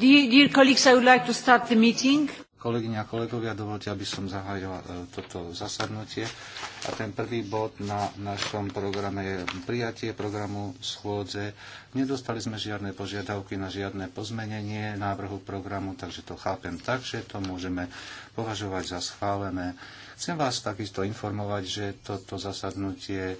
Dear, Kolegyne a kolegovia, dovolte, aby som zahájila e, toto zasadnutie. A ten prvý bod na našom programe je prijatie programu schôdze. Nedostali sme žiadne požiadavky na žiadne pozmenenie návrhu programu, takže to chápem tak, že to môžeme považovať za schválené. Chcem vás takisto informovať, že toto zasadnutie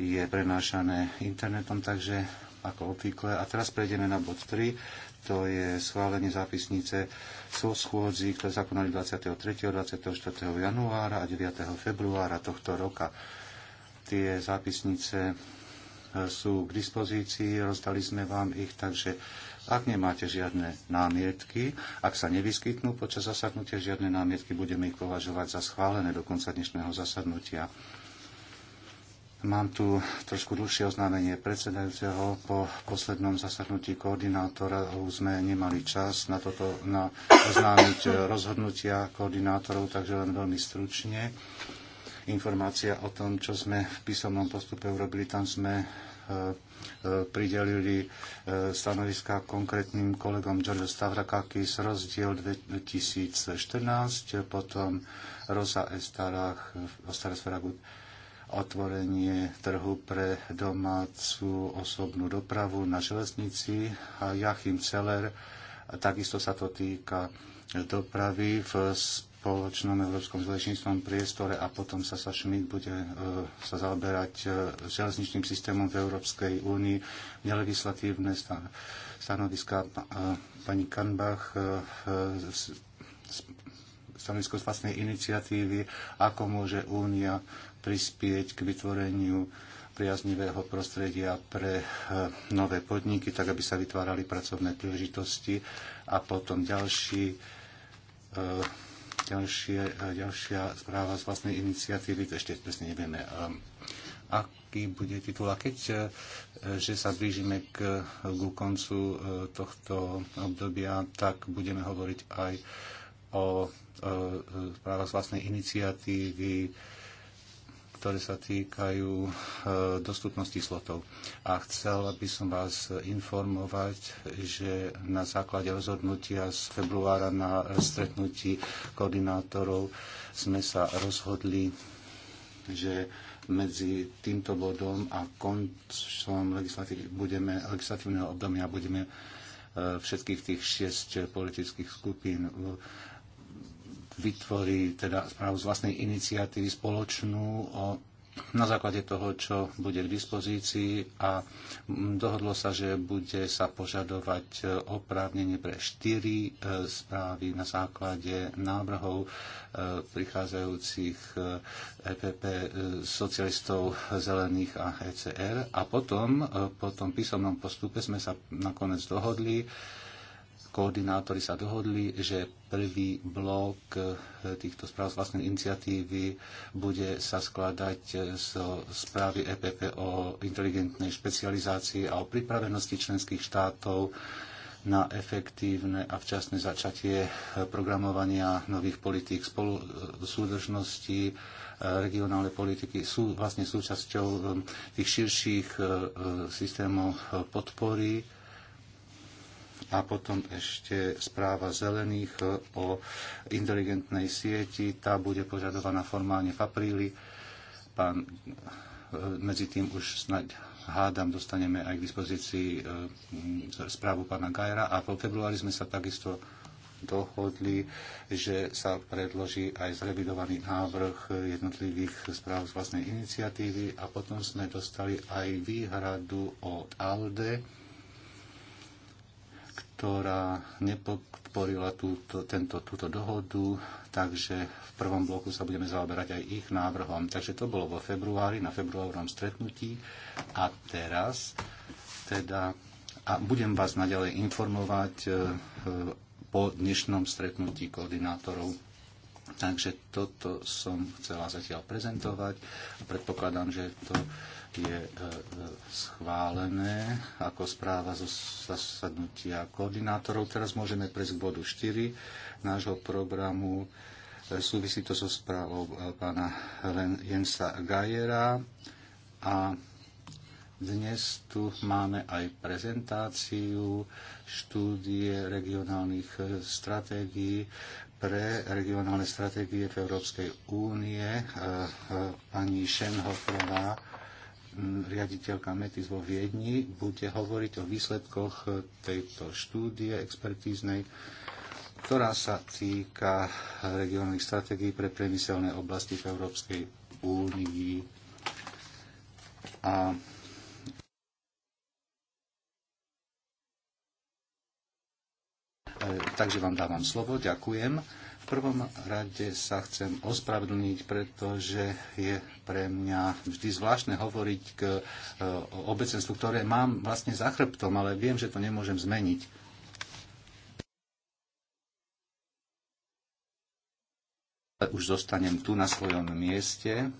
je prenášané internetom, takže ako obvykle. A teraz prejdeme na bod 3 to je schválenie zápisnice so schôdzi, ktoré sa konali 23. 24. januára a 9. februára tohto roka. Tie zápisnice e, sú k dispozícii, rozdali sme vám ich, takže ak nemáte žiadne námietky, ak sa nevyskytnú počas zasadnutia žiadne námietky, budeme ich považovať za schválené do konca dnešného zasadnutia. Mám tu trošku dlhšie oznámenie predsedajúceho. Po poslednom zasadnutí koordinátorov sme nemali čas na toto na oznámiť rozhodnutia koordinátorov, takže len veľmi stručne. Informácia o tom, čo sme v písomnom postupe urobili, tam sme e, e, pridelili e, stanoviska konkrétnym kolegom George Stavrakakis rozdiel 2014, potom Rosa Estarach, Ostaras otvorenie trhu pre domácu osobnú dopravu na železnici. Jachim Celer, takisto sa to týka dopravy v spoločnom európskom železničnom priestore a potom sa sa Schmidt bude e, sa zaoberať e, železničným systémom v Európskej únii, nelegislatívne stanoviska e, pani Kanbach, stanovisko z vlastnej iniciatívy, ako môže únia prispieť k vytvoreniu priaznivého prostredia pre e, nové podniky, tak aby sa vytvárali pracovné príležitosti a potom ďalší, e, ďalšie, e, ďalšia správa z vlastnej iniciatívy, to ešte presne nevieme, aký bude titul. A keď že sa blížime k, k koncu tohto obdobia, tak budeme hovoriť aj o správa z vlastnej iniciatívy, ktoré sa týkajú e, dostupnosti slotov. A chcel by som vás informovať, že na základe rozhodnutia z februára na stretnutí koordinátorov sme sa rozhodli, že medzi týmto bodom a koncom budeme, legislatívneho obdobia budeme e, všetkých tých šiesť politických skupín vytvorí teda správu z vlastnej iniciatívy spoločnú o na základe toho, čo bude k dispozícii a dohodlo sa, že bude sa požadovať e, oprávnenie pre štyri e, správy na základe návrhov e, prichádzajúcich EPP socialistov zelených a ECR. A potom, po tom písomnom postupe sme sa nakoniec dohodli, koordinátori sa dohodli, že prvý blok eh, týchto správ z vlastnej iniciatívy bude sa skladať eh, z správy EPP o inteligentnej špecializácii a o pripravenosti členských štátov na efektívne a včasné začatie eh, programovania nových politík spolu súdržnosti. Regionálne politiky sú vlastne súčasťou tých širších systémov podpory a potom ešte správa zelených e, o inteligentnej sieti. Tá bude požadovaná formálne v apríli. Pán, e, medzi tým už snáď hádam, dostaneme aj k dispozícii e, správu pána Gajra a po februári sme sa takisto dohodli, že sa predloží aj zrevidovaný návrh jednotlivých správ z vlastnej iniciatívy a potom sme dostali aj výhradu od ALDE ktorá nepodporila túto, tento, túto dohodu, takže v prvom bloku sa budeme zaoberať aj ich návrhom. Takže to bolo vo februári, na februárovom stretnutí a teraz teda a budem vás naďalej informovať eh, po dnešnom stretnutí koordinátorov. Takže toto som chcela zatiaľ prezentovať a predpokladám, že to je e, e, schválené ako správa zo zasadnutia koordinátorov. Teraz môžeme prejsť k bodu 4 nášho programu. E, súvisí to so správou pána Jensa Gajera a dnes tu máme aj prezentáciu štúdie regionálnych stratégií pre regionálne stratégie v Európskej únie. E, e, pani Šenhofrová, riaditeľka METIS vo Viedni, bude hovoriť o výsledkoch e, tejto štúdie expertíznej, ktorá sa týka regionálnych stratégií pre priemyselné oblasti v Európskej únii. A takže vám dávam slovo, ďakujem. V prvom rade sa chcem ospravedlniť, pretože je pre mňa vždy zvláštne hovoriť k e, obecenstvu, ktoré mám vlastne za chrbtom, ale viem, že to nemôžem zmeniť. Už zostanem tu na svojom mieste.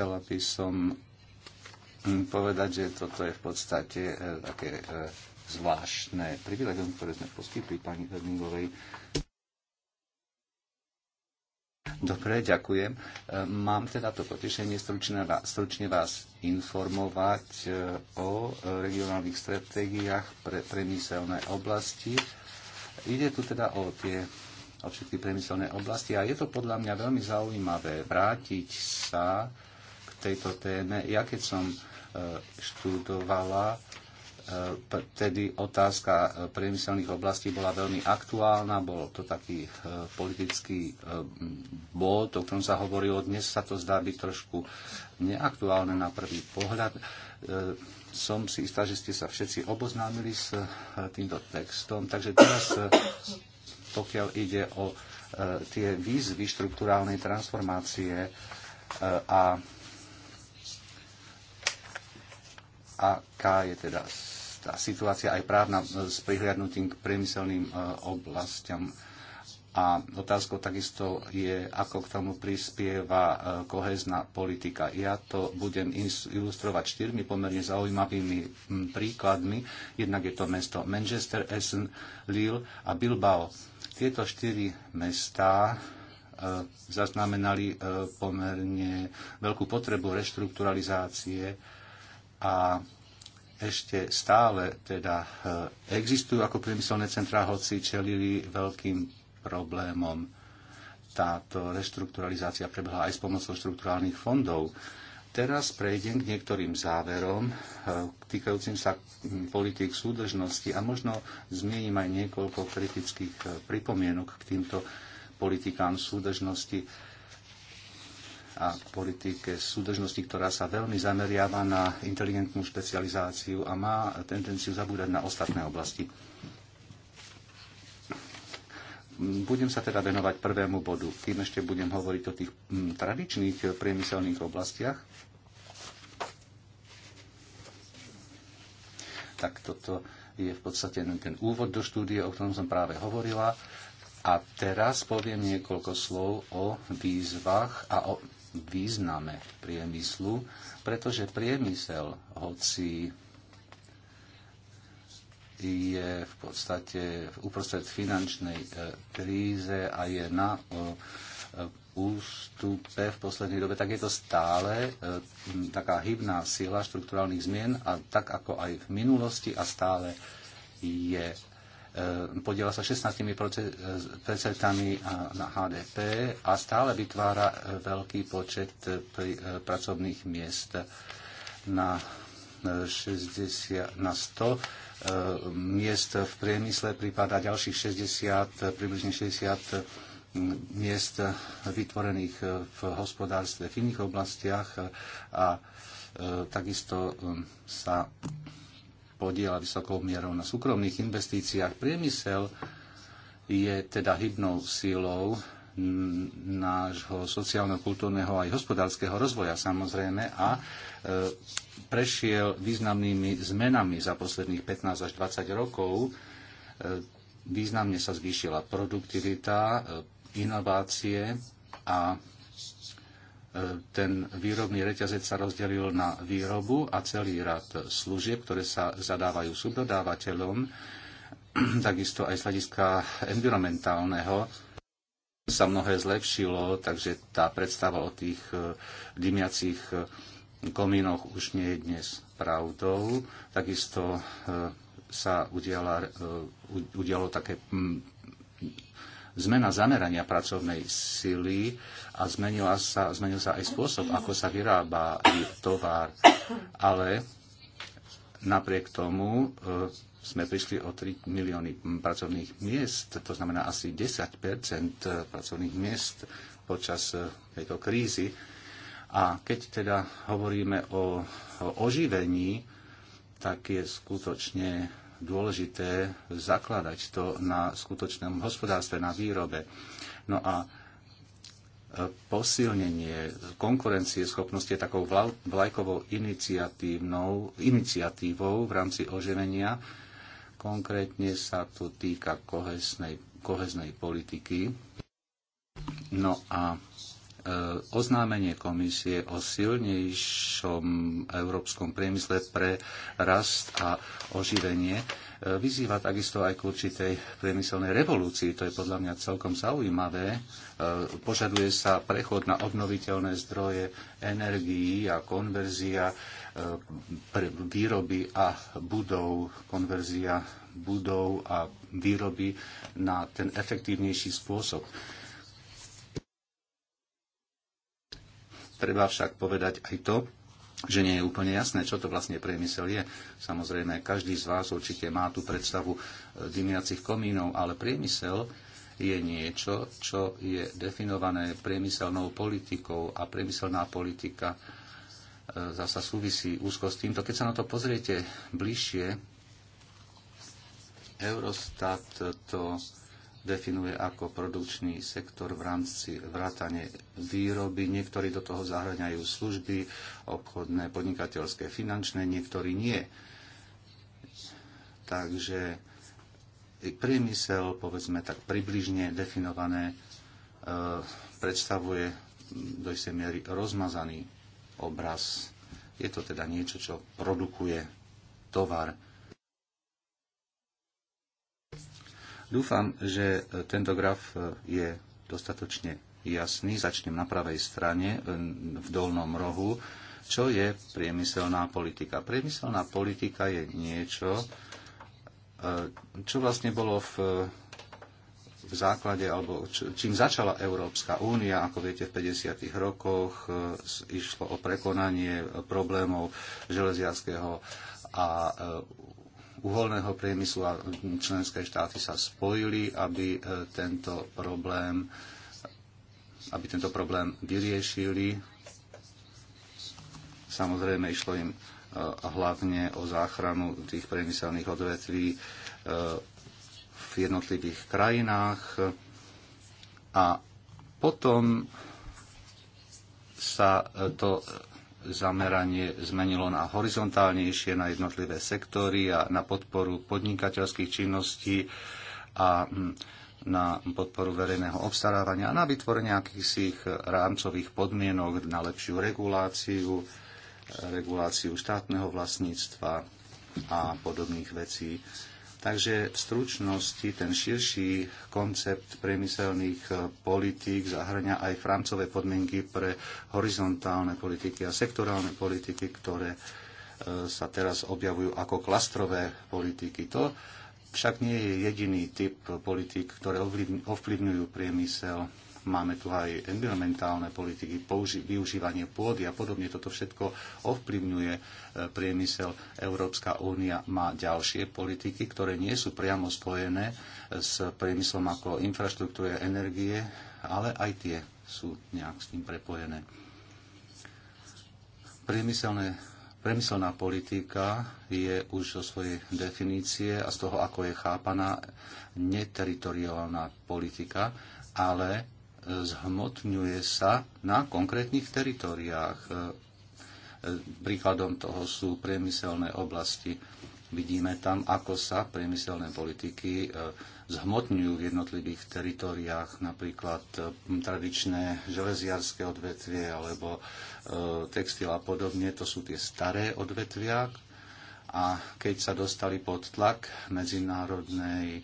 chcel by som mm, povedať, že toto je v podstate e, také e, zvláštne privilegium, ktoré sme poskytli pani Hrdingovej. Dobre, ďakujem. E, mám teda to potešenie stručne, stručne vás informovať o regionálnych stratégiách pre priemyselné oblasti. Ide tu teda o tie o všetky priemyselné oblasti a je to podľa mňa veľmi zaujímavé vrátiť sa tejto téme. Ja keď som e, študovala, e, tedy otázka e, priemyselných oblastí bola veľmi aktuálna, bol to taký politický bod, o ktorom sa hovorilo. Dnes sa to zdá byť trošku neaktuálne na prvý pohľad. Som si istá, že ste sa všetci oboznámili s týmto textom, takže teraz, pokiaľ ide o tie výzvy štruktúrálnej transformácie a aká je teda tá situácia aj právna s prihliadnutím k priemyselným e, oblastiam. A otázkou takisto je, ako k tomu prispieva e, kohezná politika. Ja to budem ilustrovať štyrmi pomerne zaujímavými príkladmi. Jednak je to mesto Manchester, Essen, Lille a Bilbao. Tieto štyri mestá e, zaznamenali pomerne veľkú potrebu reštrukturalizácie a ešte stále teda eh, existujú ako priemyselné centrá, hoci čelili veľkým problémom. Táto reštrukturalizácia prebehla aj s pomocou štrukturálnych fondov. Teraz prejdem k niektorým záverom eh, týkajúcim sa hm, politik súdržnosti a možno zmiením aj niekoľko kritických eh, pripomienok k týmto politikám súdržnosti a politike súdržnosti, ktorá sa veľmi zameriava na inteligentnú špecializáciu a má tendenciu zabúdať na ostatné oblasti. Budem sa teda venovať prvému bodu, kým ešte budem hovoriť o tých mm, tradičných priemyselných oblastiach. Tak toto je v podstate ten úvod do štúdie, o ktorom som práve hovorila. A teraz poviem niekoľko slov o výzvach a o význame priemyslu, pretože priemysel, hoci je v podstate uprostred finančnej e, kríze a je na e, ústupe v poslednej dobe, tak je to stále e, taká hybná sila štruktúrálnych zmien a tak ako aj v minulosti a stále je E, podiela sa 16 e, percentami na HDP a stále vytvára e, veľký počet pracovných miest na, 60, na 100 miest v priemysle prípada ďalších 60, približne 60 miest vytvorených v hospodárstve v iných oblastiach a takisto sa podiela vysokou mierou na súkromných investíciách. Priemysel je teda hybnou sílou nášho sociálno-kultúrneho aj hospodárskeho rozvoja samozrejme a e, prešiel významnými zmenami za posledných 15 až 20 rokov. E, významne sa zvýšila produktivita, e, inovácie a ten výrobný reťazec sa rozdelil na výrobu a celý rad služieb, ktoré sa zadávajú subdodávateľom, takisto aj z hľadiska environmentálneho sa mnohé zlepšilo, takže tá predstava o tých e, dymiacich e, komínoch už nie je dnes pravdou. Takisto e, sa udiala, udialo také zmena zamerania pracovnej sily a zmenila sa, zmenil sa aj spôsob, ako sa vyrába tovar. Ale napriek tomu e, sme prišli o 3 milióny pracovných miest, to znamená asi 10 e, pracovných miest počas e, tejto krízy. A keď teda hovoríme o, o oživení, tak je skutočne dôležité zakladať to na skutočnom hospodárstve, na výrobe. No a e, posilnenie konkurencie schopnosti je takou vlajkovou iniciatívnou, iniciatívou v rámci oživenia. Konkrétne sa to týka koheznej, kohesnej politiky. No a E, oznámenie komisie o silnejšom európskom priemysle pre rast a oživenie e, vyzýva takisto aj k určitej priemyselnej revolúcii. To je podľa mňa celkom zaujímavé. E, požaduje sa prechod na obnoviteľné zdroje energií a konverzia výroby a budov, konverzia budov a výroby na ten efektívnejší spôsob Treba však povedať aj to, že nie je úplne jasné, čo to vlastne priemysel je. Samozrejme, každý z vás určite má tú predstavu e, dymiacich komínov, ale priemysel je niečo, čo je definované priemyselnou politikou a priemyselná politika e, zasa súvisí úzko s týmto. Keď sa na to pozriete bližšie, Eurostat to definuje ako produkčný sektor v rámci vrátane výroby. Niektorí do toho zahraňajú služby, obchodné, podnikateľské, finančné, niektorí nie. Takže priemysel, povedzme tak približne definované, e, predstavuje do istej miery rozmazaný obraz. Je to teda niečo, čo produkuje tovar Dúfam, že e, tento graf e, je dostatočne jasný. Začnem na pravej strane, e, v dolnom rohu. Čo je priemyselná politika? Priemyselná politika je niečo, čo vlastne bolo v v základe, alebo čím začala Európska únia, ako viete, v 50. rokoch išlo o prekonanie problémov železiarského a uholného priemyslu a členské štáty sa spojili, aby e, tento problém, aby tento problém vyriešili. Samozrejme, išlo im e, hlavne o záchranu tých priemyselných odvetví e, v jednotlivých krajinách. A potom sa to zameranie zmenilo na horizontálnejšie na jednotlivé sektory a na podporu podnikateľských činností a hm, na podporu verejného obstarávania a na vytvorenie akýchsi rámcových podmienok na lepšiu reguláciu, reguláciu štátneho vlastníctva a podobných vecí. Takže v stručnosti ten širší koncept priemyselných e, politík zahrňa aj francové podmienky pre horizontálne politiky a sektorálne politiky, ktoré e, sa teraz objavujú ako klastrové politiky. To však nie je jediný typ politik, ktoré ovplyvňujú priemysel Máme tu aj environmentálne politiky, použi- využívanie pôdy a podobne. Toto všetko ovplyvňuje e, priemysel. Európska únia má ďalšie politiky, ktoré nie sú priamo spojené e, s priemyslom ako infraštruktúre energie, ale aj tie sú nejak s tým prepojené. Priemyselné Premyselná politika je už zo svojej definície a z toho, ako je chápaná, neteritoriálna politika, ale zhmotňuje sa na konkrétnych teritoriách. E, e, príkladom toho sú priemyselné oblasti. Vidíme tam, ako sa priemyselné politiky e, zhmotňujú v jednotlivých teritoriách, napríklad tradičné železiarské odvetvie alebo textil a podobne. To sú tie staré odvetvia. A keď sa dostali pod tlak medzinárodnej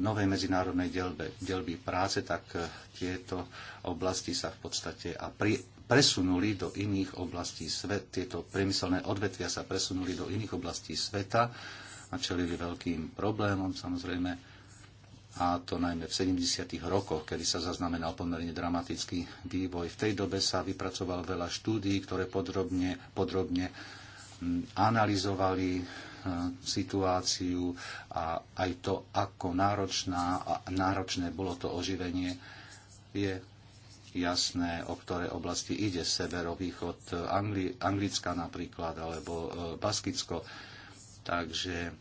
novej medzinárodnej delbe, delby práce, tak e, tieto oblasti sa v podstate a pri, presunuli do iných oblastí sveta. Tieto priemyselné odvetvia sa presunuli do iných oblastí sveta a čelili veľkým problémom samozrejme a to najmä v 70. rokoch, kedy sa zaznamenal pomerne dramatický vývoj. V tej dobe sa vypracovalo veľa štúdií, ktoré podrobne, podrobne analyzovali situáciu a aj to, ako náročná a náročné bolo to oživenie, je jasné, o ktoré oblasti ide. Severovýchod Angli- Anglická napríklad, alebo e, Baskicko. Takže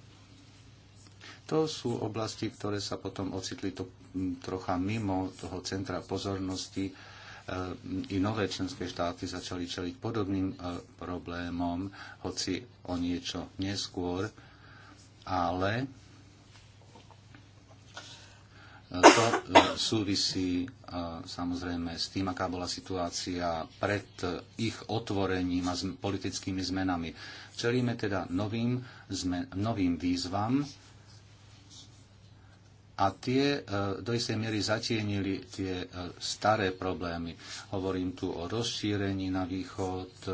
to sú oblasti, ktoré sa potom ocitli to, trocha mimo toho centra pozornosti Ehm, i nové členské štáty začali čeliť podobným e, problémom, hoci o niečo neskôr, ale e, to e, súvisí samozrejme s tým, aká bola situácia pred ich otvorením a s politickými zmenami. Čelíme teda novým, novým výzvam, a tie e, do istej miery zatienili tie e, staré problémy. Hovorím tu o rozšírení na východ, e,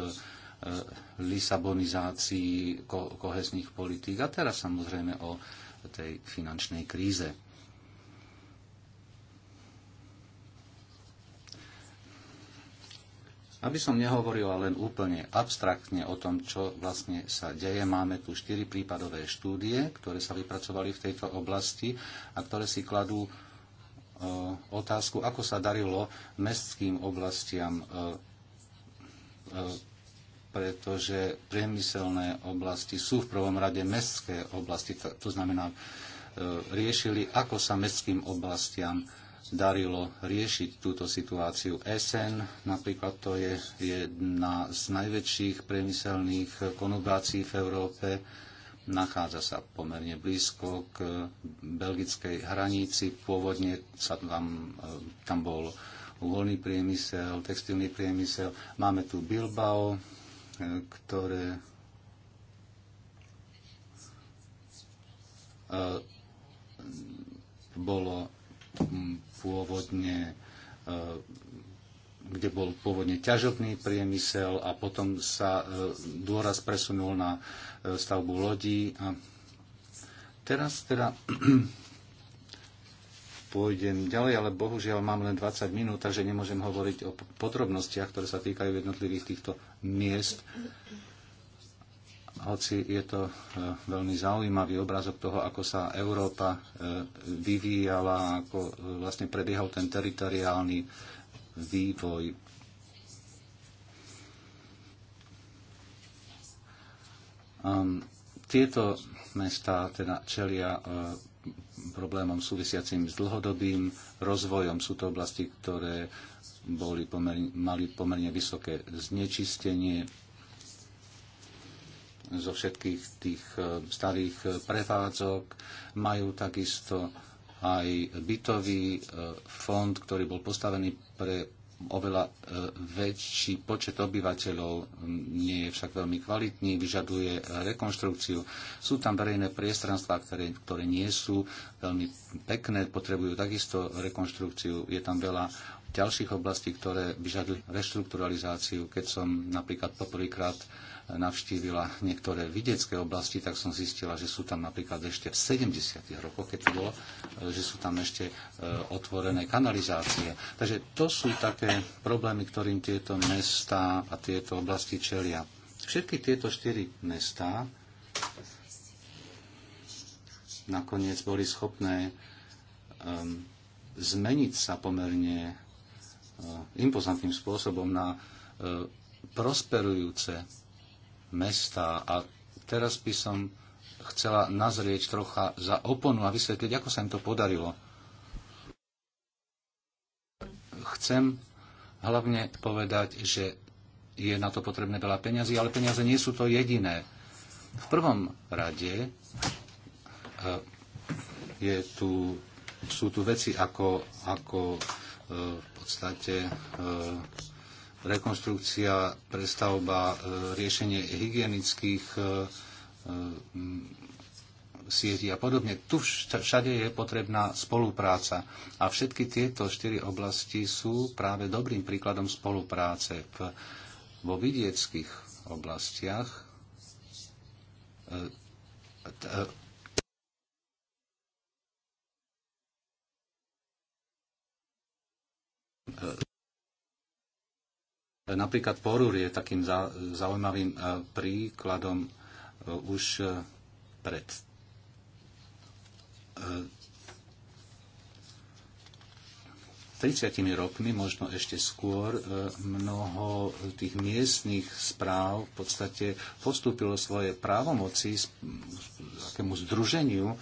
lisabonizácii kohezných politík a teraz samozrejme o tej finančnej kríze. Aby som nehovorila len úplne abstraktne o tom, čo vlastne sa deje, máme tu štyri prípadové štúdie, ktoré sa vypracovali v tejto oblasti a ktoré si kladú e, otázku, ako sa darilo mestským oblastiam, e, e, pretože priemyselné oblasti sú v prvom rade mestské oblasti, to znamená, riešili, ako sa mestským oblastiam darilo riešiť túto situáciu. SN napríklad to je jedna z najväčších priemyselných konubácií v Európe. Nachádza sa pomerne blízko k belgickej hranici. Pôvodne sa tam, e, tam bol uholný priemysel, textilný priemysel. Máme tu Bilbao, e, ktoré e, bolo pôvodne e, kde bol pôvodne ťažobný priemysel a potom sa e, dôraz presunul na e, stavbu lodí. A teraz teda pôjdem ďalej, ale bohužiaľ mám len 20 minút, takže nemôžem hovoriť o podrobnostiach, ktoré sa týkajú jednotlivých týchto miest hoci je to e, veľmi zaujímavý obrázok toho, ako sa Európa e, vyvíjala, ako e, vlastne prebiehal ten teritoriálny vývoj. Tieto mesta teda čelia problémom súvisiacim s dlhodobým rozvojom. Sú to oblasti, ktoré boli pomerne, mali pomerne vysoké znečistenie, zo všetkých tých e, starých e, prevádzok. Majú takisto aj bytový e, fond, ktorý bol postavený pre oveľa väčší počet obyvateľov, nie je však veľmi kvalitný, vyžaduje rekonštrukciu. Sú tam verejné priestranstva, ktoré, ktoré nie sú veľmi pekné, potrebujú takisto rekonštrukciu. Je tam veľa ďalších oblastí, ktoré vyžadujú reštrukturalizáciu. Keď som napríklad poprvýkrát navštívila niektoré vidiecké oblasti, tak som zistila, že sú tam napríklad ešte v 70. rokoch, keď to bolo, že sú tam ešte e, otvorené kanalizácie. Takže to sú také problémy, ktorým tieto mesta a tieto oblasti čelia. Všetky tieto štyri mestá nakoniec boli schopné e, zmeniť sa pomerne Eh, impozantným spôsobom na eh, prosperujúce mesta. A teraz by som chcela nazrieť trocha za oponu a vysvetliť, ako sa im to podarilo. Chcem hlavne povedať, že je na to potrebné veľa peňazí, ale peniaze nie sú to jediné. V prvom rade eh, je tu, sú tu veci ako, ako v podstate e, rekonstrukcia, prestavba, e, riešenie hygienických e, sietí a podobne. Tu všade je potrebná spolupráca a všetky tieto štyri oblasti sú práve dobrým príkladom spolupráce v, vo vidieckých oblastiach E, napríklad Porúr je takým zaujímavým e, príkladom e, už pred e, 30 rokmi, možno ešte skôr, mnoho tých miestných správ v podstate postúpilo svoje právomoci takému združeniu,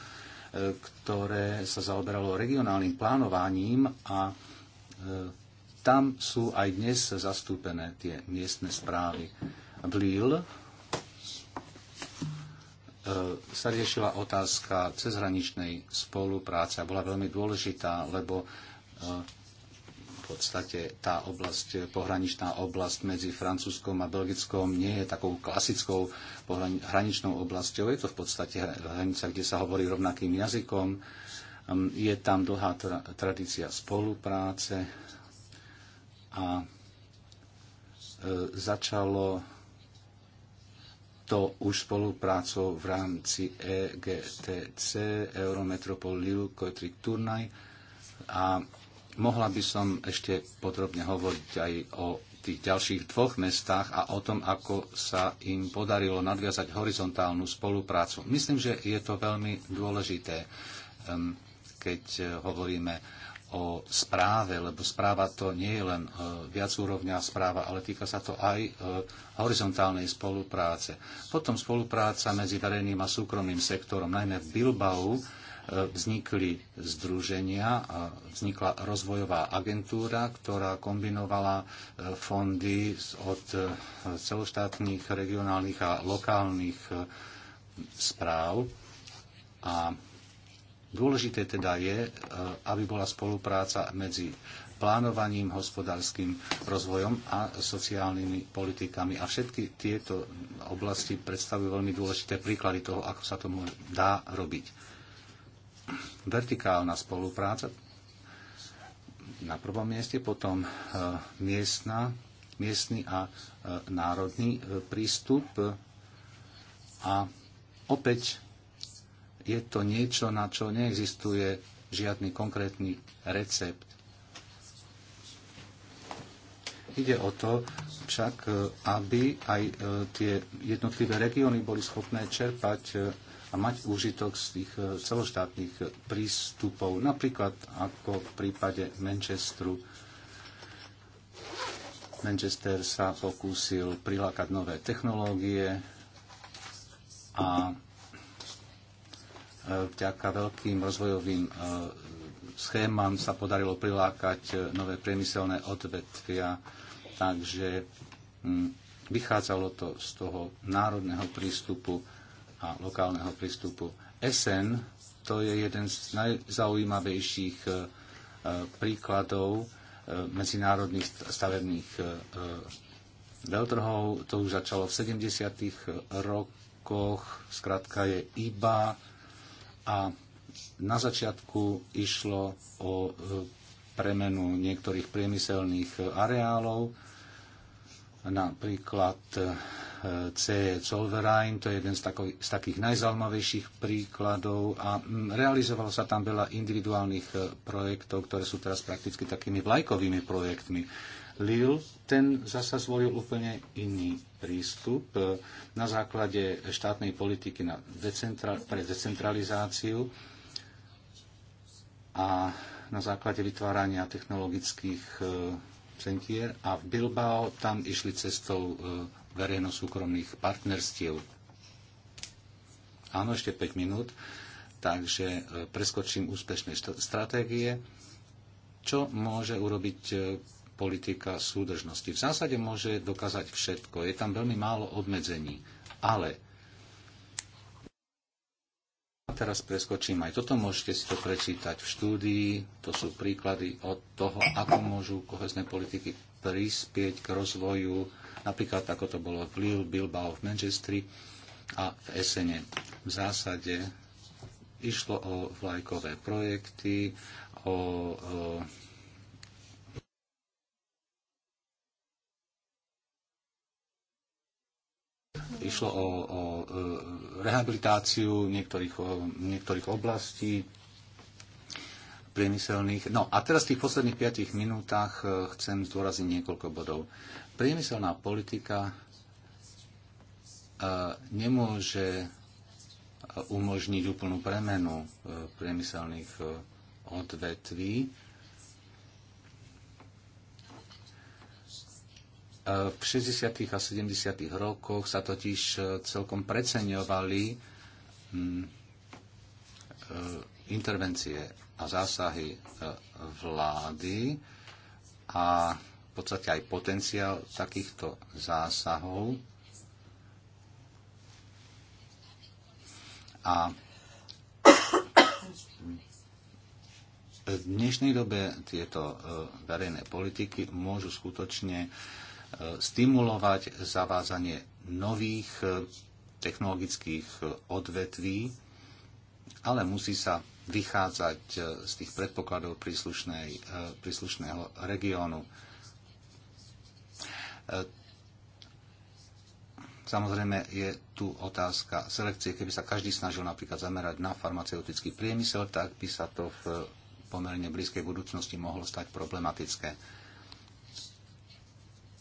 ktoré sa zaoberalo regionálnym plánovaním a tam sú aj dnes zastúpené tie miestne správy. V Lille e, sa riešila otázka cezhraničnej spolupráce a bola veľmi dôležitá, lebo e, v podstate tá oblasť, pohraničná oblasť medzi Francúzskom a Belgickom nie je takou klasickou hraničnou oblasťou. Je to v podstate hranica, kde sa hovorí rovnakým jazykom. Je tam dlhá tra tradícia spolupráce a e, začalo to už spoluprácou v rámci EGTC, Eurometropol Lille, Kotrik Turnaj a mohla by som ešte podrobne hovoriť aj o tých ďalších dvoch mestách a o tom, ako sa im podarilo nadviazať horizontálnu spoluprácu. Myslím, že je to veľmi dôležité, keď e, hovoríme o správe, lebo správa to nie je len e, viacúrovňa správa, ale týka sa to aj e, horizontálnej spolupráce. Potom spolupráca medzi verejným a súkromným sektorom, najmä v Bilbao, e, vznikli združenia a vznikla rozvojová agentúra, ktorá kombinovala fondy od celoštátnych, regionálnych a lokálnych správ a Dôležité teda je, e, aby bola spolupráca medzi plánovaním, hospodárskym rozvojom a sociálnymi politikami. A všetky tieto oblasti predstavujú veľmi dôležité príklady toho, ako sa tomu dá robiť. Vertikálna spolupráca na prvom mieste, potom e, miestna, miestny a e, národný prístup a opäť je to niečo, na čo neexistuje žiadny konkrétny recept. Ide o to však, e, aby aj e, tie jednotlivé regióny boli schopné čerpať e, a mať úžitok z tých celoštátnych prístupov, napríklad ako v prípade Manchesteru. Manchester sa pokúsil prilákať nové technológie a E, vďaka veľkým rozvojovým e, schémam sa podarilo prilákať e, nové priemyselné odvetvia, takže mm, vychádzalo to z toho národného prístupu a lokálneho prístupu. SN to je jeden z najzaujímavejších príkladov medzinárodných stavebných veľtrhov. To už začalo v 70. rokoch, zkrátka je IBA, a na začiatku išlo o e, premenu niektorých priemyselných e, areálov, napríklad e, C. Solverein, to je jeden z, takových, z takých najzaujímavejších príkladov a realizovalo sa tam veľa individuálnych projektov, ktoré sú teraz prakticky takými vlajkovými projektmi Lille, ten zasa zvolil úplne iný prístup e, na základe štátnej politiky na decentra- pre decentralizáciu a na základe vytvárania technologických e, centier a v Bilbao tam išli cestou e, verejno-súkromných partnerstiev. Áno, ešte 5 minút, takže preskočím úspešné št- stratégie. Čo môže urobiť politika súdržnosti. V zásade môže dokázať všetko. Je tam veľmi málo obmedzení. Ale a teraz preskočím aj toto, môžete si to prečítať v štúdii, to sú príklady od toho, ako môžu kohezné politiky prispieť k rozvoju, napríklad ako to bolo v Lille, Bilbao, v Manchestri a v Esene. V zásade išlo o vlajkové projekty, o, o Išlo o, o e, rehabilitáciu niektorých, niektorých oblastí priemyselných. No a teraz v tých posledných 5 minútach e, chcem zdôraziť niekoľko bodov. Priemyselná politika e, nemôže umožniť úplnú premenu priemyselných odvetví, E, v 60. a 70. rokoch sa totiž e, celkom preceňovali mm, e, intervencie a zásahy vlády a v podstate aj potenciál takýchto zásahov. A v dnešnej dobe tieto verejné politiky môžu skutočne stimulovať zavádzanie nových e, technologických e, odvetví, ale musí sa vychádzať e, z tých predpokladov príslušného regiónu. Samozrejme je tu otázka selekcie. Keby sa každý snažil napríklad zamerať na farmaceutický priemysel, tak by sa to v pomerne blízkej budúcnosti mohlo stať problematické.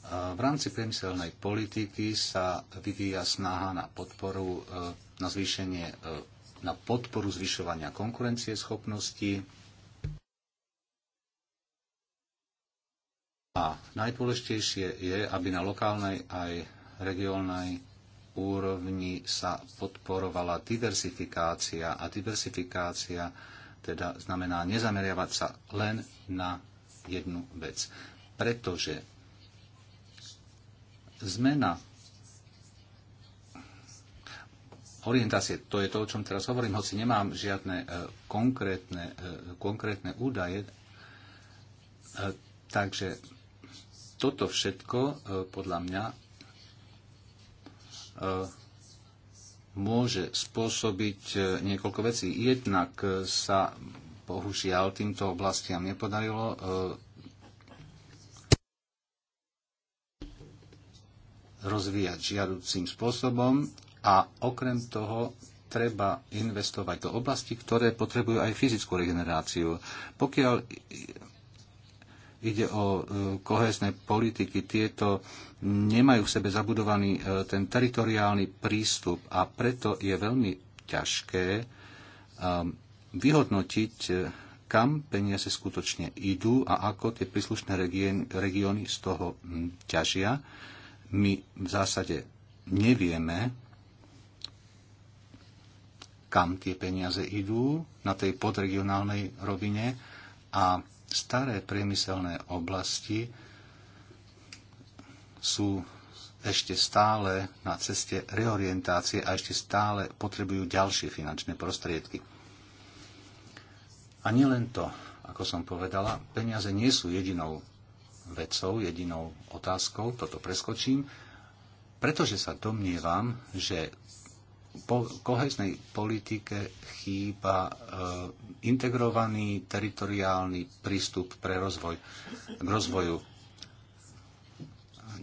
V rámci priemyselnej politiky sa vyvíja snaha na podporu, e, na zvýšenie, e, na podporu zvyšovania konkurencie schopnosti. A najdôležitejšie je, aby na lokálnej aj regionálnej úrovni sa podporovala diversifikácia a diversifikácia teda znamená nezameriavať sa len na jednu vec. Pretože zmena orientácie, to je to, o čom teraz hovorím, hoci nemám žiadne e, konkrétne, e, konkrétne údaje, e, takže toto všetko podľa mňa môže spôsobiť niekoľko vecí. Jednak sa bohužiaľ týmto oblastiam nepodarilo rozvíjať žiaducím spôsobom a okrem toho treba investovať do oblasti, ktoré potrebujú aj fyzickú regeneráciu. Pokiaľ ide o e, kohezné politiky, tieto nemajú v sebe zabudovaný e, ten teritoriálny prístup a preto je veľmi ťažké e, vyhodnotiť, kam peniaze skutočne idú a ako tie príslušné regióny z toho ťažia my v zásade nevieme, kam tie peniaze idú na tej podregionálnej rovine a staré priemyselné oblasti sú ešte stále na ceste reorientácie a ešte stále potrebujú ďalšie finančné prostriedky. A nielen to, ako som povedala, peniaze nie sú jedinou vecou, jedinou otázkou, toto preskočím, pretože sa domnievam, že po kohesnej politike chýba e, integrovaný teritoriálny prístup pre rozvoj, k rozvoju.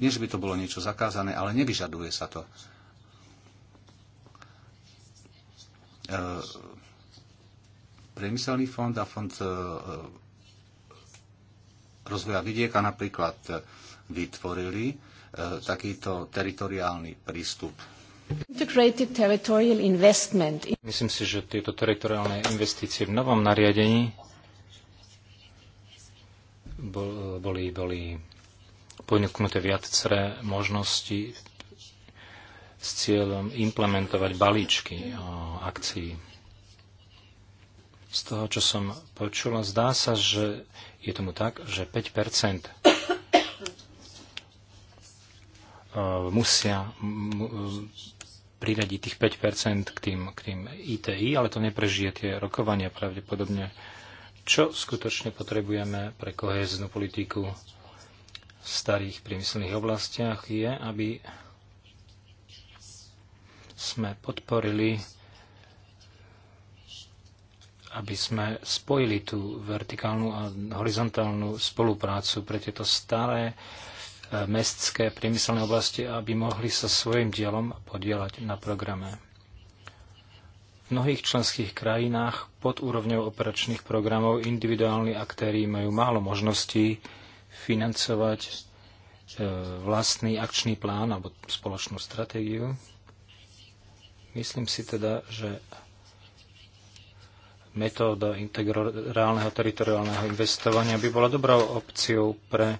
Nie, že by to bolo niečo zakázané, ale nevyžaduje sa to. E, priemyselný fond a fond e, rozvoja vidieka napríklad e, vytvorili e, takýto teritoriálny prístup. Myslím si, že tieto teritoriálne investície v novom nariadení boli, boli ponúknuté viacere možnosti s cieľom implementovať balíčky akcií z toho, čo som počula, zdá sa, že je tomu tak, že 5 eh, musia priradiť tých 5 k tým, k tým ITI, ale to neprežije tie rokovania pravdepodobne. Čo skutočne potrebujeme pre koheznú politiku v starých priemyselných oblastiach je, aby sme podporili aby sme spojili tú vertikálnu a horizontálnu spoluprácu pre tieto staré e, mestské priemyselné oblasti, aby mohli sa svojim dielom podielať na programe. V mnohých členských krajinách pod úrovňou operačných programov individuálni aktéry majú málo možností financovať e, vlastný akčný plán alebo spoločnú stratégiu. Myslím si teda, že metóda integrálneho teritoriálneho investovania by bola dobrou opciou pre e,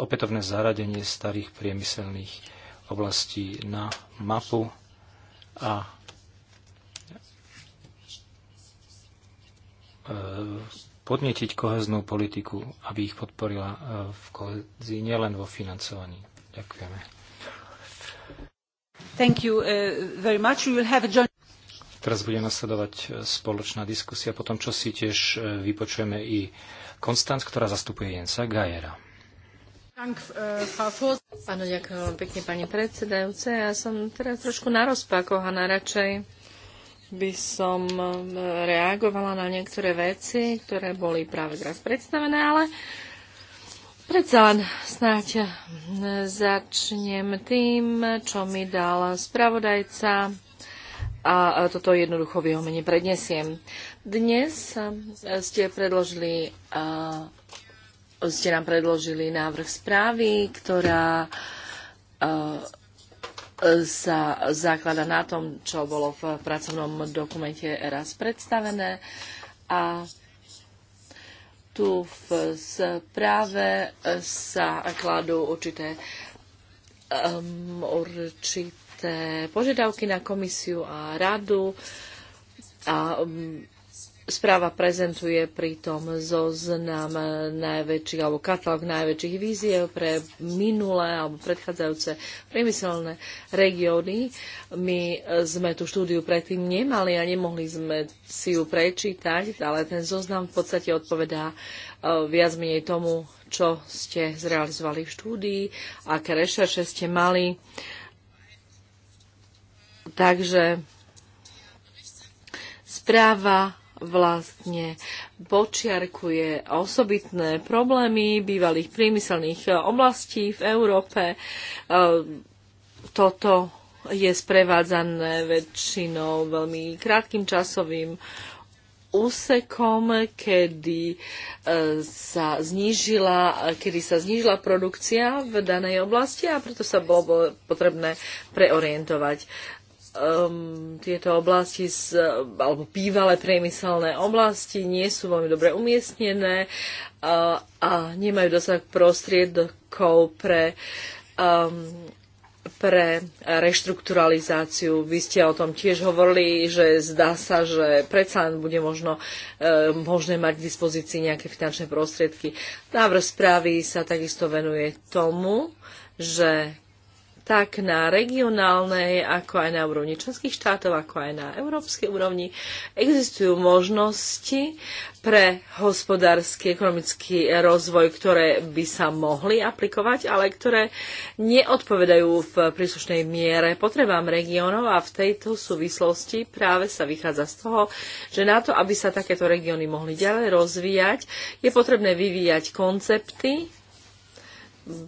opätovné zaradenie starých priemyselných oblastí na mapu a e, podnetiť koheznú politiku, aby ich podporila e, v kohezii nielen vo financovaní. Ďakujeme. Thank you very much. We will have a joint Teraz bude nasledovať e, spoločná diskusia, potom čo si tiež e, vypočujeme i Konstanc, ktorá zastupuje Jensa Gajera. E, Áno, ďakujem vám pekne, pani predsedajúce. Ja som teraz trošku na rozpakoch a na radšej by som reagovala na niektoré veci, ktoré boli práve teraz predstavené, ale predsa len snáď začnem tým, čo mi dal spravodajca a toto jednoducho v jeho mene prednesiem. Dnes e, ste predložili ste nám predložili návrh správy, ktorá e, sa základa na tom, čo bolo v pracovnom dokumente raz predstavené a tu v správe e, sa kladú určité um, určité určité požiadavky na komisiu a radu a mm, správa prezentuje pritom zoznam najväčších alebo katalóg najväčších víziev pre minulé alebo predchádzajúce priemyselné regióny. My sme tú štúdiu predtým nemali a nemohli sme si ju prečítať, ale ten zoznam v podstate odpovedá e, viac menej tomu, čo ste zrealizovali v štúdii, aké rešerše ste mali Takže správa vlastne počiarkuje osobitné problémy bývalých priemyselných eh, oblastí v Európe. Eh, toto je sprevádzané väčšinou veľmi krátkým časovým úsekom, kedy eh, sa znížila, kedy sa znížila produkcia v danej oblasti a preto sa bolo potrebné preorientovať um, tieto oblasti z, alebo bývalé priemyselné oblasti nie sú veľmi dobre umiestnené a, uh, a nemajú dosah prostriedkov pre, um, pre reštrukturalizáciu. Vy ste o tom tiež hovorili, že zdá sa, že predsa len bude možno e, možné mať k dispozícii nejaké finančné prostriedky. Návrh správy sa takisto venuje tomu, že tak na regionálnej, ako aj na úrovni členských štátov, ako aj na európskej úrovni existujú možnosti pre hospodársky, ekonomický rozvoj, ktoré by sa mohli aplikovať, ale ktoré neodpovedajú v príslušnej miere potrebám regiónov a v tejto súvislosti práve sa vychádza z toho, že na to, aby sa takéto regióny mohli ďalej rozvíjať, je potrebné vyvíjať koncepty,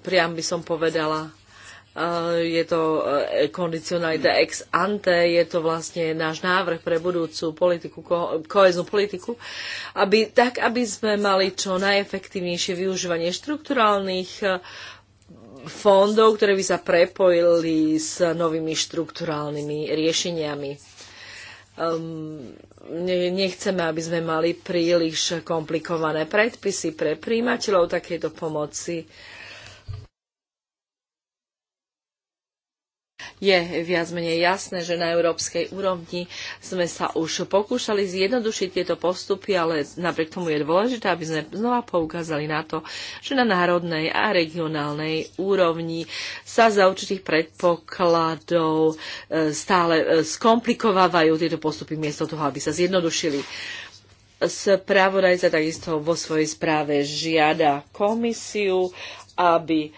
priam by som povedala Eh, je to kondicionalita eh, ex ante, je to vlastne náš návrh pre budúcu politiku, koheznú politiku, aby, tak aby sme mali čo najefektívnejšie využívanie štrukturálnych eh, fondov, ktoré by sa prepojili s novými štrukturálnymi riešeniami. Um, nechceme, aby sme mali príliš komplikované predpisy pre príjimateľov takéto pomoci je viac menej jasné, že na európskej úrovni sme sa už pokúšali zjednodušiť tieto postupy, ale napriek tomu je dôležité, aby sme znova poukázali na to, že na národnej a regionálnej úrovni sa za určitých predpokladov e, stále e, skomplikovávajú tieto postupy miesto toho, aby sa zjednodušili. Spravodajca takisto vo svojej správe žiada komisiu, aby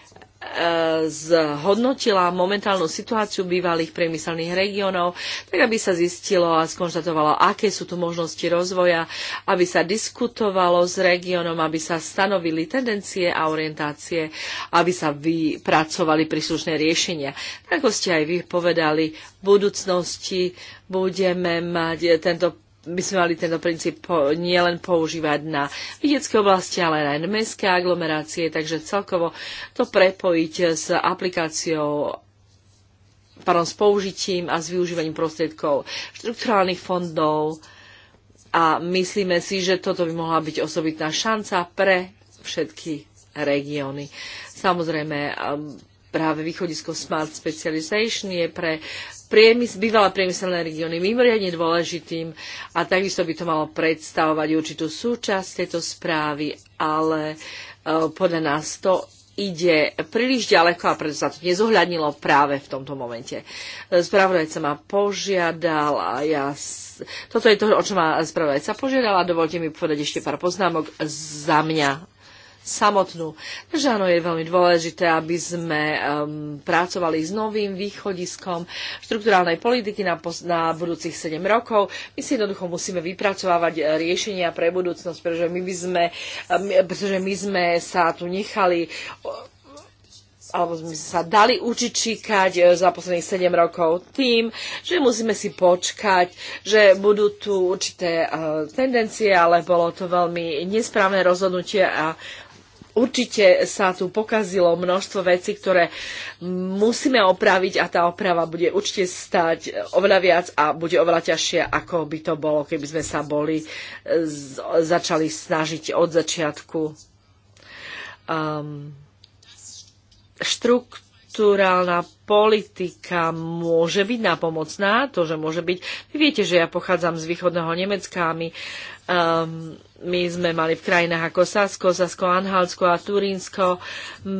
zhodnotila momentálnu situáciu bývalých priemyselných regiónov, tak aby sa zistilo a skonštatovalo, aké sú tu možnosti rozvoja, aby sa diskutovalo s regiónom, aby sa stanovili tendencie a orientácie, aby sa vypracovali príslušné riešenia. Tak ako ste aj vy povedali, v budúcnosti budeme mať tento by sme mali tento princíp nielen používať na vidiecké oblasti, ale aj na mestské aglomerácie, takže celkovo to prepojiť s aplikáciou pardon, s použitím a s využívaním prostriedkov štrukturálnych fondov a myslíme si, že toto by mohla byť osobitná šanca pre všetky regióny. Samozrejme, práve východisko Smart Specialization je pre priemys, bývalé priemyselné regióny mimoriadne dôležitým a takisto by to malo predstavovať určitú súčasť tejto správy, ale e, podľa nás to ide príliš ďaleko a preto sa to nezohľadnilo práve v tomto momente. Spravodajca ma požiadal a ja... Toto je to, o čo ma spravodajca požiadala. Dovolte mi povedať ešte pár poznámok za mňa samotnú. Takže áno, je veľmi dôležité, aby sme um, pracovali s novým východiskom štruktúrálnej politiky na, na budúcich 7 rokov. My si jednoducho musíme vypracovávať e, riešenia pre budúcnosť, pretože my, by sme, um, pretože my sme sa tu nechali alebo sme sa dali učičíkať e, za posledných 7 rokov tým, že musíme si počkať, že budú tu určité tendencie, ale bolo to veľmi nesprávne rozhodnutie a určite sa tu pokazilo množstvo vecí, ktoré musíme opraviť a tá oprava bude určite stať oveľa viac a bude oveľa ťažšia, ako by to bolo, keby sme sa boli začali snažiť od začiatku. Um, ehm, štruktúru štruktúrálna politika môže byť napomocná, to, že môže byť. Vy viete, že ja pochádzam z východného Nemecka a my, um, my sme mali v krajinách ako Sasko, Sasko, Anhalsko a Turínsko,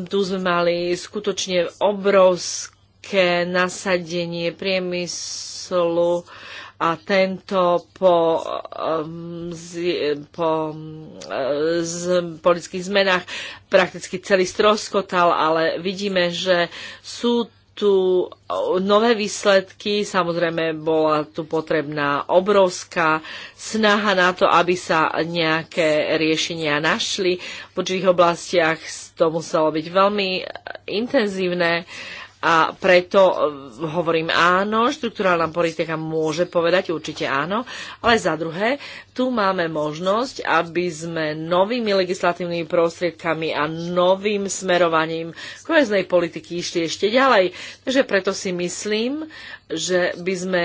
tu sme mali skutočne obrovské nasadenie priemyslu a tento po, um, z, po um, z, politických zmenách prakticky celý stroskotal, ale vidíme, že sú tu nové výsledky, samozrejme bola tu potrebná obrovská snaha na to, aby sa nejaké riešenia našli. V určitých oblastiach to muselo byť veľmi intenzívne. Uh, a preto e, hovorím áno, štruktúrálna politika môže povedať určite áno, ale za druhé tu máme možnosť, aby sme novými legislatívnymi prostriedkami a novým smerovaním koheznej politiky išli ešte ďalej. Takže preto si myslím, že by sme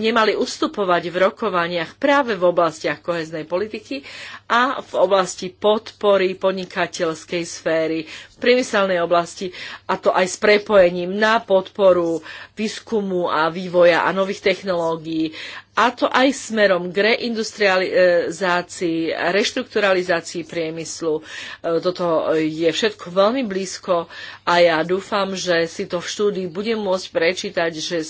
nemali ustupovať v rokovaniach práve v oblastiach koheznej politiky a v oblasti podpory podnikateľskej sféry, v priemyselnej oblasti a to aj s prepojením na podporu výskumu a vývoja a nových technológií a to aj smerom k reindustrializácii, reštrukturalizácii priemyslu. E, Toto je všetko veľmi blízko a ja dúfam, že si to v štúdii budem môcť prečítať, že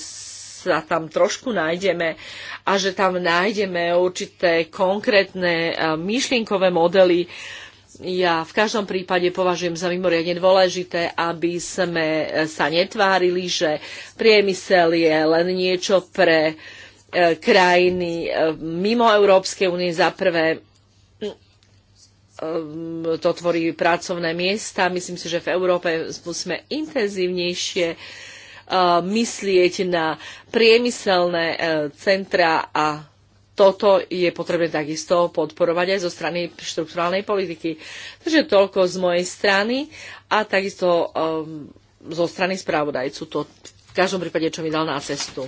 sa tam trošku nájdeme a že tam nájdeme určité konkrétne e, myšlienkové modely. Ja v každom prípade považujem za mimoriadne dôležité, aby sme sa netvárili, že priemysel je len niečo pre uh, E, krajiny e, mimo Európskej únie za prvé e, to tvorí pracovné miesta. Myslím si, že v Európe musíme intenzívnejšie myslieť na priemyselné centra a toto je potrebné takisto podporovať aj zo strany štrukturálnej politiky. Takže toľko z mojej strany a takisto zo strany správodajcu to v každom prípade, čo mi dal na cestu.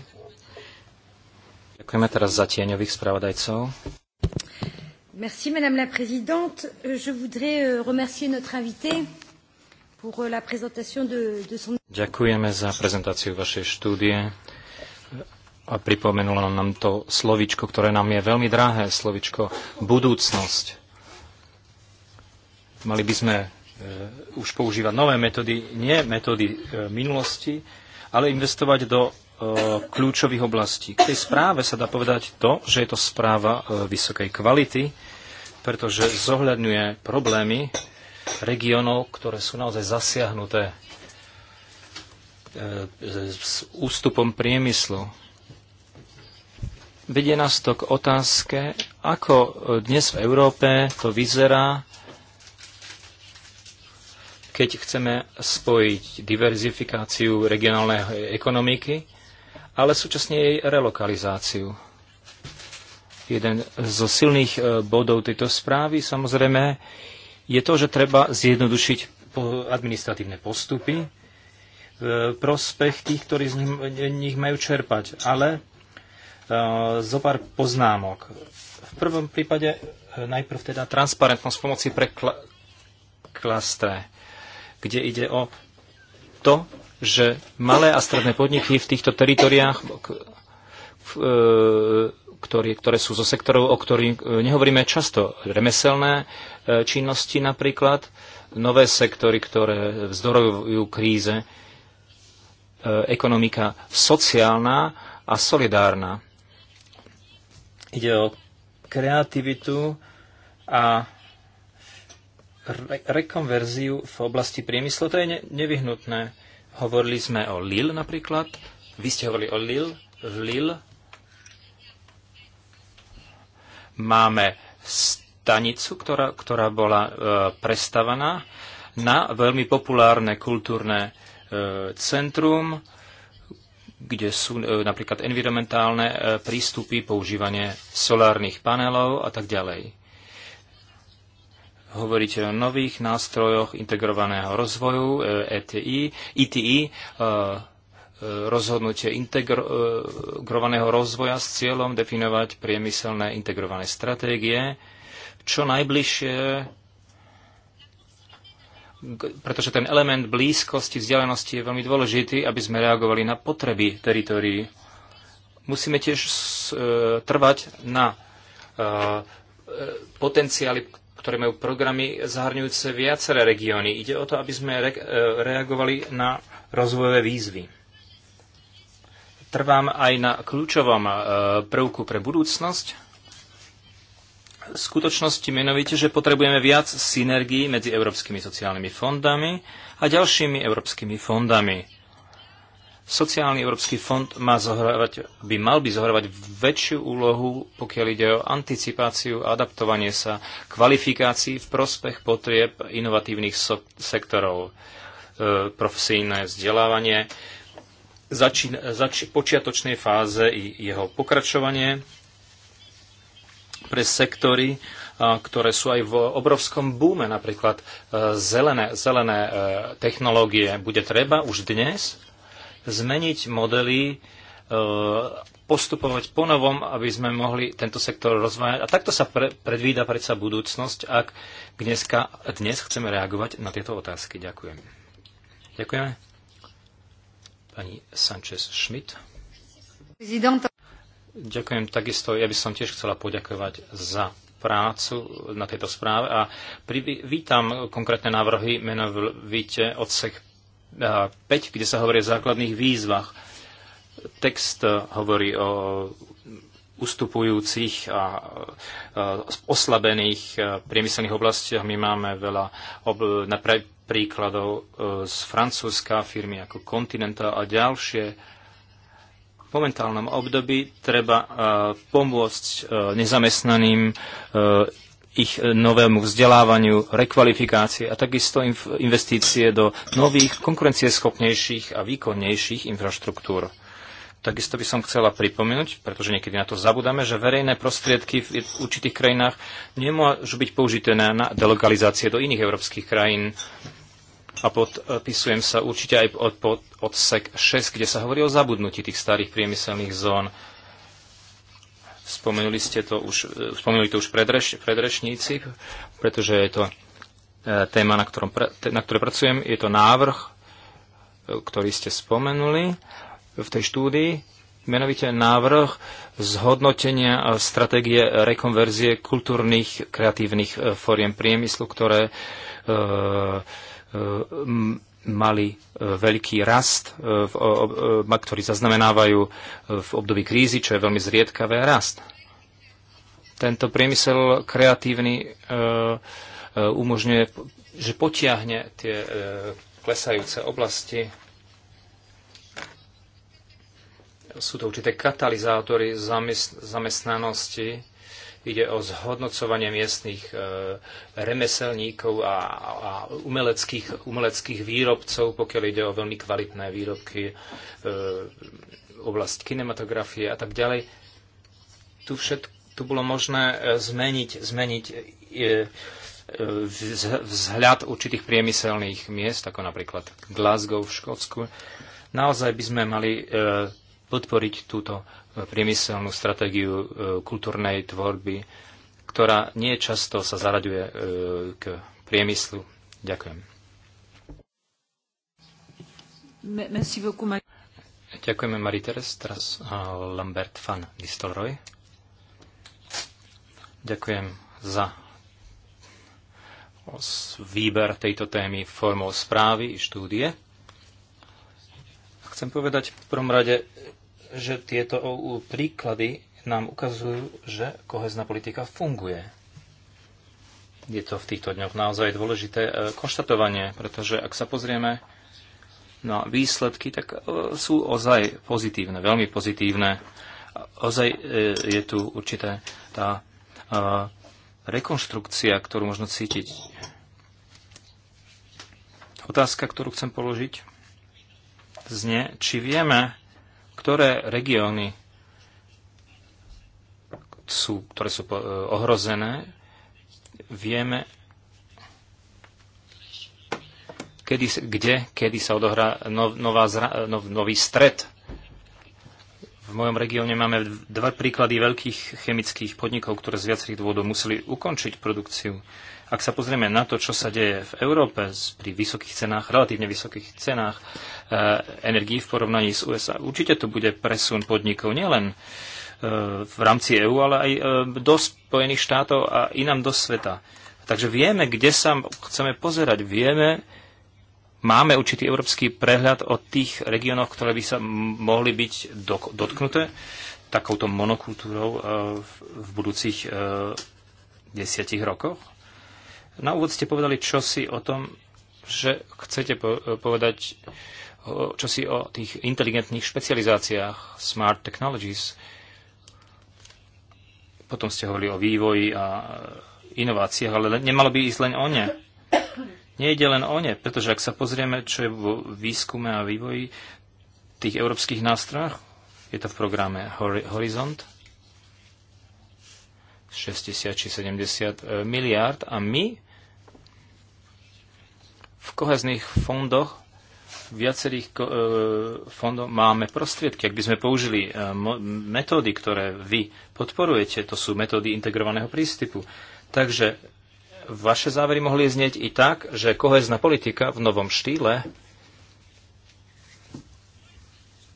Ďakujeme teraz za tieňových spravodajcov. Merci, Madame la Présidente. Euh, je voudrais euh, remercier notre invité pour euh, la présentation de, de son... Ďakujeme za prezentáciu vašej štúdie a pripomenulo nám to slovičko, ktoré nám je veľmi drahé, slovičko budúcnosť. Mali by sme e, už používať nové metódy, nie metódy e, minulosti, ale investovať do E, kľúčových oblastí. K tej správe sa dá povedať to, že je to správa e, vysokej kvality, pretože zohľadňuje problémy regionov, ktoré sú naozaj zasiahnuté e, s ústupom priemyslu. Vedie nás to k otázke, ako dnes v Európe to vyzerá, keď chceme spojiť diverzifikáciu regionálnej ekonomiky ale súčasne jej relokalizáciu. Jeden zo silných e, bodov tejto správy samozrejme je to, že treba zjednodušiť administratívne postupy v e, prospech tých, ktorí z e, nich majú čerpať. Ale zo pár poznámok. V prvom prípade najprv teda transparentnosť pomoci pre kl- klastre, kde ide o to, že malé a stredné podniky v týchto teritoriách, e, ktoré, ktoré sú zo sektorov, o ktorých e, nehovoríme často, remeselné e, činnosti napríklad, nové sektory, ktoré vzdorujú kríze, ekonomika sociálna a solidárna. Ide o kreativitu a re- rekonverziu v oblasti priemyslu. To je ne- nevyhnutné. Hovorili sme o Lille napríklad. Vy ste hovorili o Lille. V Lille máme stanicu, ktorá, ktorá bola e, prestavaná na veľmi populárne kultúrne e, centrum, kde sú e, napríklad environmentálne e, prístupy, používanie solárnych panelov a tak ďalej hovoríte o nových nástrojoch integrovaného rozvoju ETI, e ETI e, e, rozhodnutie integrovaného rozvoja s cieľom definovať priemyselné integrované stratégie, čo najbližšie, pretože ten element blízkosti, vzdialenosti je veľmi dôležitý, aby sme reagovali na potreby teritórií. Musíme tiež trvať na potenciály ktoré majú programy zahrňujúce viaceré regióny. Ide o to, aby sme re- e, reagovali na rozvojové výzvy. Trvám aj na kľúčovom e, prvku pre budúcnosť. V skutočnosti menovite, že potrebujeme viac synergií medzi európskymi sociálnymi fondami a ďalšími európskymi fondami. Sociálny Európsky fond má zohrávať, by mal by zohrávať väčšiu úlohu, pokiaľ ide o anticipáciu a adaptovanie sa kvalifikácií v prospech potrieb inovatívnych so- sektorov, e, profesijné vzdelávanie, v zač- počiatočnej fáze i jeho pokračovanie pre sektory, e, ktoré sú aj v obrovskom búme, napríklad e, zelené, zelené e, technológie, bude treba už dnes zmeniť modely, e, postupovať ponovom, aby sme mohli tento sektor rozvájať. A takto sa pre, predvída predsa budúcnosť, ak dneska, dnes chceme reagovať na tieto otázky. Ďakujem. Ďakujeme. Pani Sanchez-Schmidt. Ďakujem takisto. Ja by som tiež chcela poďakovať za prácu na tejto správe a privítam konkrétne návrhy menovite odsek 5, kde sa hovorí o základných výzvach. Text e, hovorí o ustupujúcich a e, oslabených e, priemyselných oblastiach. My máme veľa ob- príkladov z Francúzska, firmy ako Continental a ďalšie. V momentálnom období treba pomôcť nezamestnaným ich e, novému vzdelávaniu, rekvalifikácie a takisto investície do nových, konkurencieschopnejších a výkonnejších infraštruktúr. Takisto by som chcela pripomenúť, pretože niekedy na to zabudáme, že verejné prostriedky v určitých krajinách nemôžu byť použité na delokalizácie do iných európskych krajín. A podpisujem sa určite aj od, od odsek 6, kde sa hovorí o zabudnutí tých starých priemyselných zón Spomenuli ste to už, e, spomenuli to už predreš, predrešníci, pretože je to e, téma, na, ktorom, na ktorej pracujem. Je to návrh, e, ktorý ste spomenuli v tej štúdii, menovite návrh zhodnotenia stratégie rekonverzie kultúrnych kreatívnych foriem priemyslu, ktoré mali e, veľký rast, e, e, ktorý zaznamenávajú v období krízy, čo je veľmi zriedkavé rast. Tento priemysel kreatívny umožňuje, že potiahne tie klesajúce oblasti. Sú to určité katalizátory zamestnanosti, Ide o zhodnocovanie miestných e, remeselníkov a, a umeleckých, umeleckých výrobcov, pokiaľ ide o veľmi kvalitné výrobky, e, oblasť kinematografie a tak ďalej. Tu všetko tu bolo možné e, zmeniť, zmeniť vzhľad určitých priemyselných miest, ako napríklad Glasgow v Škótsku. Naozaj by sme mali podporiť túto priemyselnú stratégiu e, kultúrnej tvorby, ktorá nie často sa zaraďuje e, k priemyslu. Ďakujem. Merci Ďakujeme Marie Teres, teraz e, Lambert van Distelroy. Ďakujem za výber tejto témy formou správy i štúdie. Chcem povedať v prvom rade, že tieto príklady nám ukazujú, že kohezná politika funguje. Je to v týchto dňoch naozaj dôležité e, konštatovanie, pretože ak sa pozrieme na výsledky, tak e, sú ozaj pozitívne, veľmi pozitívne. Ozaj e, je tu určité tá rekonštrukcia, ktorú možno cítiť. Otázka, ktorú chcem položiť, znie, či vieme ktoré regióny sú, ktoré sú e, ohrozené, vieme, kedy, kde, kedy sa odohrá nov, nová zra, e, nov, nový stred. V mojom regióne máme dva príklady veľkých chemických podnikov, ktoré z viacerých dôvodov museli ukončiť produkciu. Ak sa pozrieme na to, čo sa deje v Európe pri vysokých cenách, relatívne vysokých cenách e, energií v porovnaní s USA, určite to bude presun podnikov nielen e, v rámci EÚ, ale aj e, do Spojených štátov a inám do sveta. Takže vieme, kde sa chceme pozerať. Vieme, máme určitý európsky prehľad o tých regiónoch, ktoré by sa mohli byť do, dotknuté takouto monokultúrou v budúcich desiatich rokoch? Na úvod ste povedali čosi o tom, že chcete povedať čosi o tých inteligentných špecializáciách, smart technologies. Potom ste hovorili o vývoji a inováciách, ale nemalo by ísť len o ne. Nejde len o ne, pretože ak sa pozrieme, čo je vo výskume a vývoji tých európskych nástrojach, je to v programe Horizont 60 či 70 e, miliárd a my v kohezných fondoch viacerých e, fondov máme prostriedky. Ak by sme použili e, metódy, ktoré vy podporujete, to sú metódy integrovaného prístupu. Takže vaše závery mohli znieť i tak, že kohezná politika v novom štýle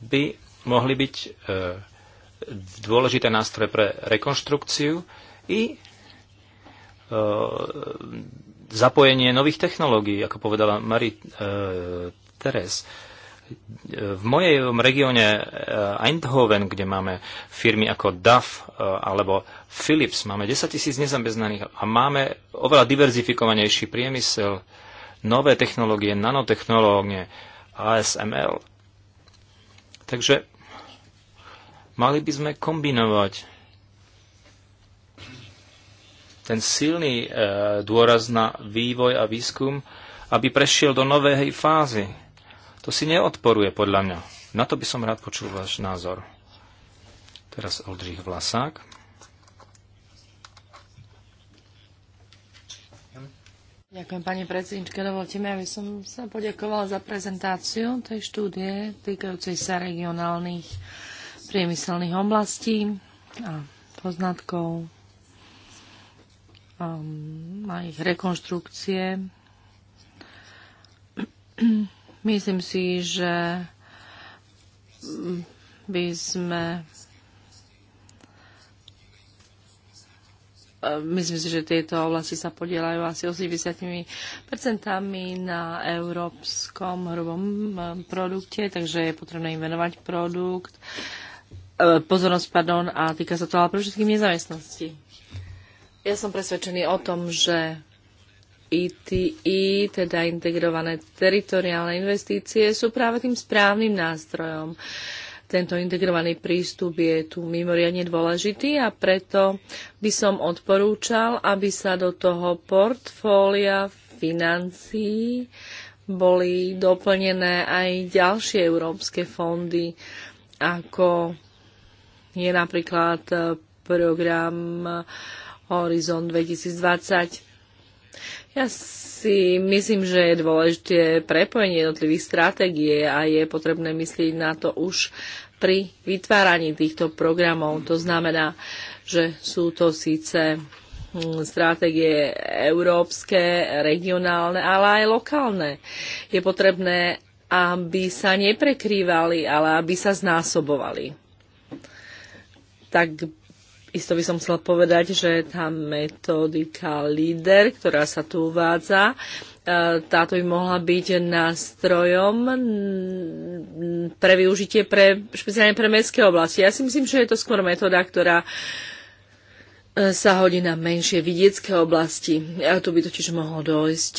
by mohli byť e, dôležité nástroje pre rekonštrukciu i zapojenie nových technológií, ako povedala Marie uh, eh, Teres. V mojom regióne eh, Eindhoven, kde máme firmy ako DAF eh, alebo Philips, máme 10 tisíc nezamestnaných a máme oveľa diverzifikovanejší priemysel, nové technológie, nanotechnológie, ASML. Takže mali by sme kombinovať ten silný e, dôraz na vývoj a výskum, aby prešiel do novej fázy. To si neodporuje podľa mňa. Na to by som rád počul váš názor. Teraz Oldřich Vlasák. Ďakujem pani predsedničke. Dovolte mi, aby som sa poďakovala za prezentáciu tej štúdie týkajúcej sa regionálnych priemyselných oblastí a poznatkov um, a ich rekonštrukcie. Myslím si, že by sme myslím si, že tieto oblasti sa podielajú asi 80% na európskom hrubom um, produkte, takže je potrebné im venovať produkt, e, pozornosť, pardon, a týka sa to ale pre všetkých nezamestnosti. Ja som presvedčený o tom, že ITI, e e, teda integrované teritoriálne investície, sú práve tým správnym nástrojom. Tento integrovaný prístup je tu mimoriadne dôležitý a preto by som odporúčal, aby sa do toho portfólia financií boli doplnené aj ďalšie európske fondy, ako je napríklad program uh, Horizon 2020. Ja si myslím, že je dôležité prepojenie jednotlivých stratégie a je potrebné myslieť na to už pri vytváraní týchto programov. To znamená, že sú to síce hm, stratégie európske, regionálne, ale aj lokálne. Je potrebné, aby sa neprekrývali, ale aby sa znásobovali. Tak Isto by som chcela povedať, že tá metodika líder, ktorá sa tu uvádza, e, táto by mohla byť nástrojom pre využitie pre, špeciálne pre mestské oblasti. Ja si myslím, že je to skôr metóda, ktorá e, sa hodí na menšie vidiecké oblasti. A tu by totiž mohlo dojsť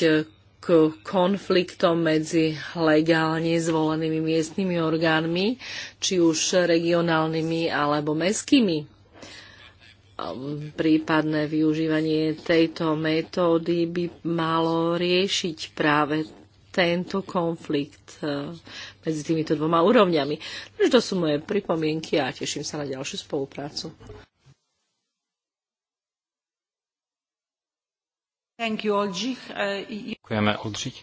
k konfliktom medzi legálne zvolenými miestnymi orgánmi, či už regionálnymi alebo mestskými prípadné využívanie tejto metódy by malo riešiť práve tento konflikt e, medzi týmito dvoma úrovňami. Takže to sú moje pripomienky a teším sa na ďalšiu spoluprácu. You, Oldřich. E, Ďakujeme, Oldřich.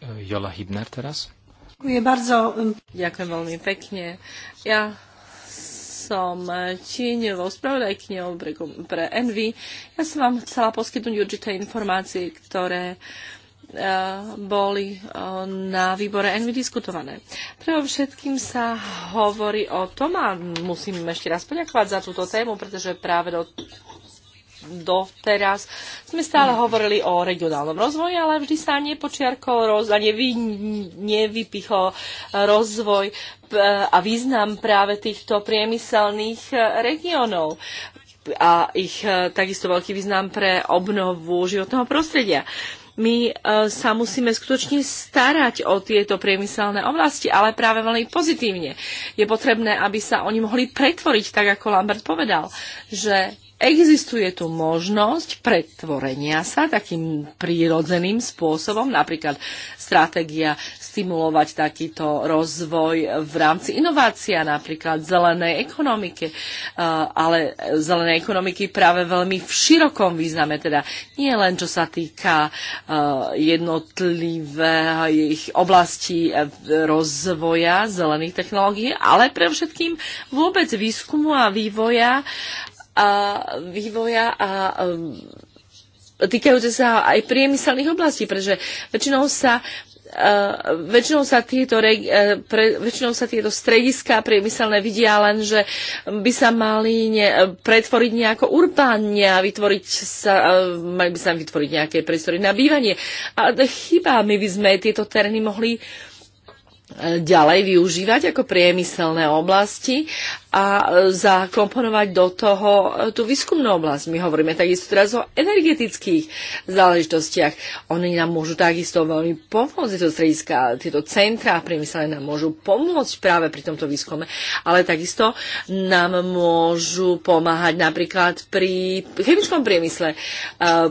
E, Jola Hibner teraz. Ďakujem, Ďakujem veľmi pekne. Ja som tieňovou spravodajkňou pre Envy. Ja som vám chcela poskytnúť určité informácie, ktoré eh, boli eh, na výbore Envy diskutované. Pre všetkým sa hovorí o tom, a musím ešte raz poďakovať za túto tému, pretože práve do doteraz sme stále hovorili o regionálnom rozvoji, ale vždy sa nepočiarkol roz, a nevy, nevypichol e, rozvoj e, a význam práve týchto priemyselných e, regiónov a ich takisto veľký význam pre obnovu životného prostredia. My sa musíme skutočne starať o tieto priemyselné oblasti, ale práve veľmi pozitívne. Je potrebné, aby sa oni mohli pretvoriť, tak ako Lambert povedal, že Existuje tu možnosť pretvorenia sa takým prírodzeným spôsobom, napríklad stratégia stimulovať takýto rozvoj v rámci inovácia, napríklad zelenej ekonomiky, eh, ale zelenej ekonomiky práve veľmi v širokom význame, teda nie len čo sa týka eh, jednotlivých oblastí eh, rozvoja zelených technológií, ale pre všetkým vôbec výskumu a vývoja a vývoja a um, týkajúce sa aj priemyselných oblastí, pretože väčšinou sa uh, väčšinou sa tieto, uh, pre, väčšinou sa tieto strediska priemyselné vidia len, že by sa mali ne, pretvoriť nejako urbánne a vytvoriť sa, uh, mali by sa vytvoriť nejaké priestory na bývanie. A chyba, my by sme tieto terény mohli uh, ďalej využívať ako priemyselné oblasti a zakomponovať do toho e, tú výskumnú oblasť. My hovoríme takisto teraz o energetických záležitostiach. Oni nám môžu takisto veľmi pomôcť, tieto strediska, tieto centrá priemyselné nám môžu pomôcť práve pri tomto výskume, ale takisto nám môžu pomáhať napríklad pri chemickom priemysle, e,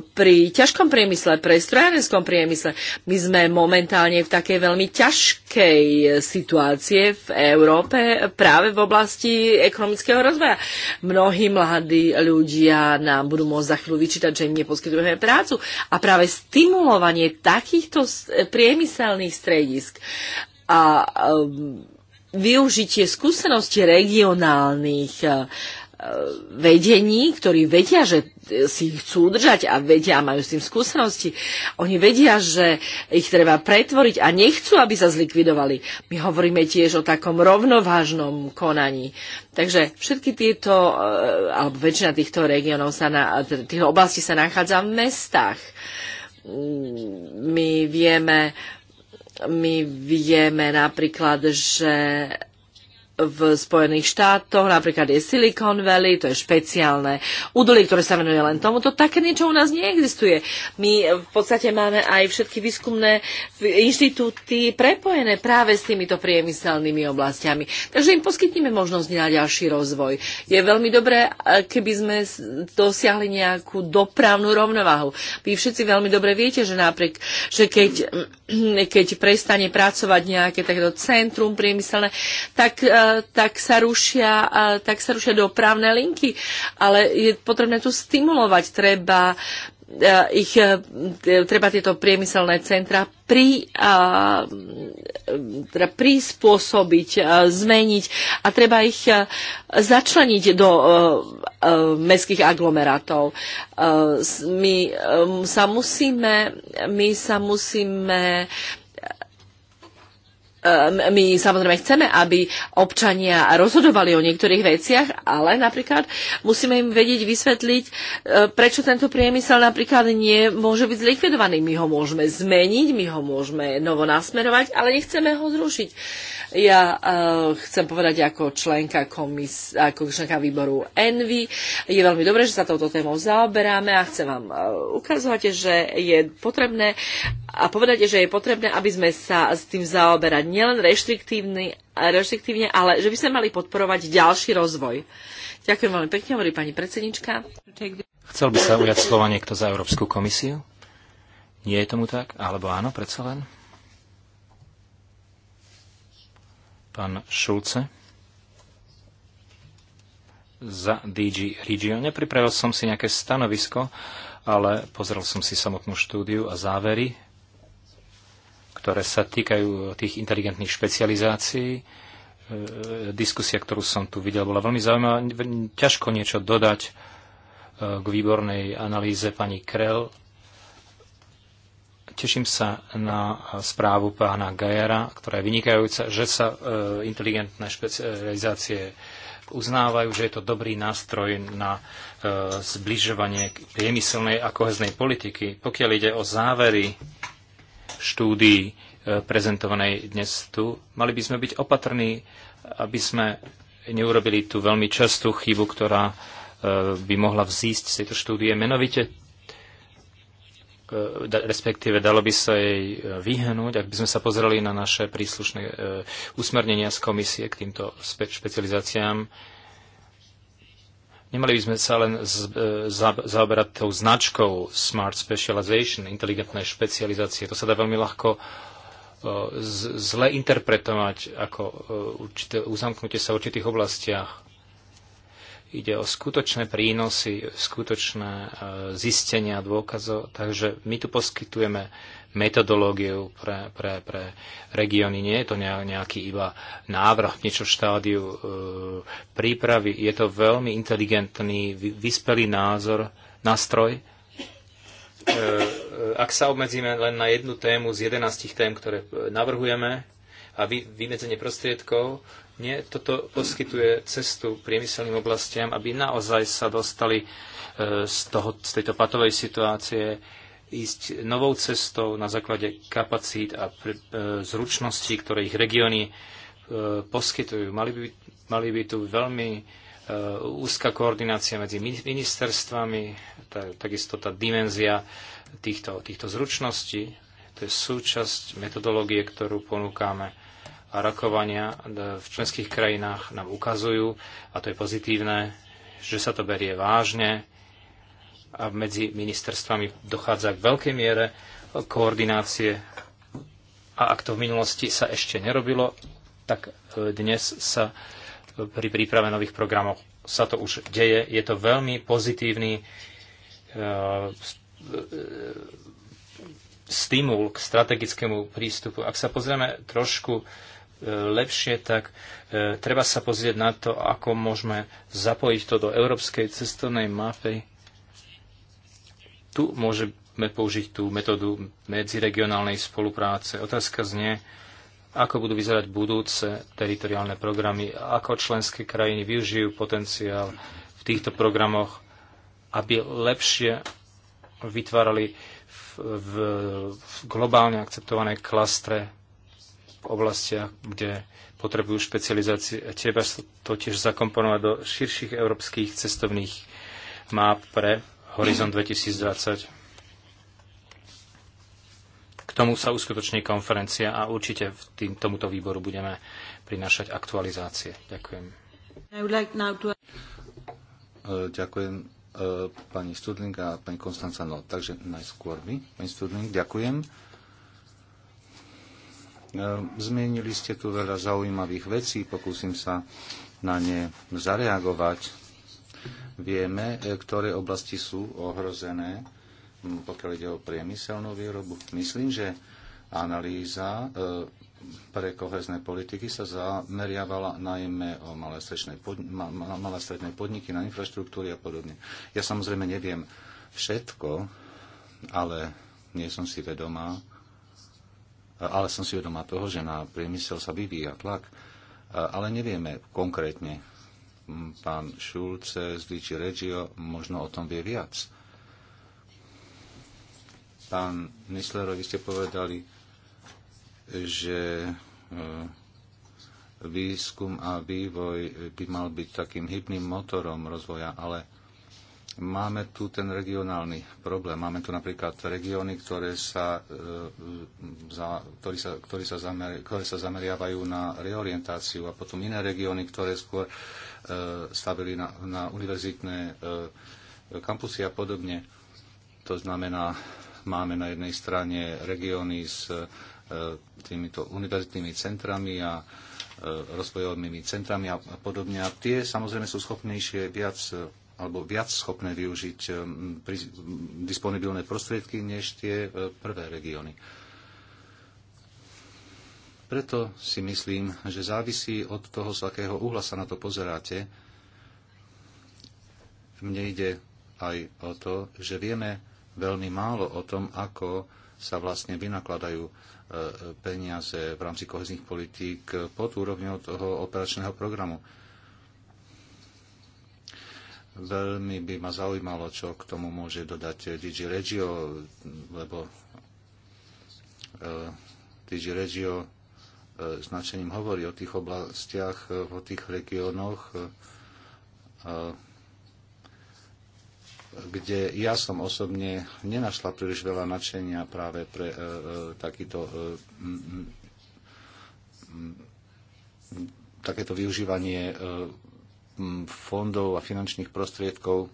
pri ťažkom priemysle, pri strojárenskom priemysle. My sme momentálne v takej veľmi ťažkej situácie v Európe práve v oblasti ekonomického rozvoja. Mnohí mladí ľudia nám budú môcť za chvíľu vyčítať, že im neposkytujeme prácu. A práve stimulovanie takýchto priemyselných stredisk a um, využitie skúseností regionálnych uh, vedení, ktorí vedia, že e, si ich chcú udržať a vedia, majú s tým skúsenosti. Oni vedia, že ich treba pretvoriť a nechcú, aby sa zlikvidovali. My hovoríme tiež o takom rovnovážnom konaní. Takže všetky tieto, e, alebo väčšina týchto regiónov, sa na, e, teda tých oblastí sa nachádza v mestách. Mm, my vieme, my vieme napríklad, že v Spojených štátoch, napríklad je Silicon Valley, to je špeciálne údolie, ktoré sa venuje len tomu. To také niečo u nás neexistuje. My v podstate máme aj všetky výskumné inštitúty prepojené práve s týmito priemyselnými oblastiami. Takže im poskytneme možnosť na ďalší rozvoj. Je veľmi dobré, e, keby sme dosiahli nejakú dopravnú rovnováhu. Vy všetci veľmi dobre viete, že napriek, že keď, keď prestane pracovať nejaké takéto centrum priemyselné, tak e, tak sa rušia, tak sa rušia dopravné linky. Ale je potrebné tu stimulovať. Treba e, ich, e, treba tieto priemyselné centra pri, teda prispôsobiť, zmeniť a treba ich e, začleniť do mestských aglomerátov. my, sa musíme, my sa musíme Ehm, my samozrejme chceme, aby občania rozhodovali o niektorých veciach, ale napríklad musíme im vedieť vysvetliť, ehm, prečo tento priemysel napríklad nie môže byť zlikvidovaný. My ho môžeme zmeniť, my ho môžeme novo nasmerovať, ale nechceme ho zrušiť. Ja eh, chcem povedať ako členka, komis, ako členka výboru Envy, je veľmi dobré, že sa touto témou zaoberáme a chcem vám eh, ukazovať, že je potrebné a povedať, že je potrebné, aby sme sa s tým zaoberať nielen reštriktívne, reštriktívne, ale že by sme mali podporovať ďalší rozvoj. Ďakujem veľmi pekne, hovorí pani predsednička. Chcel by sa ujať slova niekto za Európsku komisiu? Nie je tomu tak? Alebo áno, predsa len? Pán Šulce. Za DG Region. Nepripravil som si nejaké stanovisko, ale pozrel som si samotnú štúdiu a závery, ktoré sa týkajú tých inteligentných špecializácií. E, diskusia, ktorú som tu videl, bola veľmi zaujímavá. Ťažko niečo dodať e, k výbornej analýze pani Krell Teším sa na správu pána Gajara, ktorá je vynikajúca, že sa e, inteligentné špecializácie uznávajú, že je to dobrý nástroj na e, zbližovanie priemyselnej a koheznej politiky. Pokiaľ ide o závery štúdií e, prezentovanej dnes tu, mali by sme byť opatrní, aby sme neurobili tú veľmi častú chybu, ktorá by mohla vzísť z tejto štúdie. Menovite E, respektíve dalo by sa jej e, vyhnúť, ak by sme sa pozreli na naše príslušné e, usmernenia z komisie k týmto špecializáciám. Nemali by sme sa len zaoberať tou značkou Smart Specialization, inteligentné špecializácie. To sa dá veľmi ľahko zle interpretovať ako určité, uzamknutie sa v určitých oblastiach Ide o skutočné prínosy, skutočné e, zistenia a dôkazov, takže my tu poskytujeme metodológiu pre, pre, pre regióny. Nie je to nejaký iba návrh, niečo v štádiu e, prípravy. Je to veľmi inteligentný, vyspelý názor, nástroj, e, e, ak sa obmedzíme len na jednu tému z 11 tém, ktoré navrhujeme a vy, vymedzenie prostriedkov, nie, toto poskytuje cestu priemyselným oblastiam, aby naozaj sa dostali e, z, toho, z tejto patovej situácie ísť novou cestou na základe kapacít a e, zručností, ktoré ich regióny e, poskytujú. Mali by, mali by tu veľmi úzka koordinácia medzi ministerstvami, takisto tá dimenzia týchto, týchto zručností. To je súčasť metodológie, ktorú ponúkame a rokovania v členských krajinách nám ukazujú, a to je pozitívne, že sa to berie vážne a medzi ministerstvami dochádza k veľkej miere koordinácie. A ak to v minulosti sa ešte nerobilo, tak e, dnes sa e, pri príprave nových programov sa to už deje. Je to veľmi pozitívny e, stimul k strategickému prístupu. Ak sa pozrieme trošku lepšie, tak e, treba sa pozrieť na to, ako môžeme zapojiť to do európskej cestovnej mapy. Tu môžeme použiť tú metódu medziregionálnej spolupráce. Otázka znie, ako budú vyzerať budúce teritoriálne programy, ako členské krajiny využijú potenciál v týchto programoch, aby lepšie vytvárali v, v, v globálne akceptované klastre oblastiach, kde potrebujú špecializácie. Treba to tiež zakomponovať do širších európskych cestovných map pre Horizon 2020. K tomu sa uskutoční konferencia a určite v tým, tomuto výboru budeme prinášať aktualizácie. Ďakujem. E, ďakujem e, pani Studling a pani Konstanca No. Takže najskôr vy, pani Studling, ďakujem. Ehm, zmienili ste tu veľa zaujímavých vecí, pokúsim sa na ne zareagovať. Vieme, e, ktoré oblasti sú ohrozené, pokiaľ ide o priemyselnú výrobu. Myslím, že analýza e, pre kohezné politiky sa zameriavala najmä o malé stredné, podniky, stredné podniky, na infraštruktúry a podobne. Ja samozrejme neviem všetko, ale nie som si vedomá ale som si vedomá toho, že na priemysel sa vyvíja tlak, ale nevieme konkrétne. Pán Šulce z Dici Regio možno o tom vie viac. Pán Nislerovi ste povedali, že e, výskum a vývoj by mal byť takým hybným motorom rozvoja, ale Máme tu ten regionálny problém. Máme tu napríklad regióny, ktoré sa, e, za, ktorý sa, ktorý sa zamer, ktoré sa zameriavajú na reorientáciu a potom iné regióny, ktoré skôr e, stavili na, na univerzitné e, kampusy a podobne. To znamená, máme na jednej strane regióny s týmito univerzitnými centrami a rozvojovými centrami a podobne. A tie samozrejme sú schopnejšie viac alebo viac schopné využiť um, um, disponibilné prostriedky než tie uh, prvé regióny. Preto si myslím, že závisí od toho, z akého uhla sa na to pozeráte. Mne ide aj o to, že vieme veľmi málo o tom, ako sa vlastne vynakladajú uh, peniaze v rámci kohezných politík pod úrovňou toho operačného programu. Veľmi by ma zaujímalo, čo k tomu môže dodať eh, DJ Regio, lebo eh, DJ Regio eh, značením hovorí o tých oblastiach, o tých regiónoch, kde ja som osobne nenašla príliš veľa nadšenia práve pre takýto takéto využívanie fondov a finančných prostriedkov.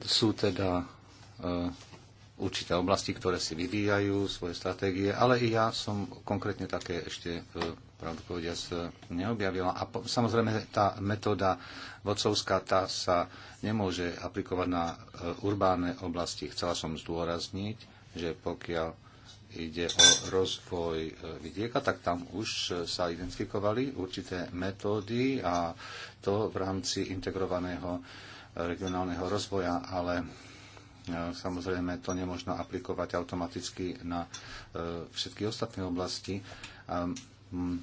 Sú teda e, určité oblasti, ktoré si vyvíjajú svoje stratégie, ale i ja som konkrétne také ešte, e, pravdu povediac, e, neobjavila. A po, samozrejme tá metóda vodcovská, tá sa nemôže aplikovať na urbánne oblasti. Chcela som zdôrazniť, že pokiaľ ide o rozvoj e, vidieka, tak tam už e, sa identifikovali určité metódy a to v rámci integrovaného e, regionálneho rozvoja, ale samozrejme to nemôžno aplikovať automaticky na všetky ostatné oblasti. Mm,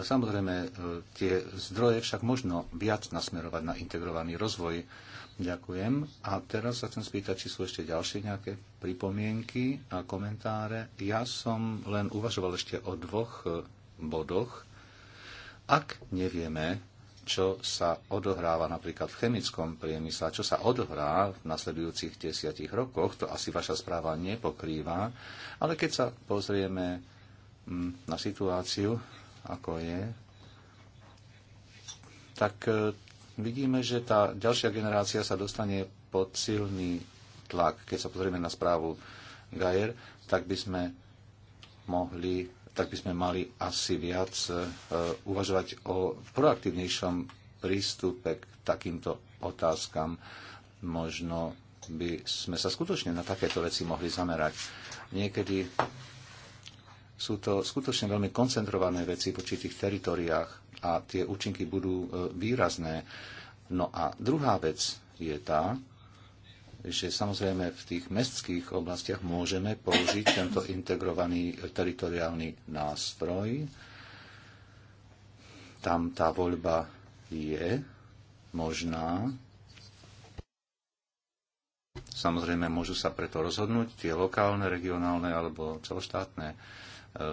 samozrejme, tie zdroje však možno viac nasmerovať na integrovaný rozvoj Ďakujem. A teraz sa chcem spýtať, či sú ešte ďalšie nejaké pripomienky a komentáre. Ja som len uvažoval ešte o dvoch e, bodoch. Ak nevieme, čo sa odohráva napríklad v chemickom priemysle, čo sa odohrá v nasledujúcich desiatich rokoch, to asi vaša správa nepokrýva, ale keď sa pozrieme mm, na situáciu, ako je, tak e, vidíme, že tá ďalšia generácia sa dostane pod silný tlak. Keď sa pozrieme na správu Gajer, tak by sme mohli tak by sme mali asi viac e, uvažovať o proaktívnejšom prístupe k takýmto otázkam. Možno by sme sa skutočne na takéto veci mohli zamerať. Niekedy sú to skutočne veľmi koncentrované veci v určitých teritoriách a tie účinky budú e, výrazné. No a druhá vec je tá, že samozrejme v tých mestských oblastiach môžeme použiť tento integrovaný e, teritoriálny nástroj. Tam tá voľba je možná. Samozrejme môžu sa preto rozhodnúť tie lokálne, regionálne alebo celoštátne e,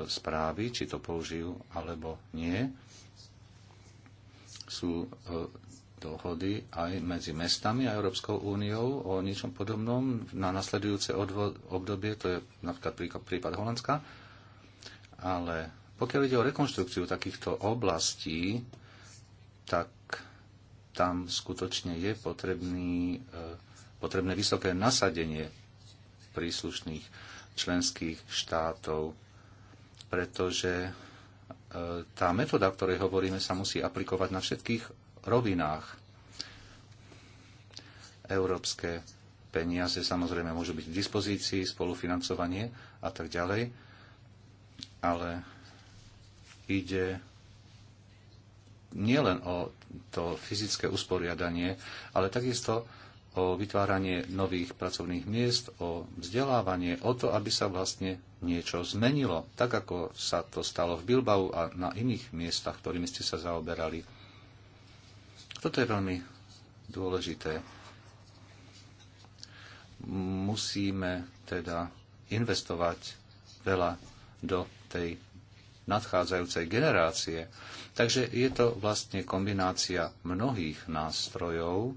správy, či to použijú alebo nie. Sú e, dohody aj medzi mestami a Európskou úniou o niečom podobnom na nasledujúce obdobie, to je napríklad prípad Holandska, ale pokiaľ ide o rekonštrukciu takýchto oblastí, tak tam skutočne je potrebný, e, potrebné vysoké nasadenie príslušných členských štátov, pretože tá metóda, o ktorej hovoríme, sa musí aplikovať na všetkých rovinách. Európske peniaze samozrejme môžu byť k dispozícii, spolufinancovanie a tak ďalej, ale ide nielen o to fyzické usporiadanie, ale takisto o vytváranie nových pracovných miest, o vzdelávanie, o to, aby sa vlastne niečo zmenilo, tak ako sa to stalo v Bilbao a na iných miestach, ktorými ste sa zaoberali. Toto je veľmi dôležité. Musíme teda investovať veľa do tej nadchádzajúcej generácie. Takže je to vlastne kombinácia mnohých nástrojov,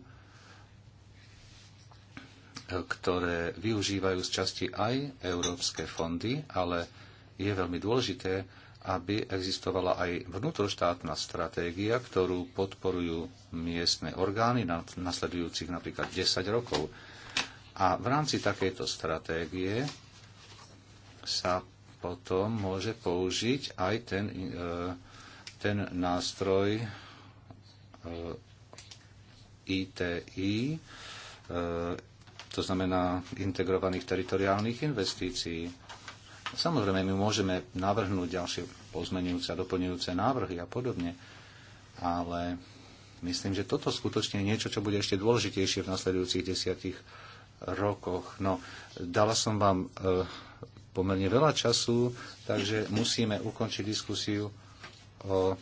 ktoré využívajú z časti aj európske fondy, ale je veľmi dôležité, aby existovala aj vnútroštátna stratégia, ktorú podporujú miestne orgány na nasledujúcich napríklad 10 rokov. A v rámci takejto stratégie sa potom môže použiť aj ten, e, ten nástroj ITI, e, to znamená integrovaných teritoriálnych investícií. Samozrejme, my môžeme navrhnúť ďalšie pozmenujúce a doplňujúce návrhy a podobne, ale myslím, že toto skutočne je niečo, čo bude ešte dôležitejšie v nasledujúcich desiatich rokoch. No, dala som vám e, pomerne veľa času, takže musíme ukončiť diskusiu o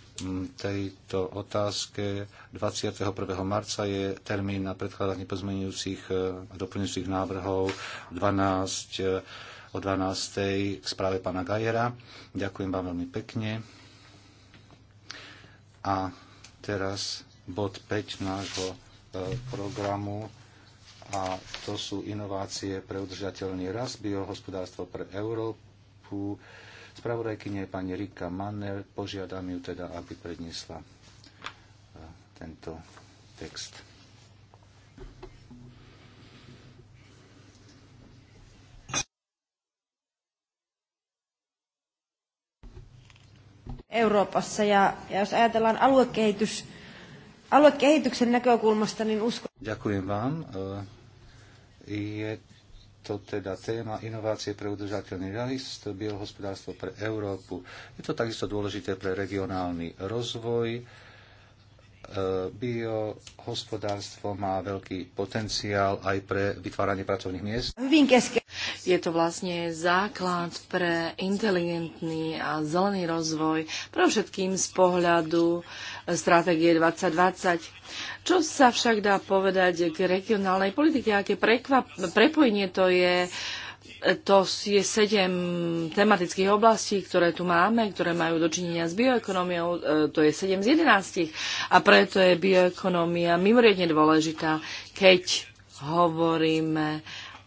tejto otázke. 21. marca je termín na predkladanie pozmeňujúcich e, a doplňujúcich návrhov 12, e, o 12. k správe pána Gajera. Ďakujem vám veľmi pekne. A teraz bod 5 nášho e, programu a to sú inovácie pre udržateľný rast, biohospodárstvo pre Európu. Spravodajkynia je pani Rika Manner. Požiadam ju teda, aby predniesla e, tento text. Euroopassa ja, ja jos ajatellaan aluekehitys, aluekehityksen näkökulmasta, niin uskon... Ďakujem vám. E, je to teda téma inovácie pre udržateľný rast, biohospodárstvo pre Európu. Je to takisto dôležité pre regionálny rozvoj E, biohospodárstvo má veľký potenciál aj pre vytváranie pracovných miest. Je to vlastne základ pre inteligentný a zelený rozvoj, pre všetkým z pohľadu stratégie 2020. Čo sa však dá povedať k regionálnej politike, aké prekvap- prepojenie to je uh, to je sedem tematických oblastí, ktoré tu máme, ktoré majú dočinenia s bioekonómiou. E, to je sedem z jedenáctich a preto je bioekonómia mimoriadne dôležitá, keď hovoríme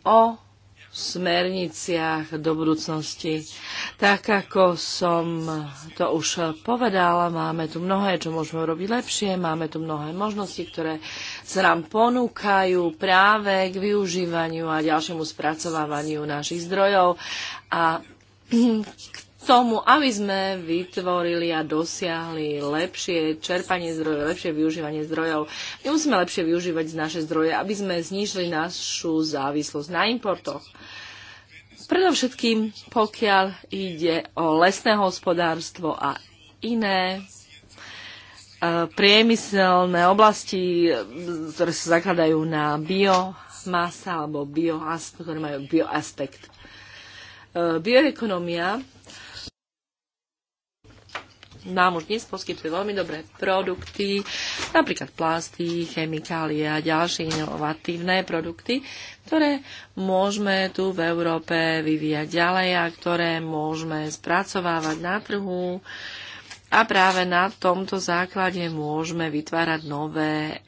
o smerniciach do budúcnosti. Tak ako som to už povedala, máme tu mnohé, čo môžeme urobiť lepšie, máme tu mnohé možnosti, ktoré sa nám ponúkajú práve k využívaniu a ďalšiemu spracovávaniu našich zdrojov a k tomu, aby sme vytvorili a dosiahli lepšie čerpanie zdrojov, lepšie využívanie zdrojov. My musíme lepšie využívať naše zdroje, aby sme znížili našu závislosť na importoch. Predovšetkým, pokiaľ ide o lesné hospodárstvo a iné priemyselné oblasti, ktoré sa zakladajú na biomasa alebo bio, ktoré majú bioaspekt. E, bioekonomia nám už dnes poskytuje veľmi dobré produkty, napríklad plasty, chemikálie a ďalšie inovatívne produkty, ktoré môžeme tu v Európe vyvíjať ďalej a ktoré môžeme spracovávať na trhu. Uh, a práve na tomto základe môžeme vytvárať nové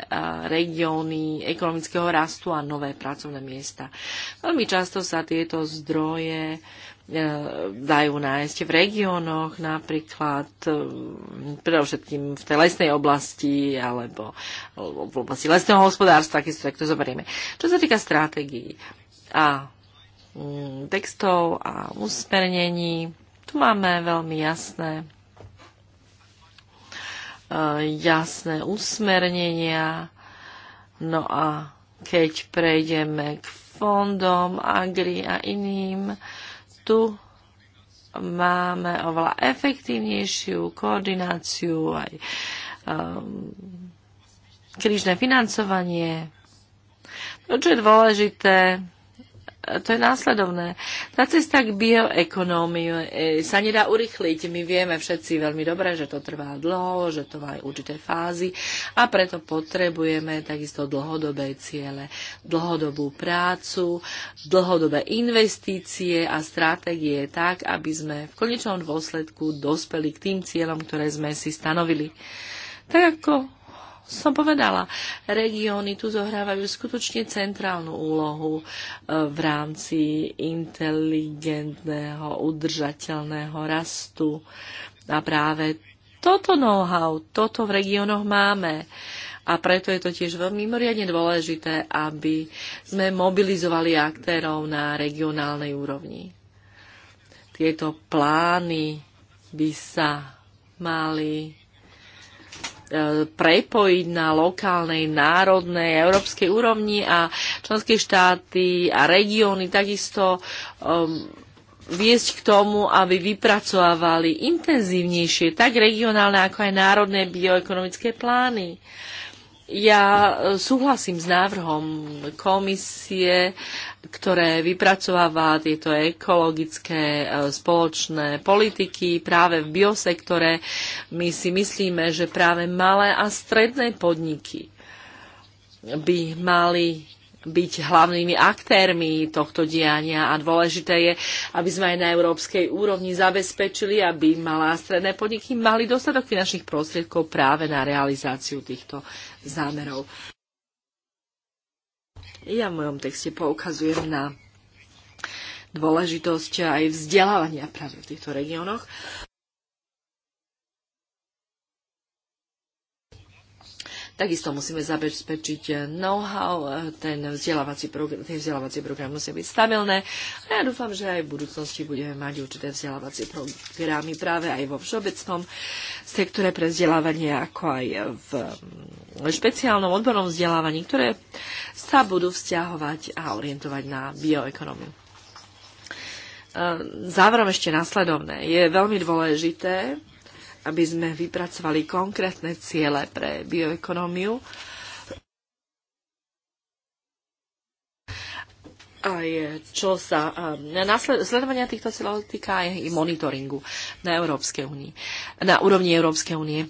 regióny ekonomického rastu a nové pracovné miesta. Veľmi často sa tieto zdroje e, dajú nájsť v regiónoch, napríklad e, predovšetkým v tej lesnej oblasti alebo, v oblasti lesného hospodárstva, keď si takto zoberieme. Čo sa týka stratégií a mm, textov a usmernení, tu máme veľmi jasné jasné usmernenia. No a keď prejdeme k fondom, agri a iným, tu máme oveľa efektívnejšiu koordináciu, aj um, krížne financovanie. To, no, čo je dôležité, to je následovné. Tá cesta k bioekonómii e, sa nedá urychliť. My vieme všetci veľmi dobre, že to trvá dlho, že to má aj určité fázy a preto potrebujeme takisto dlhodobé ciele, dlhodobú prácu, dlhodobé investície a stratégie tak, aby sme v konečnom dôsledku dospeli k tým cieľom, ktoré sme si stanovili. Tak ako som povedala, regióny tu zohrávajú skutočne centrálnu úlohu e, v rámci inteligentného, udržateľného rastu. A práve toto know-how, toto v regiónoch máme. A preto je to tiež veľmi mimoriadne dôležité, aby sme mobilizovali aktérov na regionálnej úrovni. Tieto plány by sa mali prepojiť na lokálnej, národnej, európskej úrovni a členské štáty a regióny takisto um, viesť k tomu, aby vypracovávali intenzívnejšie tak regionálne, ako aj národné bioekonomické plány. Uh, ja e, súhlasím s návrhom komisie, ktoré vypracováva tieto ekologické e, spoločné politiky práve v biosektore. My si myslíme, že práve malé a stredné podniky by mali byť hlavnými aktérmi tohto diania a dôležité je, aby sme aj na európskej úrovni zabezpečili, aby malé a stredné podniky mali dostatok finančných prostriedkov práve na realizáciu týchto zámerov. Ja v mojom texte poukazujem na dôležitosť aj vzdelávania práve v týchto regiónoch Takisto musíme zabezpečiť eh, know-how, eh, ten vzdelávací program, ten vzdelávací program musí byť stabilné a ja dúfam, že aj v budúcnosti budeme mať určité vzdelávacie programy práve aj vo všeobecnom sektore pre vzdelávanie, ako aj v mm, špeciálnom odbornom vzdelávaní, ktoré sa budú vzťahovať a orientovať na bioekonomiu. Eh, záverom ešte následovné. Je veľmi dôležité, aby sme vypracovali konkrétne ciele pre bioekonómiu. je, čo sa ehm, nasled, sledovania týchto cieľov týka aj monitoringu na Európskej únii, na úrovni Európskej únie.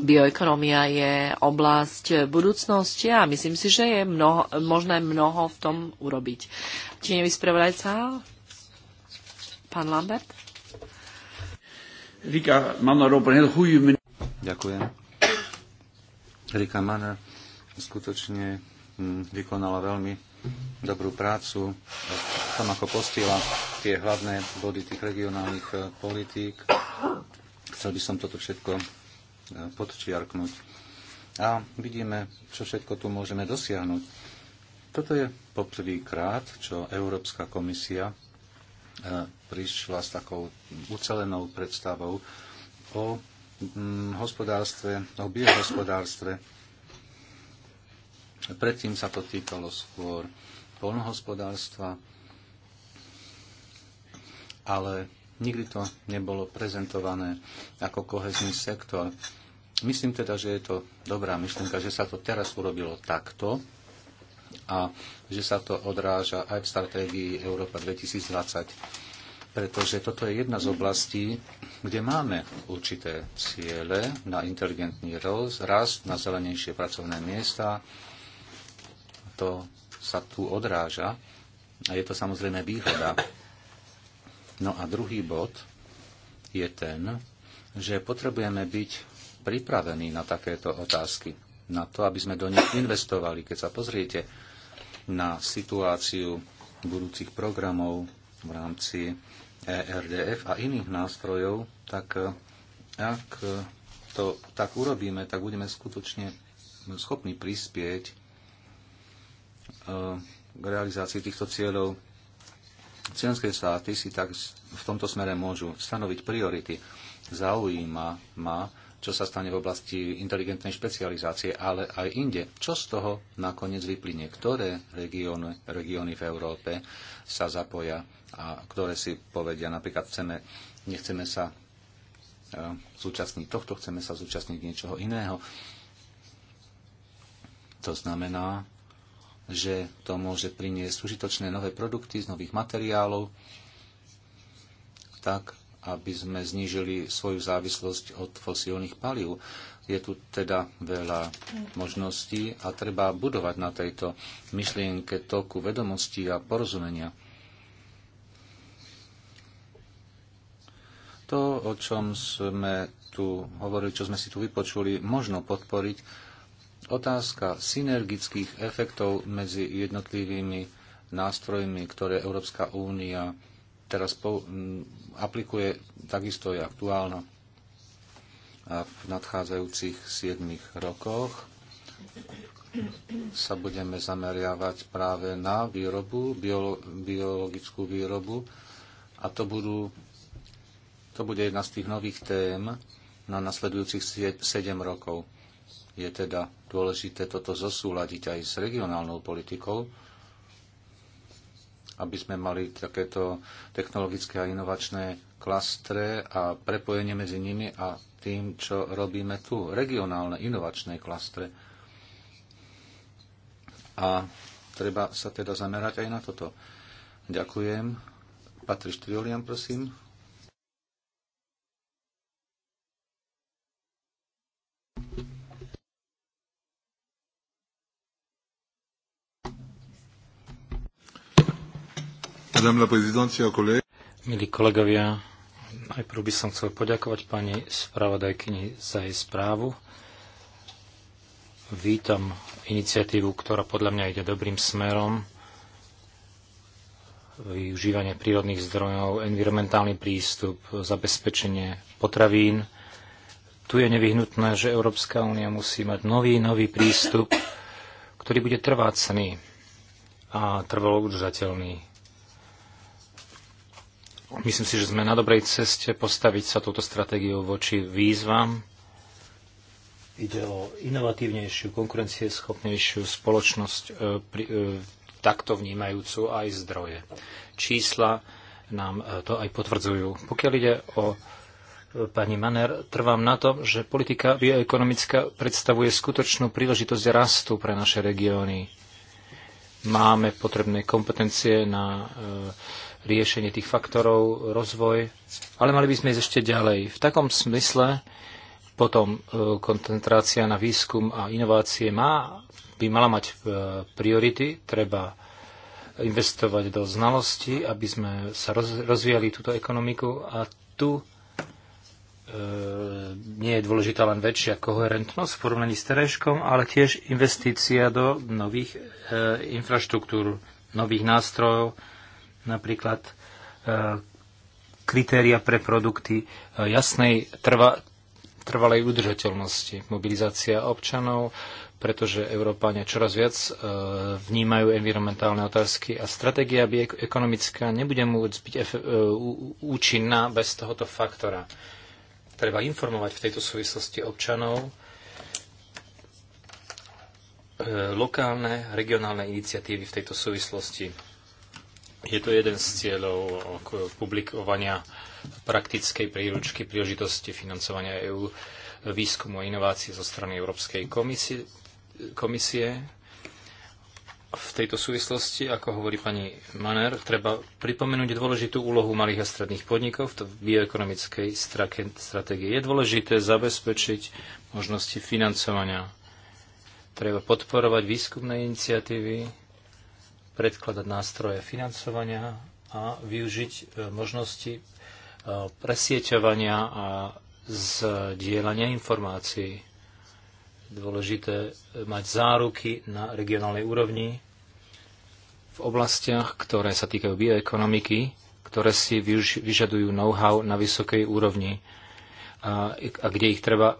Bioekonomia je oblasť budúcnosti a myslím si, že je mnoho, možné mnoho v tom urobiť. Či spravodajca, pán Lambert? Rika Manner op een heel goede manier. Ďakujem. Rika Manner skutočne hm, vykonala veľmi dobrú prácu tam ako postila tie hlavné body tých regionálnych eh, politík. Chcel by som toto všetko eh, podčiarknúť. A vidíme, čo všetko tu môžeme dosiahnuť. Toto je poprvýkrát, čo Európska komisia prišla s takou ucelenou predstavou o mm, hospodárstve, o biohospodárstve. Predtým sa to týkalo skôr polnohospodárstva, ale nikdy to nebolo prezentované ako kohezný sektor. Myslím teda, že je to dobrá myšlienka, že sa to teraz urobilo takto a že sa to odráža aj v stratégii Európa 2020. Pretože toto je jedna z oblastí, kde máme určité ciele na inteligentný rast, na zelenejšie pracovné miesta. To sa tu odráža a je to samozrejme výhoda. No a druhý bod je ten, že potrebujeme byť pripravení na takéto otázky na to, aby sme do nich investovali. Keď sa pozriete na situáciu budúcich programov v rámci ERDF a iných nástrojov, tak eh, ak eh, to tak urobíme, tak budeme skutočne schopní prispieť eh, k realizácii týchto cieľov. Členské štáty si tak v tomto smere môžu stanoviť priority. Zaujíma ma, čo sa stane v oblasti inteligentnej špecializácie, ale aj inde. Čo z toho nakoniec vyplynie? Ktoré regióny, regióny v Európe sa zapoja a ktoré si povedia, napríklad chceme, nechceme sa eh, zúčastniť tohto, chceme sa zúčastniť niečoho iného. To znamená, že to môže priniesť užitočné nové produkty z nových materiálov, tak aby sme znížili svoju závislosť od fosílnych palív. Je tu teda veľa možností a treba budovať na tejto myšlienke toku vedomostí a porozumenia. To, o čom sme tu hovorili, čo sme si tu vypočuli, možno podporiť. Otázka synergických efektov medzi jednotlivými nástrojmi, ktoré Európska únia teraz po, mm, aplikuje, takisto je aktuálna a v nadchádzajúcich 7 rokoch sa budeme zameriavať práve na výrobu, biolo, biologickú výrobu a to, budú, to bude jedna z tých nových tém na nasledujúcich 7 rokov. Je teda dôležité toto zosúľadiť aj s regionálnou politikou, aby sme mali takéto technologické a inovačné klastre a prepojenie medzi nimi a tým, čo robíme tu, regionálne inovačné klastre. A treba sa teda zamerať aj na toto. Ďakujem. Patriš Triolian, prosím. Milí kolegovia, najprv by som chcel poďakovať pani spravodajkyni za jej správu. Vítam iniciatívu, ktorá podľa mňa ide dobrým smerom. Využívanie prírodných zdrojov, environmentálny prístup, zabezpečenie potravín. Tu je nevyhnutné, že Európska únia musí mať nový, nový prístup, ktorý bude trvácný a trvalo udržateľný Myslím si, že sme na dobrej ceste postaviť sa touto stratégiou voči výzvam. Ide o inovatívnejšiu, konkurencieschopnejšiu spoločnosť, e, e, takto vnímajúcu aj zdroje. Čísla nám e, to aj potvrdzujú. Pokiaľ ide o pani Maner, trvám na tom, že politika bioekonomická predstavuje skutočnú príležitosť rastu pre naše regióny. Máme potrebné kompetencie na riešenie tých faktorov, rozvoj, ale mali by sme ísť ešte ďalej. V takom smysle potom e, koncentrácia na výskum a inovácie má, by mala mať e, priority, treba investovať do znalosti, aby sme sa rozvíjali túto ekonomiku a tu e, nie je dôležitá len väčšia koherentnosť v porovnaní s terejškom, ale tiež investícia do nových e, infraštruktúr, nových nástrojov, Napríklad e, kritéria pre produkty e, jasnej trva, trvalej udržateľnosti, mobilizácia občanov, pretože Európania čoraz viac e, vnímajú environmentálne otázky a stratégia by ekonomická nebude môcť byť účinná bez tohoto faktora. Treba informovať v tejto súvislosti občanov. Lokálne, regionálne iniciatívy v tejto súvislosti je to jeden z cieľov publikovania praktickej príručky príležitosti financovania EÚ výskumu a inovácií zo strany Európskej komisie, komisie. V tejto súvislosti, ako hovorí pani Maner, treba pripomenúť dôležitú úlohu malých a stredných podnikov v bioekonomickej stratégii. Je dôležité zabezpečiť možnosti financovania. Treba podporovať výskumné iniciatívy, predkladať nástroje financovania a využiť e, možnosti e, presieťovania a zdieľania informácií. Dôležité e, mať záruky na regionálnej úrovni v oblastiach, ktoré sa týkajú bioekonomiky, ktoré si vyžadujú know-how na vysokej úrovni a, kde ich treba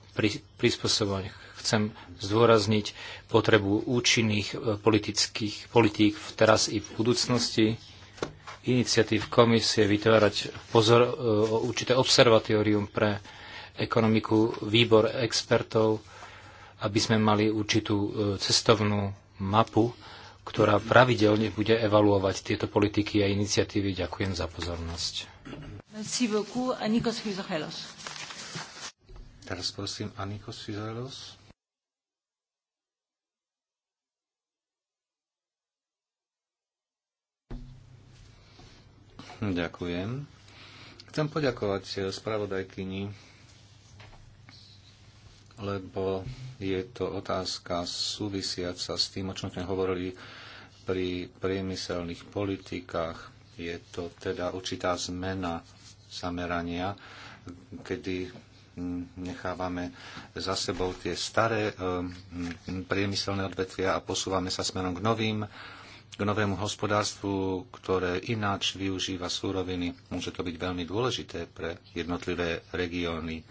prispôsobovať chcem zdôrazniť potrebu účinných e, politických politík teraz i v budúcnosti, iniciatív komisie vytvárať pozor, e, určité observatórium pre ekonomiku, výbor expertov, aby sme mali určitú e, cestovnú mapu, ktorá pravidelne bude evaluovať tieto politiky a iniciatívy. Ďakujem za pozornosť. Merci beaucoup, Anikos Teraz prosím Anikos Fizelos. Ďakujem. Chcem poďakovať spravodajkyni, lebo je to otázka súvisiaca s tým, o čom sme hovorili pri priemyselných politikách. Je to teda určitá zmena zamerania, kedy hm, nechávame za sebou tie staré hm, priemyselné odvetvia a posúvame sa smerom k novým k novému hospodárstvu, ktoré ináč využíva súroviny. Môže to byť veľmi dôležité pre jednotlivé regióny. E,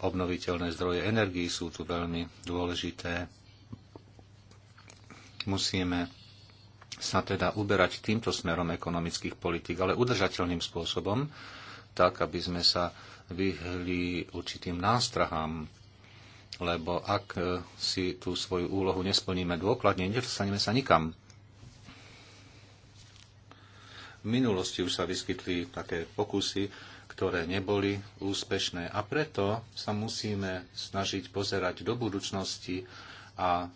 obnoviteľné zdroje energií sú tu veľmi dôležité. Musíme sa teda uberať týmto smerom ekonomických politik, ale udržateľným spôsobom, tak aby sme sa vyhli určitým nástrahám lebo ak e, si tú svoju úlohu nesplníme dôkladne, nedostaneme sa nikam. V minulosti už sa vyskytli také pokusy, ktoré neboli úspešné a preto sa musíme snažiť pozerať do budúcnosti a e,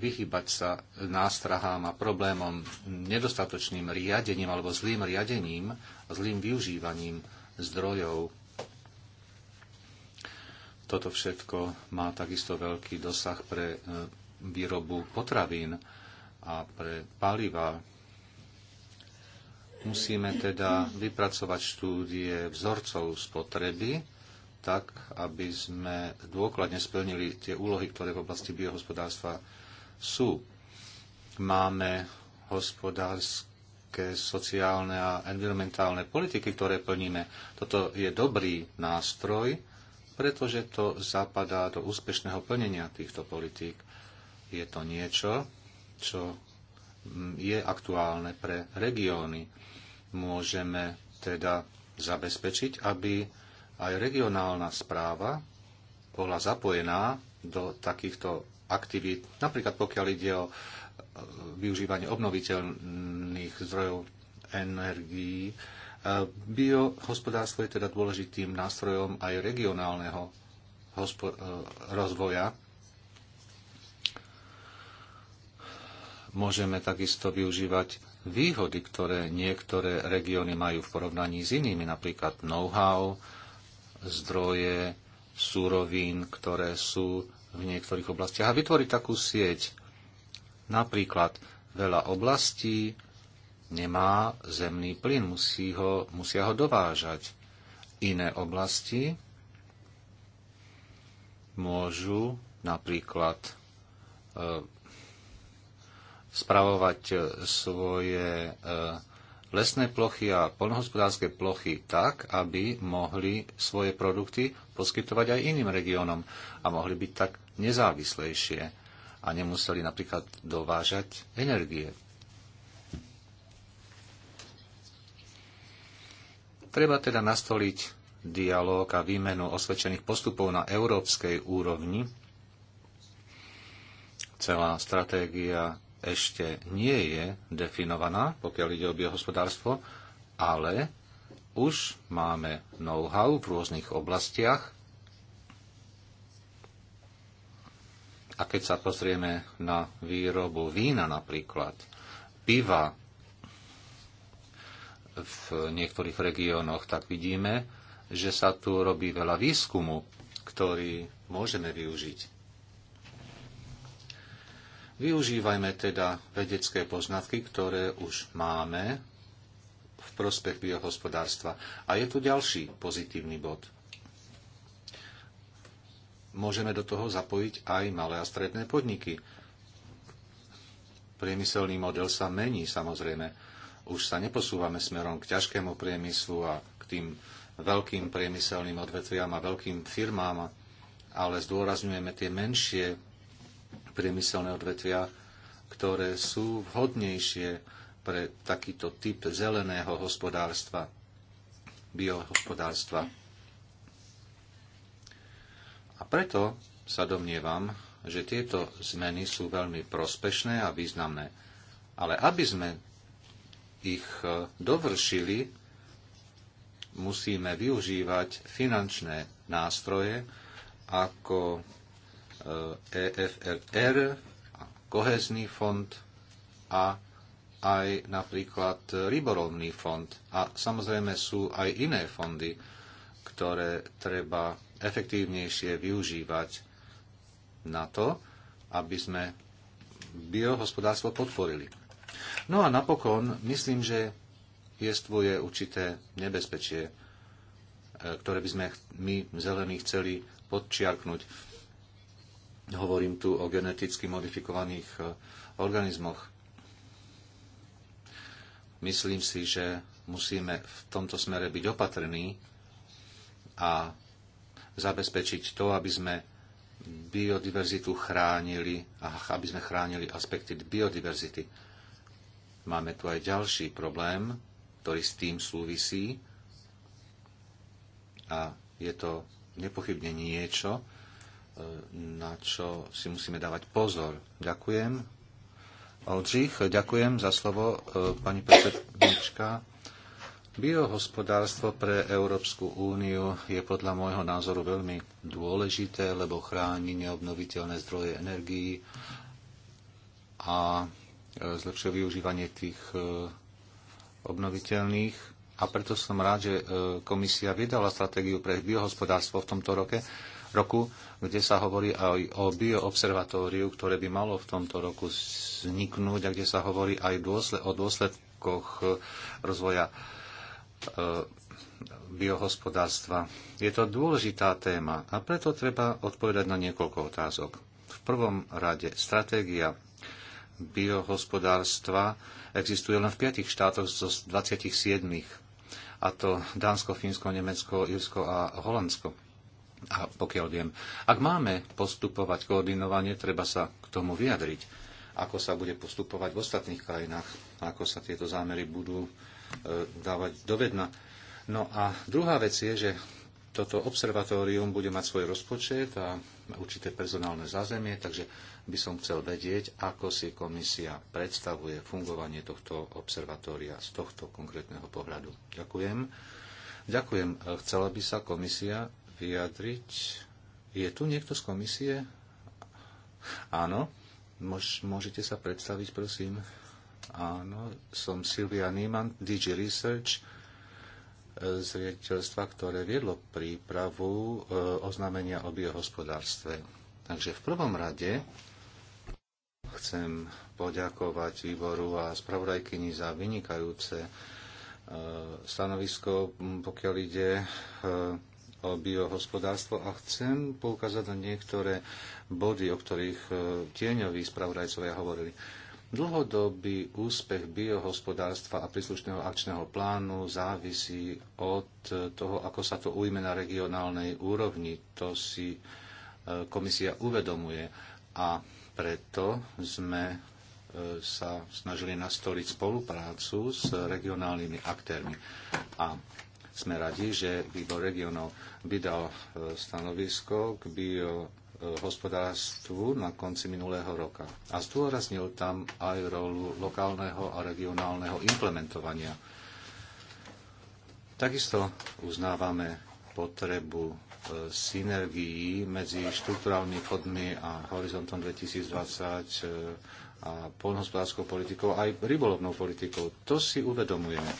vyhybať sa nástrahám a problémom nedostatočným riadením alebo zlým riadením a zlým využívaním zdrojov. Toto všetko má takisto veľký dosah pre e, výrobu potravín a pre paliva. Musíme teda vypracovať štúdie vzorcov spotreby, tak, aby sme dôkladne splnili tie úlohy, ktoré v oblasti biohospodárstva sú. Máme hospodárske, sociálne a environmentálne politiky, ktoré plníme. Toto je dobrý nástroj, pretože to zapadá do úspešného plnenia týchto politík. Je to niečo, čo je aktuálne pre regióny. Môžeme teda zabezpečiť, aby aj regionálna správa bola zapojená do takýchto aktivít, napríklad pokiaľ ide o e, využívanie obnoviteľných zdrojov energií. E, biohospodárstvo je teda dôležitým nástrojom aj regionálneho e, rozvoja môžeme takisto využívať výhody, ktoré niektoré regióny majú v porovnaní s inými, napríklad know-how, zdroje, súrovín, ktoré sú v niektorých oblastiach a vytvoriť takú sieť. Napríklad veľa oblastí nemá zemný plyn, musí ho, musia ho dovážať. Iné oblasti môžu napríklad e, spravovať e, svoje e, lesné plochy a poľnohospodárske plochy tak, aby mohli svoje produkty poskytovať aj iným regiónom a mohli byť tak nezávislejšie a nemuseli napríklad dovážať energie. Treba teda nastoliť dialog a výmenu osvedčených postupov na európskej úrovni. Celá stratégia ešte nie je definovaná, pokiaľ ide o biohospodárstvo, ale už máme know-how v rôznych oblastiach. A keď sa pozrieme na výrobu vína napríklad, piva v niektorých regiónoch, tak vidíme, že sa tu robí veľa výskumu, ktorý môžeme využiť Využívajme teda vedecké poznatky, ktoré už máme v prospech biohospodárstva. A je tu ďalší pozitívny bod. Môžeme do toho zapojiť aj malé a stredné podniky. Priemyselný model sa mení samozrejme. Už sa neposúvame smerom k ťažkému priemyslu a k tým veľkým priemyselným odvetviam a veľkým firmám, ale zdôrazňujeme tie menšie priemyselné odvetvia, ktoré sú vhodnejšie pre takýto typ zeleného hospodárstva, biohospodárstva. A preto sa domnievam, že tieto zmeny sú veľmi prospešné a významné. Ale aby sme ich e, dovršili, musíme využívať finančné nástroje, ako EFRR, e, kohezný fond a aj napríklad riborovný fond. A samozrejme sú aj iné fondy, ktoré treba efektívnejšie využívať na to, aby sme biohospodárstvo podporili. No a napokon myslím, že jestvuje určité nebezpečie, e, ktoré by sme my zelení chceli podčiarknúť Hovorím tu o geneticky modifikovaných e, organizmoch. Myslím si, že musíme v tomto smere byť opatrní a zabezpečiť to, aby sme biodiverzitu chránili a aby sme chránili aspekty biodiverzity. Máme tu aj ďalší problém, ktorý s tým súvisí a je to nepochybne niečo, na čo si musíme dávať pozor. Ďakujem. Oldřich, ďakujem za slovo, e, pani predsednička. Biohospodárstvo pre Európsku úniu je podľa môjho názoru veľmi dôležité, lebo chráni neobnoviteľné zdroje energií a e, zlepšuje využívanie tých e, obnoviteľných. A preto som rád, že komisia vydala stratégiu pre biohospodárstvo v tomto roke roku, kde sa hovorí aj o bioobservatóriu, ktoré by malo v tomto roku vzniknúť a kde sa hovorí aj o dôsledkoch e, rozvoja e, biohospodárstva. Je to dôležitá téma a preto treba odpovedať na niekoľko otázok. V prvom rade stratégia biohospodárstva existuje len v piatich štátoch zo 27 a to Dánsko, Fínsko, Nemecko, Irsko a Holandsko. A pokiaľ viem, ak máme postupovať koordinovanie, treba sa k tomu vyjadriť, ako sa bude postupovať v ostatných krajinách, ako sa tieto zámery budú e, dávať dovedna. No a druhá vec je, že toto observatórium bude mať svoj rozpočet a určité personálne zázemie, takže by som chcel vedieť, ako si komisia predstavuje fungovanie tohto observatória z tohto konkrétneho pohľadu. Ďakujem. Ďakujem. Chcela by sa komisia vyjadriť. Je tu niekto z komisie? Áno. môžete sa predstaviť, prosím. Áno, som Silvia Niemann, DG Research e, z riaditeľstva, ktoré viedlo prípravu e, oznámenia o biohospodárstve. Takže v prvom rade chcem poďakovať výboru a spravodajkyni za vynikajúce e, stanovisko, pokiaľ ide biohospodárstvo a chcem poukázať na niektoré body, o ktorých e, tieňoví spravodajcovia hovorili. Dlhodobý úspech biohospodárstva a príslušného akčného plánu závisí od toho, ako sa to ujme na regionálnej úrovni. To si e, komisia uvedomuje a preto sme e, sa snažili nastoliť spoluprácu s regionálnymi aktérmi. A sme radi, že výbor regionov vydal e, stanovisko k biohospodárstvu na konci minulého roka a zdôraznil tam aj rolu lokálneho a regionálneho implementovania. Takisto uznávame potrebu e, synergií medzi štruktúralnými fondmi a Horizontom 2020 e, a poľnohospodárskou politikou aj rybolovnou politikou. To si uvedomujeme.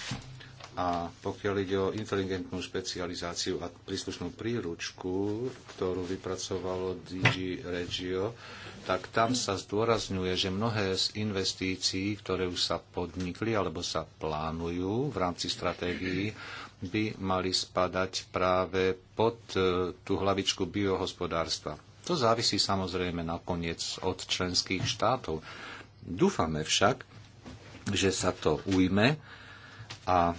A pokiaľ ide o inteligentnú špecializáciu a príslušnú príručku, ktorú vypracovalo DG Regio, tak tam sa zdôrazňuje, že mnohé z investícií, ktoré už sa podnikli alebo sa plánujú v rámci stratégií, by mali spadať práve pod e, tú hlavičku biohospodárstva. To závisí samozrejme nakoniec od členských štátov. Dúfame však, že sa to ujme a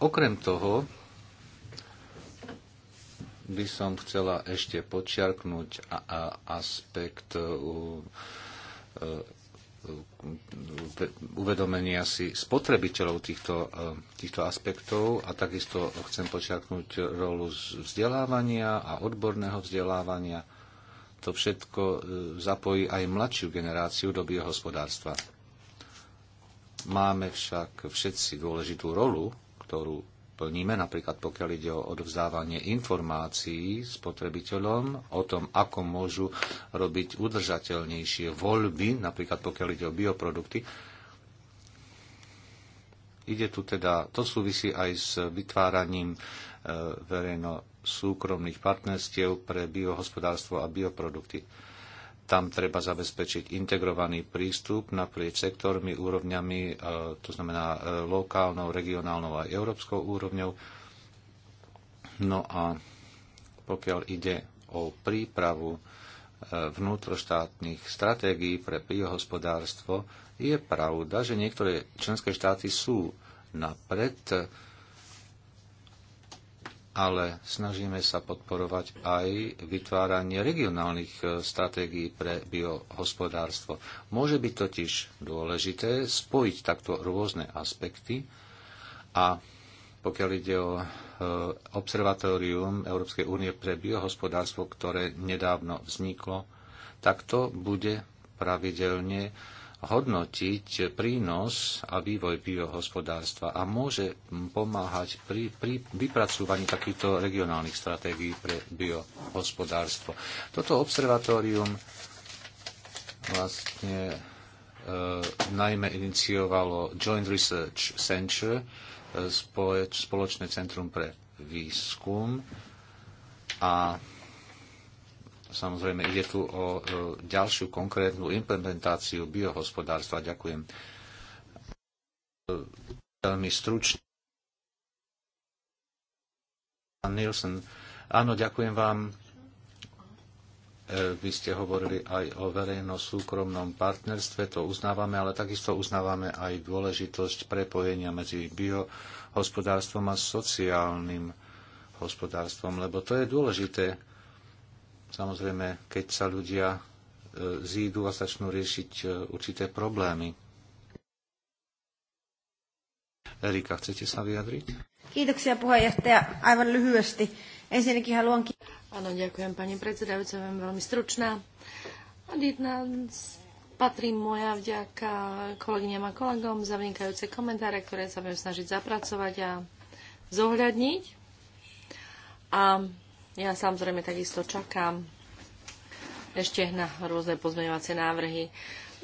Okrem toho by som chcela ešte počiarknúť aspekt e, e, uvedomenia si spotrebiteľov týchto, e, týchto aspektov a takisto chcem počiarknúť rolu vzdelávania a odborného vzdelávania. To všetko zapojí aj mladšiu generáciu do biohospodárstva. Máme však všetci dôležitú rolu ktorú plníme, napríklad pokiaľ ide o odvzdávanie informácií spotrebiteľom o tom, ako môžu robiť udržateľnejšie voľby, napríklad pokiaľ ide o bioprodukty. Ide tu teda, to súvisí aj s vytváraním e, verejno-súkromných partnerstiev pre biohospodárstvo a bioprodukty tam treba zabezpečiť integrovaný prístup naprieč sektormi, úrovňami, e, to znamená e, lokálnou, regionálnou a európskou úrovňou. No a pokiaľ ide o prípravu e, vnútroštátnych stratégií pre biohospodárstvo, je pravda, že niektoré členské štáty sú napred ale snažíme sa podporovať aj vytváranie regionálnych e, stratégií pre biohospodárstvo. Môže byť totiž dôležité spojiť takto rôzne aspekty a pokiaľ ide o e, observatórium Európskej únie pre biohospodárstvo, ktoré nedávno vzniklo, tak to bude pravidelne hodnotiť prínos a vývoj biohospodárstva a môže pomáhať pri, pri vypracúvaní takýchto regionálnych stratégií pre biohospodárstvo. Toto observatórium vlastne e, najmä iniciovalo Joint Research Center, e, spoločné centrum pre výskum a Samozrejme, ide tu o e, ďalšiu konkrétnu implementáciu biohospodárstva. Ďakujem. E, veľmi stručne. Pán Nielsen, áno, ďakujem vám. E, vy ste hovorili aj o verejno-súkromnom partnerstve, to uznávame, ale takisto uznávame aj dôležitosť prepojenia medzi biohospodárstvom a sociálnym hospodárstvom, lebo to je dôležité Samozrejme, keď sa ľudia e, zídu a začnú riešiť e, určité problémy. Erika, chcete sa vyjadriť? Kiitoksia puheenjohtaja. Aivan lyhyesti. Ensinnäkin haluan... Áno, ďakujem pani predsedajúca, budem veľmi stručná. A jedna patrí moja vďaka kolegyňam a kolegom za vynikajúce komentáre, ktoré sa budem snažiť zapracovať a zohľadniť. A ja samozrejme takisto čakám ešte na rôzne pozmeňovacie návrhy.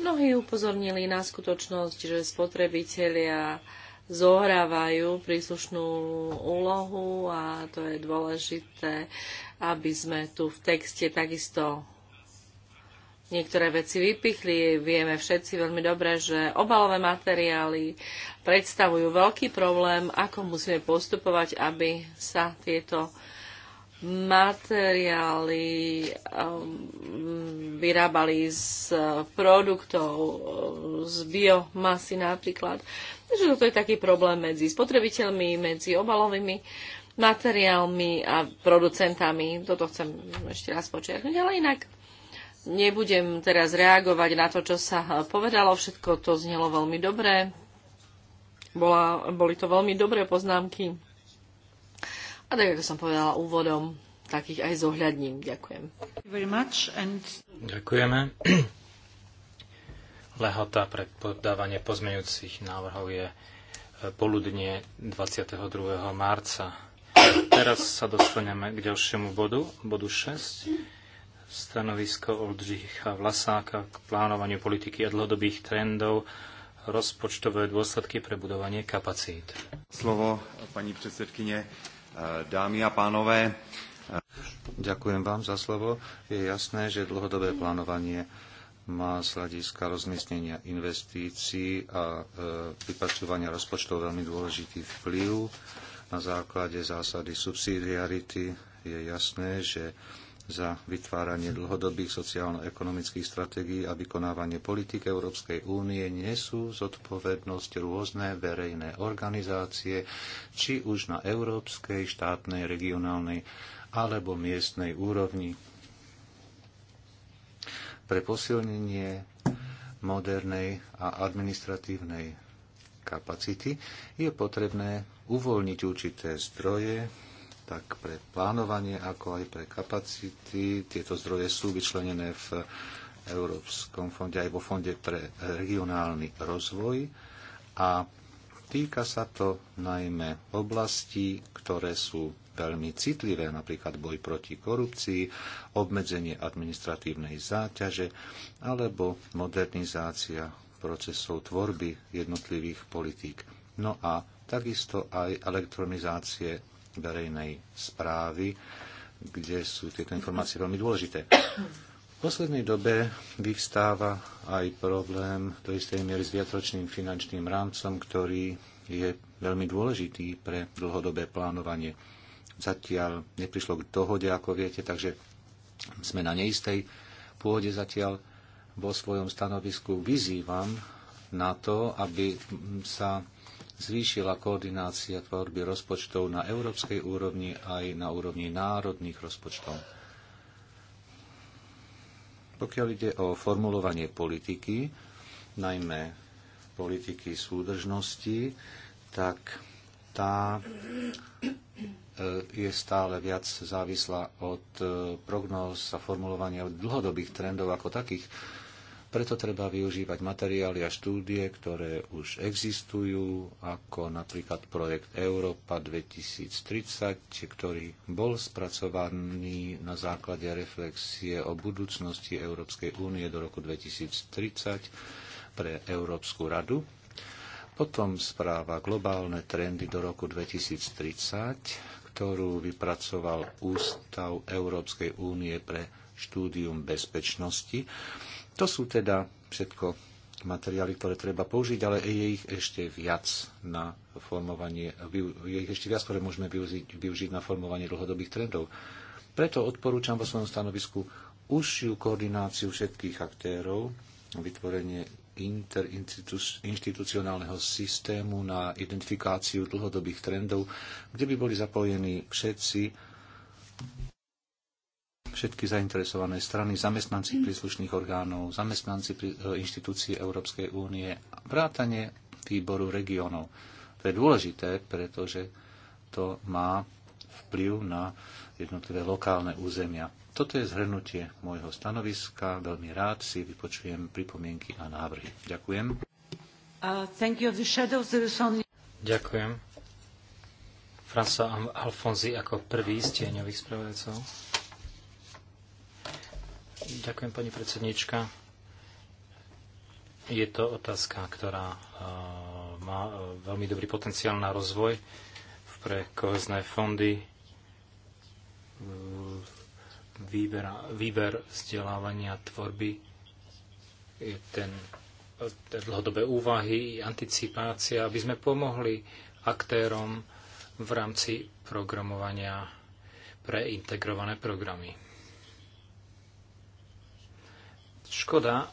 Mnohí upozornili na skutočnosť, že spotrebitelia zohrávajú príslušnú úlohu a to je dôležité, aby sme tu v texte takisto niektoré veci vypichli. Vieme všetci veľmi dobre, že obalové materiály predstavujú veľký problém, ako musíme postupovať, aby sa tieto materiály um, vyrábali z produktov, z biomasy napríklad. Takže toto je taký problém medzi spotrebiteľmi, medzi obalovými materiálmi a producentami. Toto chcem ešte raz počiarknúť, ale inak nebudem teraz reagovať na to, čo sa povedalo. Všetko to znelo veľmi dobre. Bola, boli to veľmi dobré poznámky a tak, ako som povedala úvodom, takých aj zohľadním. Ďakujem. Ďakujeme. Lehota pre podávanie pozmeňujúcich návrhov je e, poludnie 22. marca. Teraz sa dostaneme k ďalšiemu bodu, bodu 6. Stanovisko Oldřicha Vlasáka k plánovaniu politiky a dlhodobých trendov rozpočtové dôsledky pre budovanie kapacít. Slovo, pani predsedkyne. Dámy a pánové. Ďakujem vám za slovo. Je jasné, že dlhodobé plánovanie má z hľadiska rozmiestnenia investícií a e, vypačovania rozpočtov veľmi dôležitý vplyv. Na základe zásady subsidiarity je jasné, že za vytváranie dlhodobých sociálno-ekonomických stratégií a vykonávanie politik Európskej únie nesú zodpovednosť rôzne verejné organizácie, či už na európskej, štátnej, regionálnej alebo miestnej úrovni. Pre posilnenie modernej a administratívnej kapacity je potrebné uvoľniť určité zdroje tak pre plánovanie, ako aj pre kapacity. Tieto zdroje sú vyčlenené v Európskom fonde aj vo Fonde pre regionálny rozvoj a týka sa to najmä oblastí, ktoré sú veľmi citlivé, napríklad boj proti korupcii, obmedzenie administratívnej záťaže alebo modernizácia procesov tvorby jednotlivých politík. No a takisto aj elektronizácie verejnej správy, kde sú tieto informácie veľmi dôležité. V poslednej dobe vyvstáva aj problém do istej miery s viacročným finančným rámcom, ktorý je veľmi dôležitý pre dlhodobé plánovanie. Zatiaľ neprišlo k dohode, ako viete, takže sme na neistej pôde zatiaľ. Vo svojom stanovisku vyzývam na to, aby sa zvýšila koordinácia tvorby rozpočtov na európskej úrovni aj na úrovni národných rozpočtov. Pokiaľ ide o formulovanie politiky, najmä politiky súdržnosti, tak tá e, je stále viac závislá od e, prognóz a formulovania dlhodobých trendov ako takých. Preto treba využívať materiály a štúdie, ktoré už existujú, ako napríklad projekt Európa 2030, ktorý bol spracovaný na základe reflexie o budúcnosti Európskej únie do roku 2030 pre Európsku radu. Potom správa Globálne trendy do roku 2030, ktorú vypracoval Ústav Európskej únie pre štúdium bezpečnosti to sú teda všetko materiály, ktoré treba použiť, ale je ich ešte viac na formovanie, je ich ešte viac, ktoré môžeme využiť, využiť na formovanie dlhodobých trendov. Preto odporúčam vo svojom stanovisku užšiu koordináciu všetkých aktérov, vytvorenie interinstitucionálneho systému na identifikáciu dlhodobých trendov, kde by boli zapojení všetci všetky zainteresované strany, zamestnanci mm. príslušných orgánov, zamestnanci e, inštitúcií Európskej únie, a vrátanie výboru regionov. To je dôležité, pretože to má vplyv na jednotlivé lokálne územia. Toto je zhrnutie môjho stanoviska. Veľmi rád si vypočujem pripomienky a návrhy. Ďakujem. Uh, shadows, only... Ďakujem. Alfonzi ako prvý z tieňových spravodajcov. Ďakujem, pani predsednička. Je to otázka, ktorá e, má e, veľmi dobrý potenciál na rozvoj pre kohezné fondy, e, výber, výber vzdelávania tvorby, ten, ten dlhodobé úvahy, anticipácia, aby sme pomohli aktérom v rámci programovania pre integrované programy. Škoda,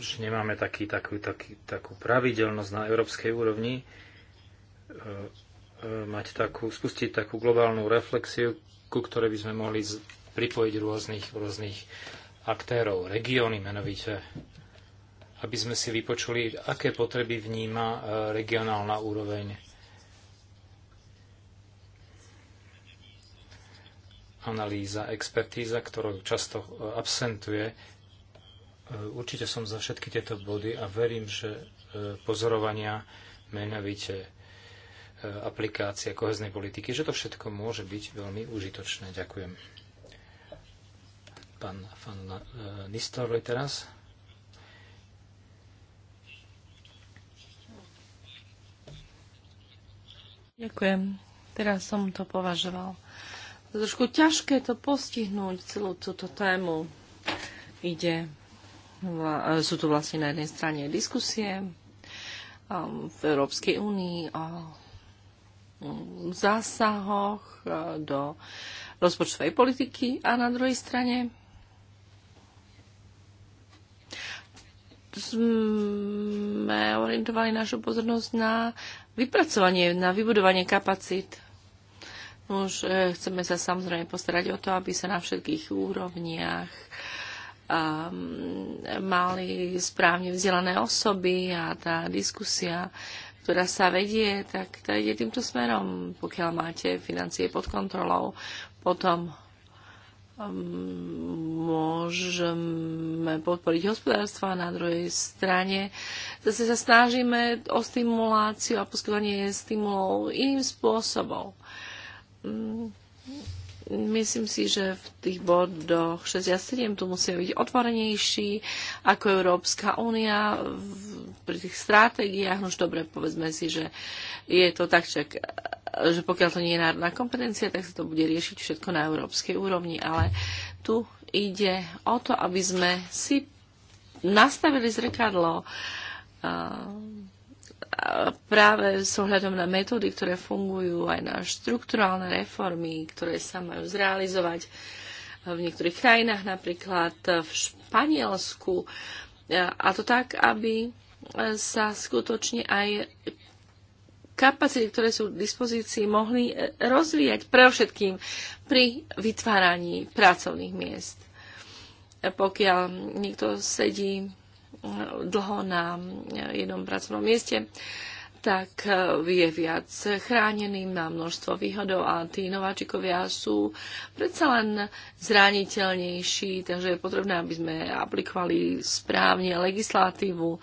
že nemáme taký, takú, taký, takú pravidelnosť na európskej úrovni, e, e, mať takú, spustiť takú globálnu reflexiu, ku ktorej by sme mohli pripojiť rôznych, rôznych aktérov, regióny menovite, aby sme si vypočuli, aké potreby vníma e, regionálna úroveň analýza, expertíza, ktorú často e, absentuje. E, určite som za všetky tieto body a verím, že e, pozorovania, menovite aplikácia koheznej politiky, že to všetko môže byť veľmi užitočné. Ďakujem. Pán, pán Nistorli teraz. Ďakujem. Teraz som to považoval trošku ťažké to postihnúť, celú túto tému. Ide, e, sú tu vlastne na jednej strane diskusie e, v Európskej únii o mm, zásahoch e, do rozpočtovej politiky a na druhej strane sme orientovali našu pozornosť na vypracovanie, na vybudovanie kapacít už e, chceme sa samozrejme postarať o to, aby sa na všetkých úrovniach um, mali správne vzdelané osoby a tá diskusia, ktorá sa vedie, tak tá ide týmto smerom. Pokiaľ máte financie pod kontrolou, potom môžeme podporiť hospodárstvo a na druhej strane zase sa snažíme o stimuláciu a poskytovanie stimulov iným spôsobom. Mm, myslím si, že v tých bodoch 6 a 7 tu musíme byť otvorenejší ako Európska únia pri tých stratégiách. Už dobre, povedzme si, že je to tak, čak, že pokiaľ to nie je národná kompetencia, tak sa to bude riešiť všetko na európskej úrovni. Ale tu ide o to, aby sme si nastavili zrkadlo uh, práve s ohľadom na metódy, ktoré fungujú, aj na štrukturálne reformy, ktoré sa majú zrealizovať v niektorých krajinách, napríklad v Španielsku. A to tak, aby sa skutočne aj kapacity, ktoré sú v dispozícii, mohli rozvíjať predovšetkým pri vytváraní pracovných miest. Pokiaľ niekto sedí dlho na jednom pracovnom mieste, tak e, je viac chránený, má množstvo výhodov a tí nováčikovia sú predsa len zraniteľnejší, takže je potrebné, aby sme aplikovali správne legislatívu,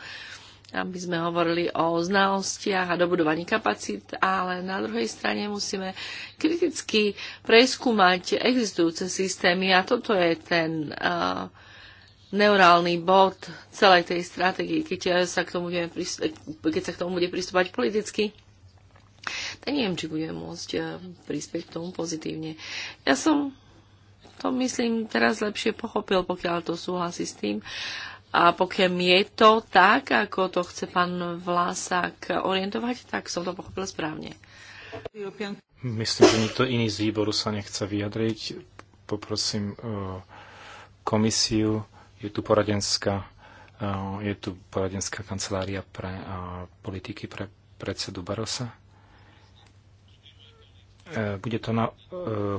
aby sme hovorili o znalostiach a dobudovaní kapacít, ale na druhej strane musíme kriticky preskúmať existujúce systémy a toto je ten uh, neurálny bod celej tej stratégie, keď eh, sa k tomu, budeme, eh, keď sa k tomu bude pristúpať politicky, tak neviem, či budeme môcť eh, prispieť k tomu pozitívne. Ja som to, myslím, teraz lepšie pochopil, pokiaľ to súhlasí s tým. A pokiaľ je to tak, ako to chce pán Vlásak orientovať, tak som to pochopil správne. Myslím, že nikto iný z výboru sa nechce vyjadriť. Poprosím komisiu je tu poradenská, eh, je tu poradenská kancelária pre eh, politiky pre predsedu Barosa. Eh, bude to na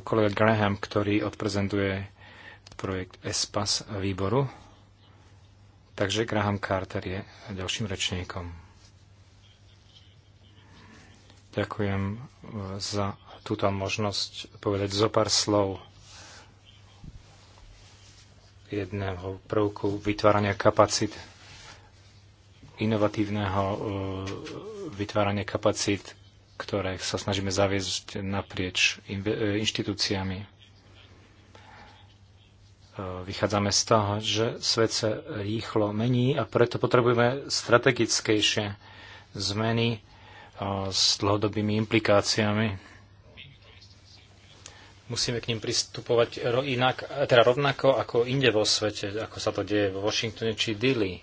kolega Graham, ktorý odprezentuje projekt ESPAS výboru. Takže Graham Carter je ďalším rečníkom. Ďakujem za túto možnosť povedať zo pár slov jedného prvku vytvárania kapacit inovatívneho e, vytvárania kapacít, ktoré sa snažíme zaviesť naprieč e, inštitúciami. E, vychádzame z toho, že svet sa rýchlo mení a preto potrebujeme strategickejšie zmeny s dlhodobými implikáciami Musíme k ním pristupovať inak, teda rovnako ako inde vo svete, ako sa to deje vo Washingtone či Dili.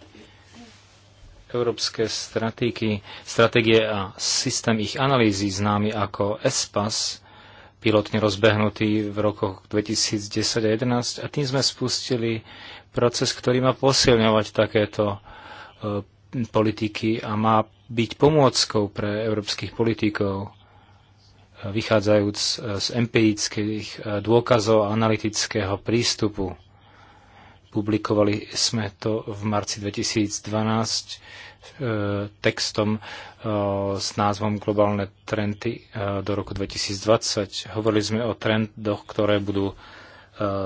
Európske stratégie, stratégie a systém ich analýzy známy ako ESPAS, pilotne rozbehnutý v rokoch 2010 a 2011 a tým sme spustili proces, ktorý má posilňovať takéto e, politiky a má byť pomôckou pre európskych politikov vychádzajúc e, z empirických e, dôkazov a analytického prístupu. Publikovali sme to v marci 2012 e, textom s názvom Globálne trendy do roku 2020. Hovorili sme o trendoch, ktoré budú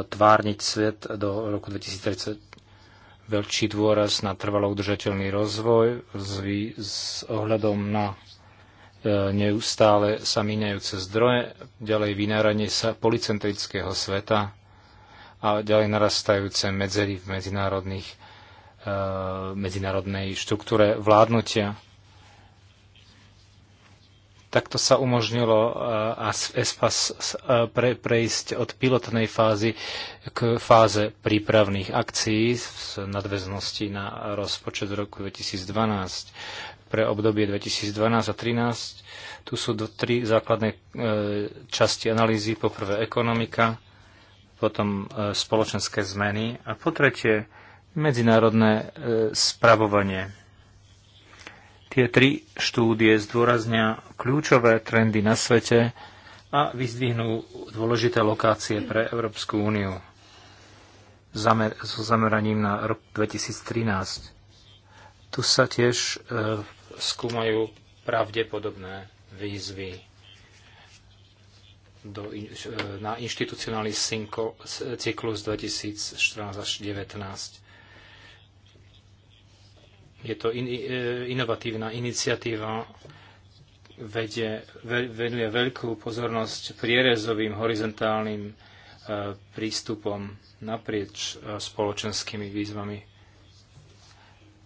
tvárniť svet do roku 2030 veľký dôraz na trvalo udržateľný rozvoj s, ohľadom na E, neustále sa míňajúce zdroje, ďalej vynáranie sa policentrického sveta a ďalej narastajúce medzery v medzinárodných, e, medzinárodnej štruktúre vládnutia. Takto sa umožnilo e, ESPAS e, pre, prejsť od pilotnej fázy k fáze prípravných akcií v nadväznosti na rozpočet roku 2012 pre obdobie 2012 a 2013. Tu sú tri základné e, časti analýzy. Po prvé ekonomika, potom e, spoločenské zmeny a po tretie medzinárodné e, spravovanie. Tie tri štúdie zdôraznia kľúčové trendy na svete a vyzdvihnú dôležité lokácie pre Európsku úniu zamer- so zameraním na rok 2013. Tu sa tiež skúmajú pravdepodobné výzvy do, e, na inštitucionálny synko, cyklus 2014 až 2019. Je to in, e, inovatívna iniciatíva, vedie, venuje veľkú pozornosť prierezovým horizontálnym e, prístupom naprieč spoločenskými výzvami.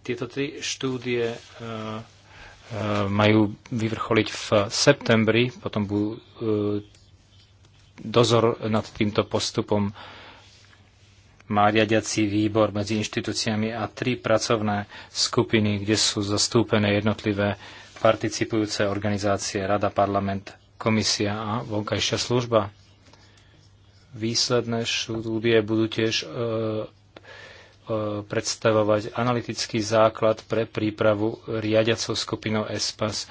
Tieto tri štúdie Eh, majú vyvrcholiť v septembri, potom budú eh, dozor nad týmto postupom má riadiací výbor medzi inštitúciami a tri pracovné skupiny, kde sú zastúpené jednotlivé participujúce organizácie, Rada, Parlament, Komisia a vonkajšia služba. Výsledné štúdie budú tiež e, E, predstavovať analytický základ pre prípravu riadiacou skupinou ESPAS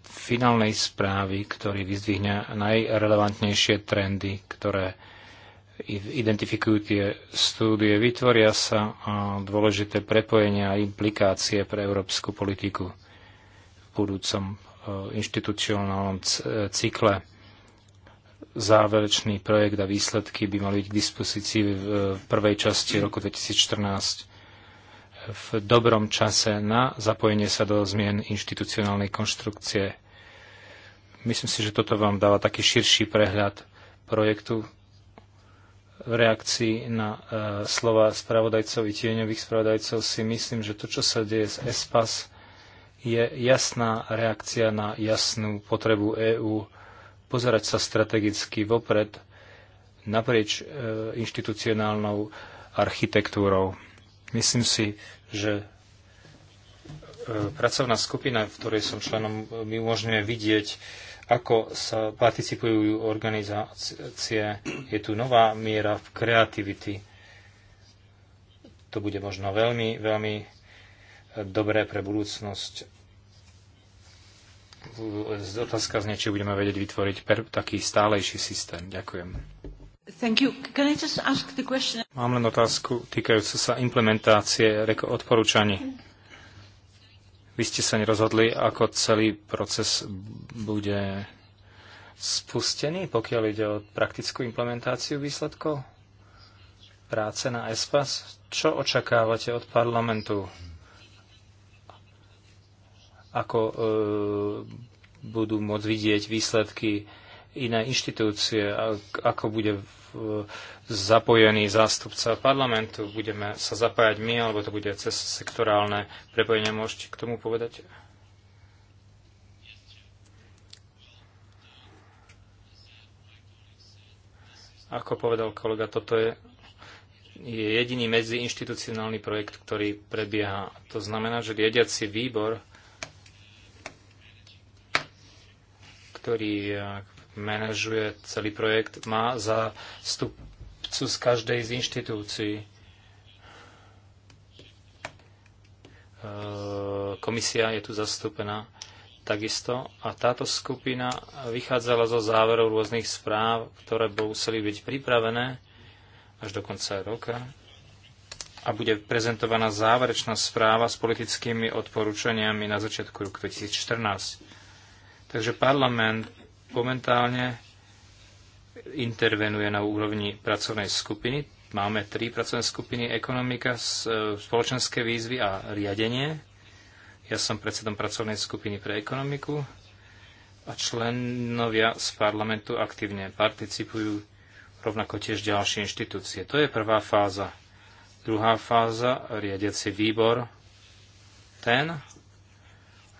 finálnej správy, ktorý vyzdvihne najrelevantnejšie trendy, ktoré identifikujú tie štúdie. Vytvoria sa e, dôležité prepojenia a implikácie pre európsku politiku v budúcom e, inštitucionálnom cykle záverečný projekt a výsledky by mali byť k dispozícii v e, prvej časti roku 2014 v dobrom čase na zapojenie sa do zmien inštitucionálnej konštrukcie. Myslím si, že toto vám dáva taký širší prehľad projektu v reakcii na e, slova spravodajcov i tieňových spravodajcov si myslím, že to, čo sa deje s ESPAS, je jasná reakcia na jasnú potrebu EÚ pozerať sa strategicky vopred naprieč e, inštitucionálnou architektúrou. Myslím si, že e, pracovná skupina, v ktorej som členom, mi umožňuje vidieť, ako sa participujú organizácie. Je tu nová miera v kreativity. To bude možno veľmi, veľmi e, dobré pre budúcnosť otázka znie, či budeme vedieť vytvoriť per, taký stálejší systém. Ďakujem. Mám len otázku týkajúcu sa implementácie odporúčaní. Vy ste sa nerozhodli, ako celý proces bude spustený, pokiaľ ide o praktickú implementáciu výsledkov práce na ESPAS. Čo očakávate od parlamentu? ako e, budú môcť vidieť výsledky iné inštitúcie, ako bude zapojený zástupca parlamentu, budeme sa zapájať my, alebo to bude cez sektorálne prepojenie. Môžete k tomu povedať? Ako povedal kolega, toto je, je jediný medziinštitucionálny projekt, ktorý prebieha. To znamená, že riadiaci výbor ktorý eh, manažuje celý projekt, má stupcu z každej z inštitúcií. Eh, komisia je tu zastúpená takisto a táto skupina vychádzala zo záverov rôznych správ, ktoré museli byť pripravené až do konca roka a bude prezentovaná záverečná správa s politickými odporúčaniami na začiatku roku 2014 Takže parlament momentálne intervenuje na úrovni pracovnej skupiny. Máme tri pracovné skupiny, ekonomika, e, spoločenské výzvy a riadenie. Ja som predsedom pracovnej skupiny pre ekonomiku a členovia z parlamentu aktívne participujú rovnako tiež ďalšie inštitúcie. To je prvá fáza. Druhá fáza, riadiaci výbor, ten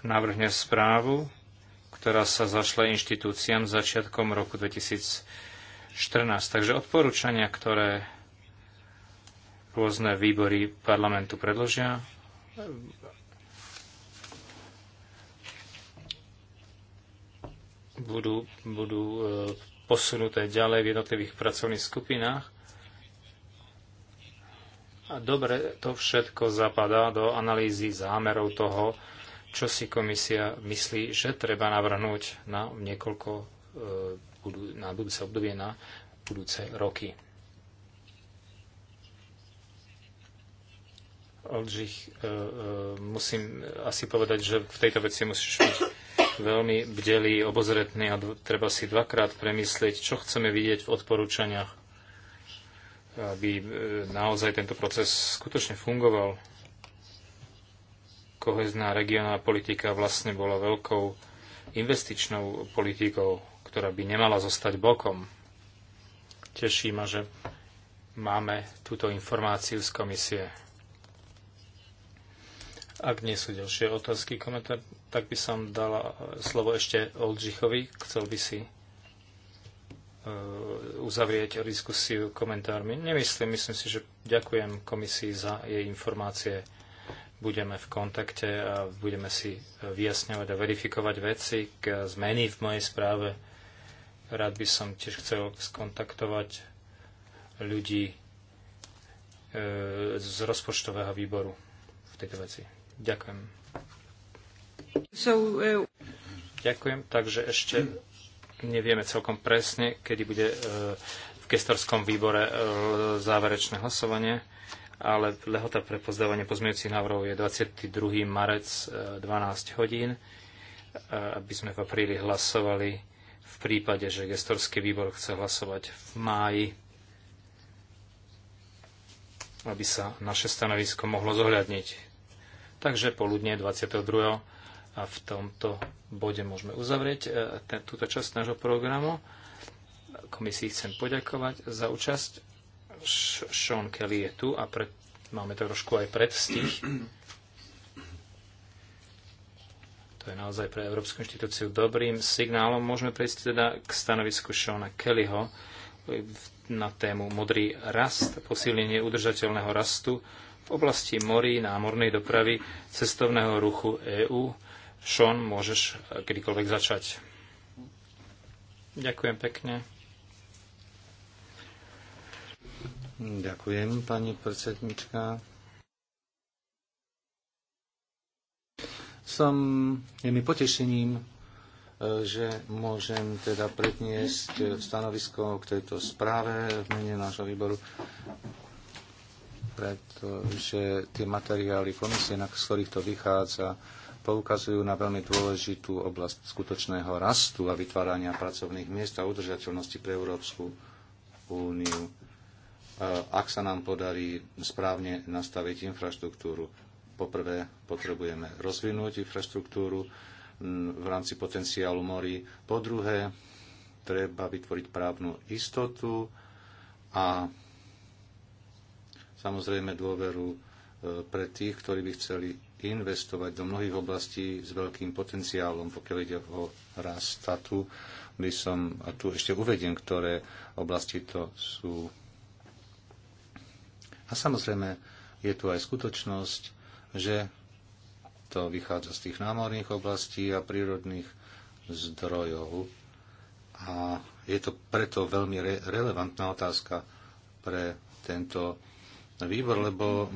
navrhne správu ktorá sa zašle inštitúciám začiatkom roku 2014. Takže odporúčania, ktoré rôzne výbory parlamentu predložia, budú, budú e, posunuté ďalej v jednotlivých pracovných skupinách. A dobre to všetko zapadá do analýzy zámerov toho, čo si komisia myslí, že treba navrhnúť na niekoľko e, na budúce obdobie, na budúce roky. Oldřich, e, e, musím asi povedať, že v tejto veci musíš byť veľmi bdelý, obozretný a treba si dvakrát premyslieť, čo chceme vidieť v odporúčaniach, aby naozaj tento proces skutočne fungoval kohezná regionálna politika vlastne bola veľkou investičnou politikou, ktorá by nemala zostať bokom. Teší ma, že máme túto informáciu z komisie. Ak nie sú ďalšie otázky, komentár, tak by som dala slovo ešte Oldřichovi. Chcel by si e, uzavrieť diskusiu komentármi. Nemyslím, myslím si, že ďakujem komisii za jej informácie budeme v kontakte a budeme si vyjasňovať a verifikovať veci k zmeny v mojej správe. Rád by som tiež chcel skontaktovať ľudí e, z rozpočtového výboru v tejto veci. Ďakujem. So, uh... Ďakujem, takže ešte nevieme celkom presne, kedy bude e, v gestorskom výbore záverečné hlasovanie ale lehota pre pozdávanie pozmeňujúcich návrhov je 22. marec 12 e, hodín, e, aby sme v apríli hlasovali v prípade, že gestorský výbor chce hlasovať v máji, aby sa naše stanovisko mohlo zohľadniť. Takže poludne 22. a v tomto bode môžeme uzavrieť e, túto časť nášho programu. Komisii chcem poďakovať za účasť Sean Kelly je tu a pred, máme trošku aj predstih. To je naozaj pre Európsku inštitúciu dobrým signálom. Môžeme prejsť teda k stanovisku Seana Kellyho na tému modrý rast, posilnenie udržateľného rastu v oblasti morí, námornej dopravy, cestovného ruchu EÚ. Sean, môžeš kedykoľvek začať. Ďakujem pekne. Ďakujem, pani predsednička. Som, je mi potešením, e, že môžem teda predniesť stanovisko k tejto správe v mene nášho výboru, pretože tie materiály komisie, na ktorých to vychádza, poukazujú na veľmi dôležitú oblasť skutočného rastu a vytvárania pracovných miest a udržateľnosti pre Európsku úniu ak sa nám podarí správne nastaviť infraštruktúru. Poprvé potrebujeme rozvinúť infraštruktúru v rámci potenciálu morí. Po druhé, treba vytvoriť právnu istotu a samozrejme dôveru e, pre tých, ktorí by chceli investovať do mnohých oblastí s veľkým potenciálom, pokiaľ ide o rast. statu. by som, a tu ešte uvediem, ktoré oblasti to sú a samozrejme je tu aj skutočnosť, že to vychádza z tých námorných oblastí a prírodných zdrojov. A je to preto veľmi re- relevantná otázka pre tento výbor, lebo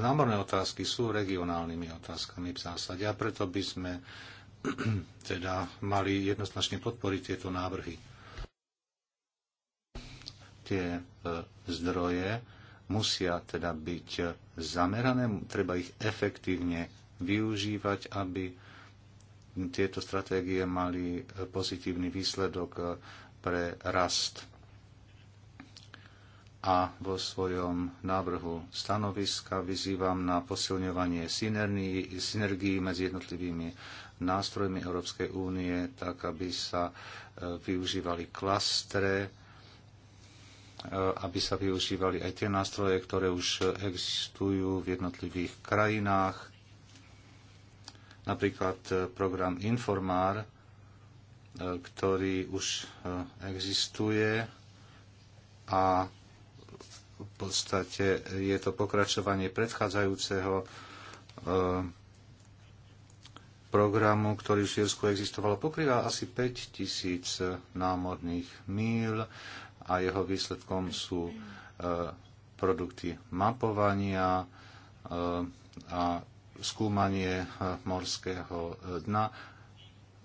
námorné otázky sú regionálnymi otázkami v zásade a preto by sme teda mali jednoznačne podporiť tieto návrhy. Tie e, zdroje musia teda byť zamerané, treba ich efektívne využívať, aby tieto stratégie mali pozitívny výsledok eh, pre rast. A vo svojom návrhu stanoviska vyzývam na posilňovanie synergií medzi jednotlivými nástrojmi Európskej únie, tak aby sa eh, využívali klastre, Eh, aby sa využívali aj tie nástroje, ktoré už existujú v jednotlivých krajinách. Napríklad eh, program Informár, eh, ktorý už existuje a v podstate je to pokračovanie predchádzajúceho programu, ktorý v Šírsku existoval, pokrýva asi 5000 námorných míl a jeho výsledkom sú e, produkty mapovania e, a skúmanie e, morského dna.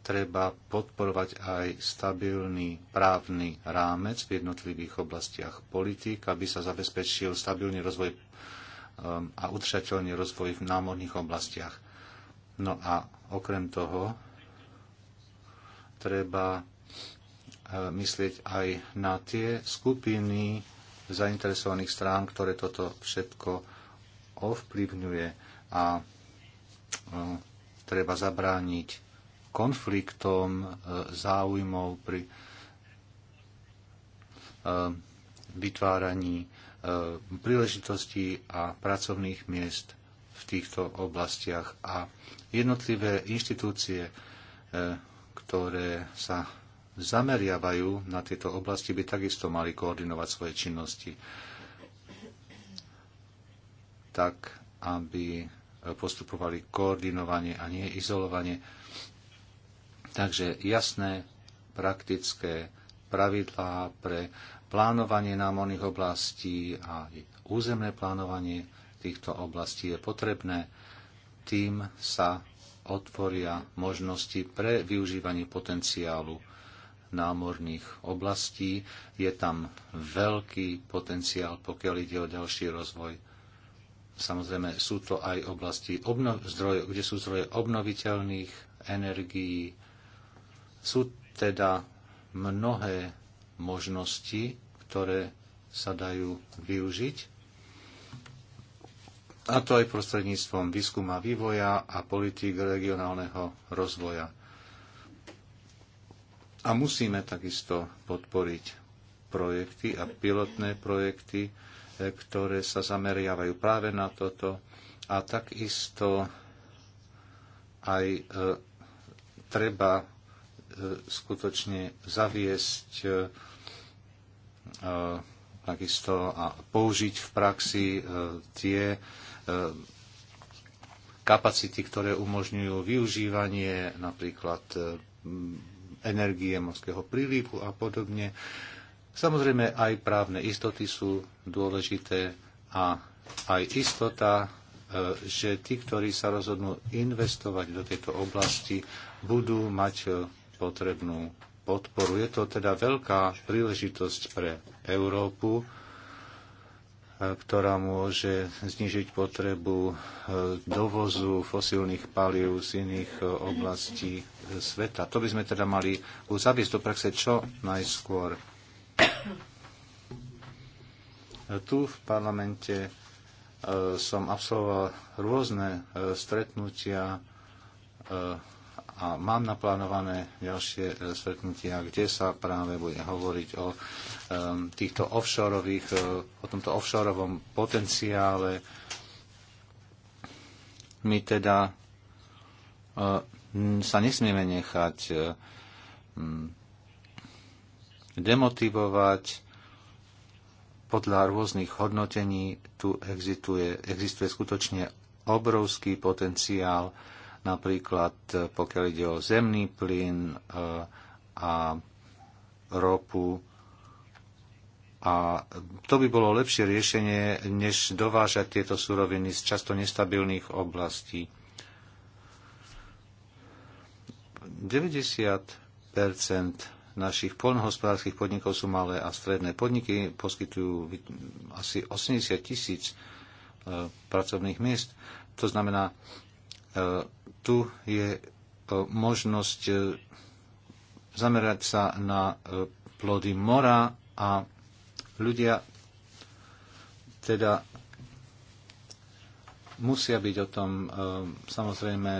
Treba podporovať aj stabilný právny rámec v jednotlivých oblastiach politík, aby sa zabezpečil stabilný rozvoj a udržateľný rozvoj v námorných oblastiach. No a okrem toho treba myslieť aj na tie skupiny zainteresovaných strán, ktoré toto všetko ovplyvňuje a e, treba zabrániť konfliktom e, záujmov pri e, vytváraní príležitostí a pracovných miest v týchto oblastiach a jednotlivé inštitúcie, ktoré sa zameriavajú na tieto oblasti, by takisto mali koordinovať svoje činnosti tak, aby postupovali koordinovanie a nie izolovanie. Takže jasné praktické pravidlá pre plánovanie námorných oblastí a územné plánovanie týchto oblastí je potrebné. Tým sa otvoria možnosti pre využívanie potenciálu námorných oblastí. Je tam veľký potenciál, pokiaľ ide o ďalší rozvoj. Samozrejme sú to aj oblasti, zdroje, kde sú zdroje obnoviteľných energií. Sú teda mnohé možnosti, ktoré sa dajú využiť. A to aj prostredníctvom výskuma vývoja a politík regionálneho rozvoja. A musíme takisto podporiť projekty a pilotné projekty, e, ktoré sa zameriavajú práve na toto a takisto aj e, treba e, skutočne zaviesť e, takisto a použiť v praxi e, tie e, kapacity, ktoré umožňujú využívanie napríklad e, energie, morského prílivu a podobne. Samozrejme, aj právne istoty sú dôležité a aj istota, e, že tí, ktorí sa rozhodnú investovať do tejto oblasti, budú mať e, potrebnú podporu. Je to teda veľká príležitosť pre Európu, e, ktorá môže znižiť potrebu dovozu fosílnych palív z iných oblastí sveta. To by sme teda mali zaviesť do praxe čo najskôr. Tu v parlamente e, som absolvoval rôzne e, stretnutia e, a mám naplánované ďalšie stretnutia, kde sa práve bude hovoriť o týchto offshoreových, o tomto offshoreovom potenciále. My teda Hm, sa nesmieme nechať e, hm, demotivovať podľa rôznych hodnotení. Tu existuje, existuje skutočne obrovský potenciál, napríklad e, pokiaľ ide o zemný plyn e, a ropu. A to by bolo lepšie riešenie, než dovážať tieto suroviny z často nestabilných oblastí. 90 našich poľnohospodárskych podnikov sú malé a stredné podniky, poskytujú asi 80 tisíc e, pracovných miest. To znamená, e, tu je e, možnosť zamerať sa na plody mora a ľudia teda musia byť o tom samozrejme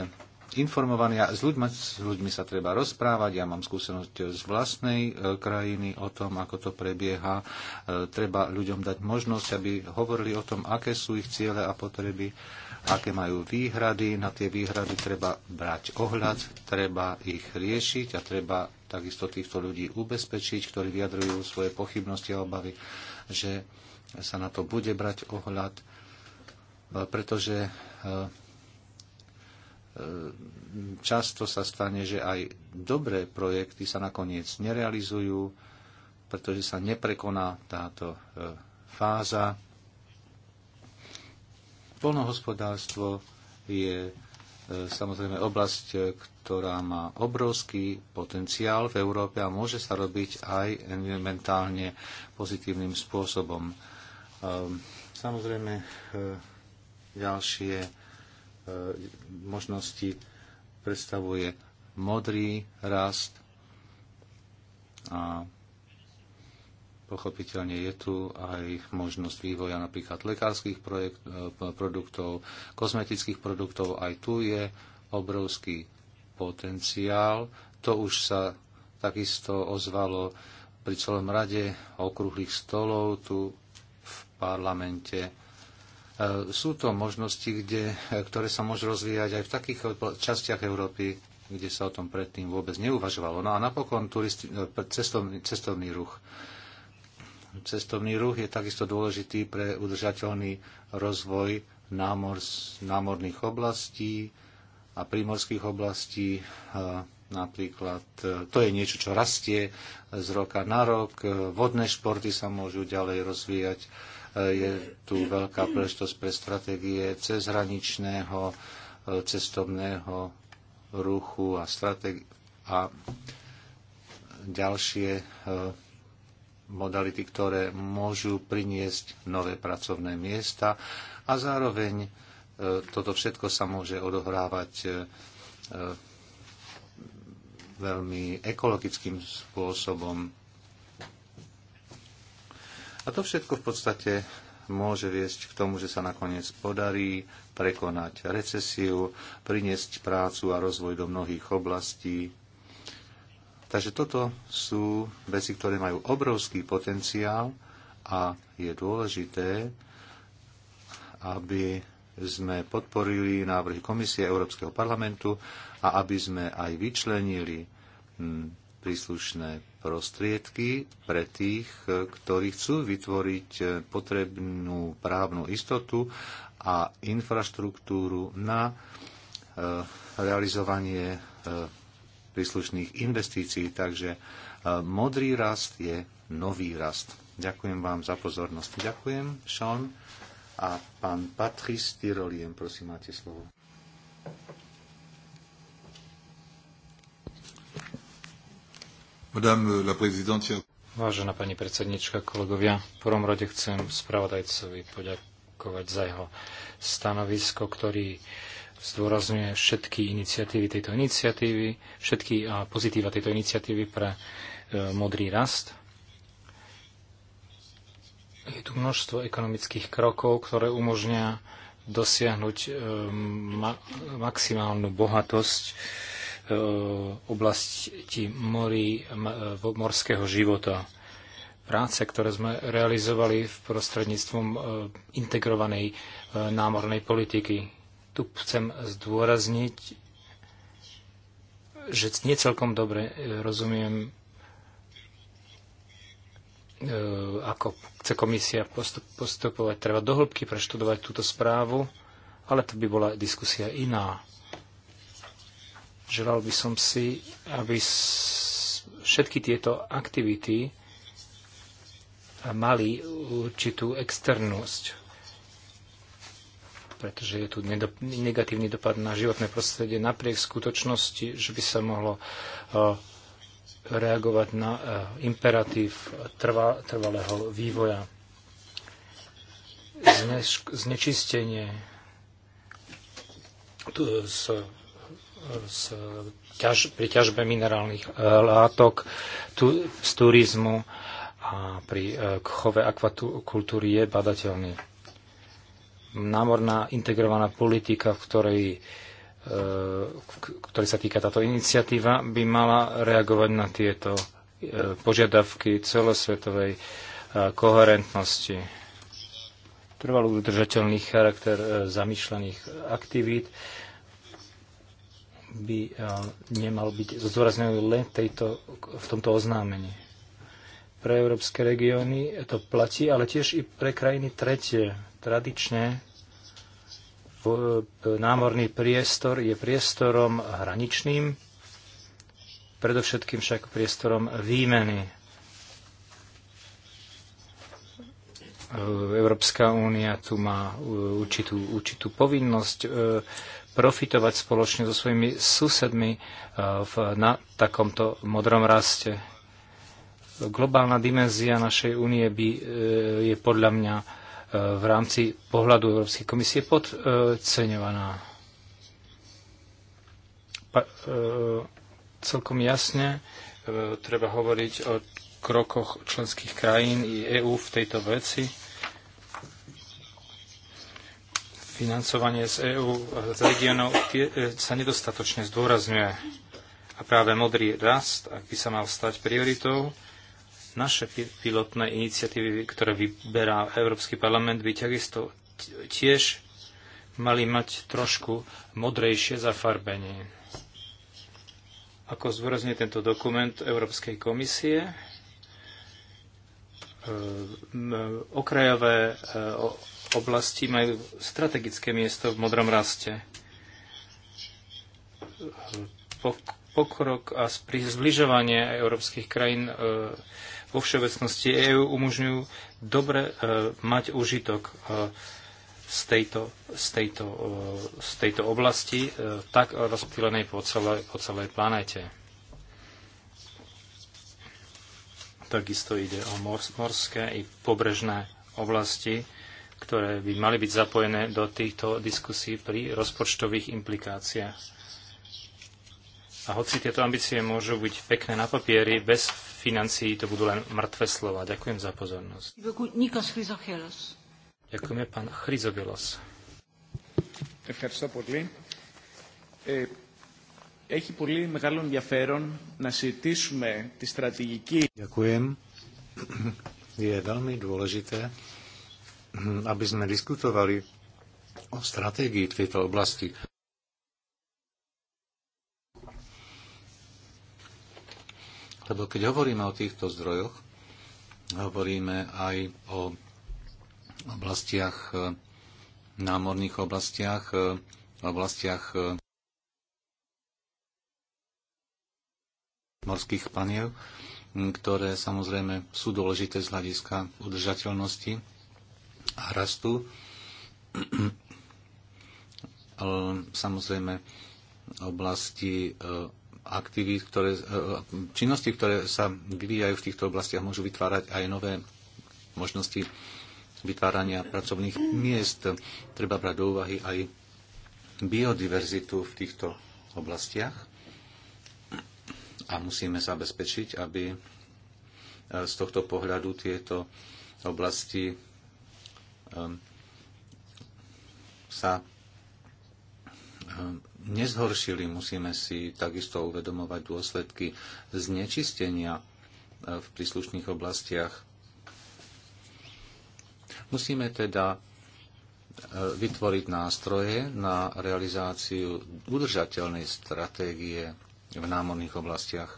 informovaní a s ľuďmi, s ľuďmi sa treba rozprávať. Ja mám skúsenosť z vlastnej e, krajiny o tom, ako to prebieha. E, treba ľuďom dať možnosť, aby hovorili o tom, aké sú ich ciele a potreby, aké majú výhrady. Na tie výhrady treba brať ohľad, treba ich riešiť a treba takisto týchto ľudí ubezpečiť, ktorí vyjadrujú svoje pochybnosti a obavy, že sa na to bude brať ohľad, e, pretože Ehm, často sa stane, že aj dobré projekty sa nakoniec nerealizujú, pretože sa neprekoná táto e, fáza. Polnohospodárstvo je e, samozrejme oblasť, e, ktorá má obrovský potenciál v Európe a môže sa robiť aj environmentálne pozitívnym spôsobom. Ehm, samozrejme, ďalšie E, možnosti predstavuje modrý rast a pochopiteľne je tu aj možnosť vývoja napríklad lekárskych projekt, e, produktov, kozmetických produktov. Aj tu je obrovský potenciál. To už sa takisto ozvalo pri celom rade okrúhlych stolov tu v parlamente E, sú to možnosti, kde, e, ktoré sa môžu rozvíjať aj v takých e, častiach Európy, kde sa o tom predtým vôbec neuvažovalo. No a napokon turisti, cestovný, cestovný ruch. Cestovný ruch je takisto dôležitý pre udržateľný rozvoj námor, námorných oblastí a prímorských oblastí. Napríklad to je niečo, čo rastie z roka na rok. Vodné športy sa môžu ďalej rozvíjať je tu veľká príležitosť pre stratégie cezhraničného e, cestovného ruchu a, stratégi- a ďalšie e, modality, ktoré môžu priniesť nové pracovné miesta a zároveň e, toto všetko sa môže odohrávať veľmi ekologickým spôsobom. A to všetko v podstate môže viesť k tomu, že sa nakoniec podarí prekonať recesiu, priniesť prácu a rozvoj do mnohých oblastí. Takže toto sú veci, ktoré majú obrovský potenciál a je dôležité, aby sme podporili návrhy Komisie Európskeho parlamentu a aby sme aj vyčlenili hm, príslušné prostriedky pre tých, e, ktorí chcú vytvoriť e, potrebnú právnu istotu a infraštruktúru na e, realizovanie príslušných investícií. Takže modrý rast je nový rast. Ďakujem vám za pozornosť. Ďakujem, Sean. A pán Patrice Tyrolien, prosím, máte slovo. Vážená pani predsednička, kolegovia, v prvom rade chcem spravodajcovi poďakovať za jeho stanovisko, ktorý zdôrazňuje všetky iniciatívy tejto iniciatívy, všetky pozitíva tejto iniciatívy pre e, modrý rast. Je tu množstvo ekonomických krokov, ktoré umožňa dosiahnuť e, maximálnu bohatosť E, oblasti morí, e, morského života. Práce, ktoré sme realizovali v prostredníctvom e, integrovanej námornej politiky. Tu chcem zdôrazniť, že nie celkom dobre rozumiem ako chce komisia postup, postupovať. Treba dohlbky preštudovať túto správu, ale to by bola diskusia iná. Želal by som si, aby všetky tieto aktivity mali určitú externosť, pretože je tu negatívny dopad na životné prostredie napriek skutočnosti, že by sa mohlo e, reagovať na e, imperatív trvalého vývoja. Znečistenie z z, ťaž, pri ťažbe minerálnych e, látok tu, z turizmu a pri e, chove akvakultúry je badateľný. Námorná integrovaná politika, v ktorej, e, ktorej sa týka táto iniciatíva, by mala reagovať na tieto požiadavky celosvetovej koherentnosti. Trvalú udržateľný charakter zamýšľaných aktivít by eh, nemal byť zdôraznený len tejto, v tomto oznámení. Pre európske regióny to platí, ale tiež i pre krajiny tretie. Tradične eh, námorný priestor je priestorom hraničným, predovšetkým však priestorom výmeny. Eh, Európska únia tu má určitú, určitú povinnosť profitovať spoločne so svojimi susedmi e, v, na takomto modrom raste. Globálna dimenzia našej únie by, e, je podľa mňa e, v rámci pohľadu Európskej komisie podceňovaná. Pa, celkom jasne treba hovoriť o krokoch členských krajín i EÚ v tejto veci financovanie z EÚ z regionov e, sa nedostatočne zdôrazňuje. A práve modrý rast, ak by sa mal stať prioritou, naše pilotné iniciatívy, ktoré vyberá Európsky parlament, by takisto tiež mali mať trošku modrejšie zafarbenie. Ako zdôrazňuje tento dokument Európskej komisie, e, e, okrajové oblasti majú strategické miesto v modrom raste. Pokrok a zbližovanie európskych krajín e, vo všeobecnosti EÚ umožňujú dobre e, mať užitok e, z tejto, z tejto, z tejto oblasti, tak rozptýlenej po celej, po celej planete. Takisto ide o morské i pobrežné oblasti ktoré by mali byť zapojené do týchto diskusí pri rozpočtových implikáciách. A hoci tieto ambície môžu byť pekné na papieri, bez financií to budú len mŕtve slova. Ďakujem za pozornosť. Ďakujeme pán Chryzobielos. Ďakujem. Je veľmi dôležité Hm, aby sme diskutovali o stratégii v tejto oblasti. Lebo keď hovoríme o týchto zdrojoch, hovoríme aj o oblastiach, eh, námorných oblastiach, eh, oblastiach eh, morských paniev, hm, ktoré samozrejme sú dôležité z hľadiska udržateľnosti a rastu. Samozrejme, oblasti eh, aktivít, ktoré, eh, činnosti, ktoré sa vyvíjajú v týchto oblastiach, môžu vytvárať aj nové možnosti vytvárania pracovných miest. Treba brať do úvahy aj biodiverzitu v týchto oblastiach a musíme zabezpečiť, aby eh, z tohto pohľadu tieto oblasti Ehm, sa ehm, nezhoršili. Musíme si takisto uvedomovať dôsledky znečistenia e, v príslušných oblastiach. Musíme teda e, vytvoriť nástroje na realizáciu udržateľnej stratégie v námorných oblastiach.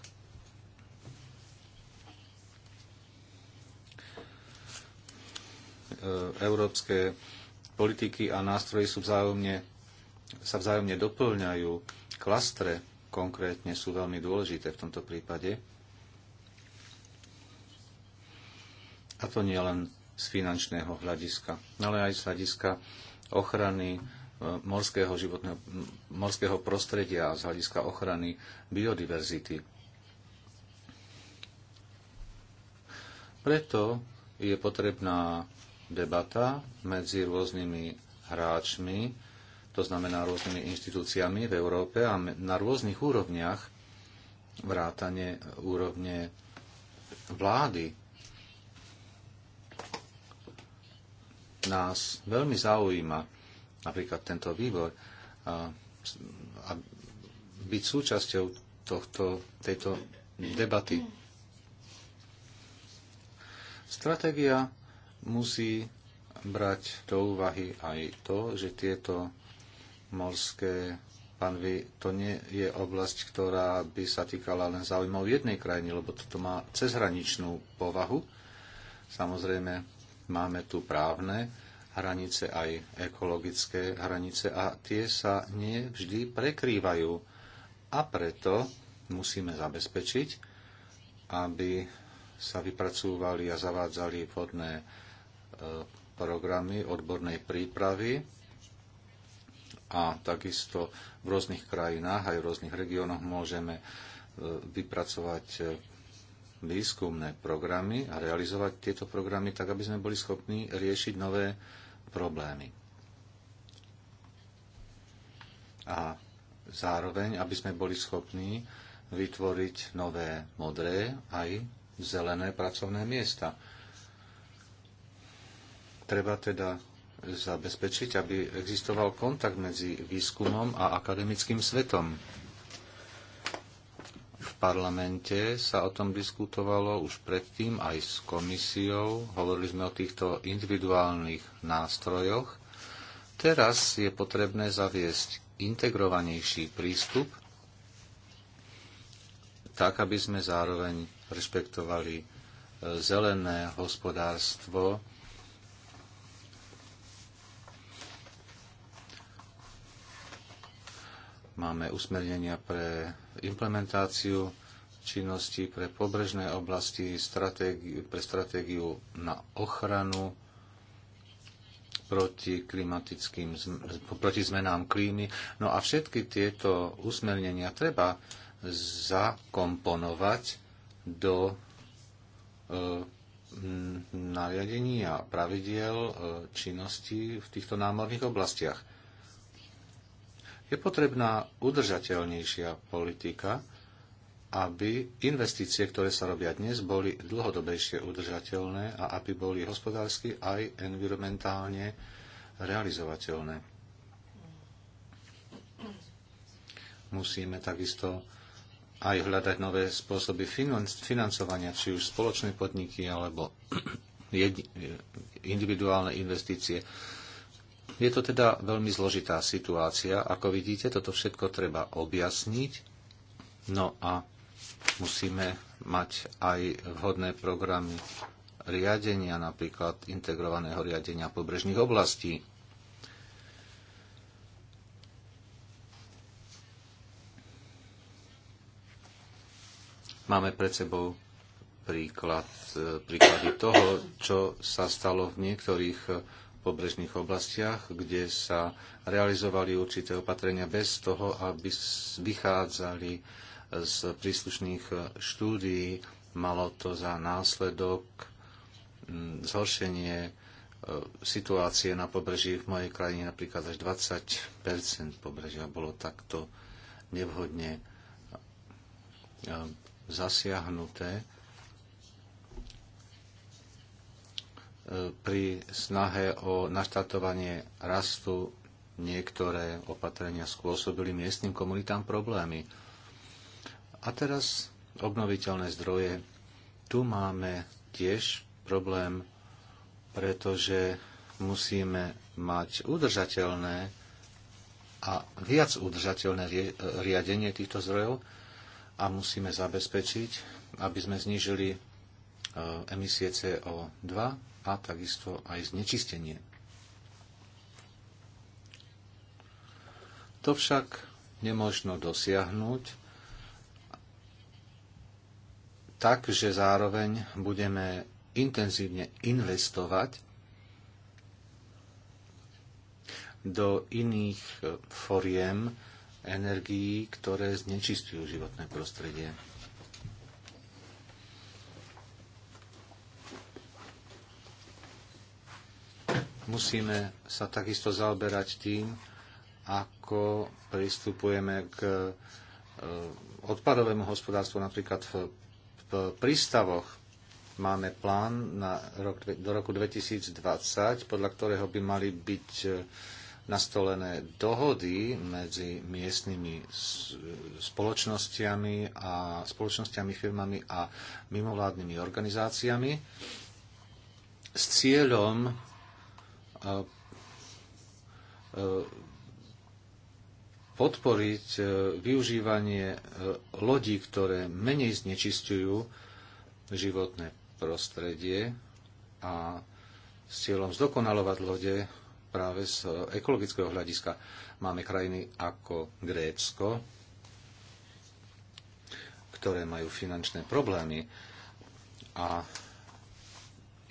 E, európske politiky a nástroje sú vzájomne, sa vzájomne doplňajú. Klastre konkrétne sú veľmi dôležité v tomto prípade. A to nie len z finančného hľadiska, ale aj z hľadiska ochrany e, morského, životného, morského prostredia a z hľadiska ochrany biodiverzity. Preto je potrebná debata medzi rôznymi hráčmi, to znamená rôznymi inštitúciami v Európe a na rôznych úrovniach, vrátane úrovne vlády, nás veľmi zaujíma, napríklad tento výbor, a, a byť súčasťou tohto, tejto debaty. Stratégia musí brať do úvahy aj to, že tieto morské panvy, to nie je oblasť, ktorá by sa týkala len záujmov jednej krajiny, lebo toto má cezhraničnú povahu. Samozrejme, máme tu právne hranice, aj ekologické hranice a tie sa nevždy prekrývajú. A preto musíme zabezpečiť, aby sa vypracúvali a zavádzali vhodné E, programy odbornej prípravy a takisto v rôznych krajinách aj v rôznych regiónoch môžeme e, vypracovať e, výskumné programy a realizovať tieto programy tak, aby sme boli schopní riešiť nové problémy. A zároveň, aby sme boli schopní vytvoriť nové modré aj zelené pracovné miesta. Treba teda zabezpečiť, aby existoval kontakt medzi výskumom a akademickým svetom. V parlamente sa o tom diskutovalo už predtým aj s komisiou. Hovorili sme o týchto individuálnych nástrojoch. Teraz je potrebné zaviesť integrovanejší prístup, tak aby sme zároveň rešpektovali e, zelené hospodárstvo, Máme usmernenia pre implementáciu činnosti pre pobrežné oblasti, pre stratégiu na ochranu proti, klimatickým, proti zmenám klímy. No a všetky tieto usmernenia treba zakomponovať do e, nariadení a pravidiel e, činnosti v týchto námorných oblastiach. Je potrebná udržateľnejšia politika, aby investície, ktoré sa robia dnes, boli dlhodobejšie udržateľné a aby boli hospodársky aj environmentálne realizovateľné. Musíme takisto aj hľadať nové spôsoby financovania, či už spoločné podniky alebo individuálne investície. Je to teda veľmi zložitá situácia. Ako vidíte, toto všetko treba objasniť. No a musíme mať aj vhodné programy riadenia, napríklad integrovaného riadenia pobrežných oblastí. Máme pred sebou príklad, eh, príklady toho, čo sa stalo v niektorých pobrežných oblastiach, kde sa realizovali určité opatrenia bez toho, aby vychádzali z príslušných e, štúdií. Malo to za následok zhoršenie e, situácie na pobreží v mojej krajine napríklad až 20 pobrežia bolo takto nevhodne e, zasiahnuté pri snahe o naštartovanie rastu niektoré opatrenia spôsobili miestnym komunitám problémy. A teraz obnoviteľné zdroje. Tu máme tiež problém, pretože musíme mať udržateľné a viac udržateľné riadenie týchto zdrojov a musíme zabezpečiť, aby sme znížili emisie CO2 a takisto aj znečistenie. To však nemožno dosiahnuť tak, že zároveň budeme intenzívne investovať do iných foriem energií, ktoré znečistujú životné prostredie. musíme sa takisto zaoberať tým, ako pristupujeme k e, odpadovému hospodárstvu napríklad v, v prístavoch. Máme plán na rok, do roku 2020, podľa ktorého by mali byť e, nastolené dohody medzi miestnymi spoločnosťami a spoločnosťami, firmami a mimovládnymi organizáciami s cieľom E, podporiť e, využívanie e, lodí, ktoré menej znečisťujú životné prostredie a s cieľom zdokonalovať lode práve z ekologického hľadiska. Máme krajiny ako Grécko, ktoré majú finančné problémy a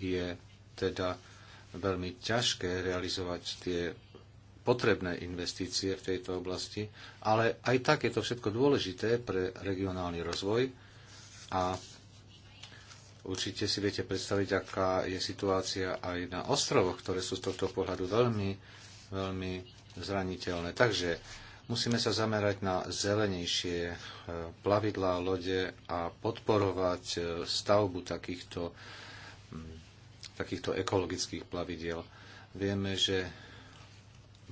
je teda veľmi ťažké realizovať tie potrebné investície v tejto oblasti, ale aj tak je to všetko dôležité pre regionálny rozvoj a určite si viete predstaviť, aká je situácia aj na ostrovoch, ktoré sú z tohto pohľadu veľmi, veľmi zraniteľné. Takže musíme sa zamerať na zelenejšie e, plavidlá, lode a podporovať e, stavbu takýchto takýchto ekologických plavidiel. Vieme, že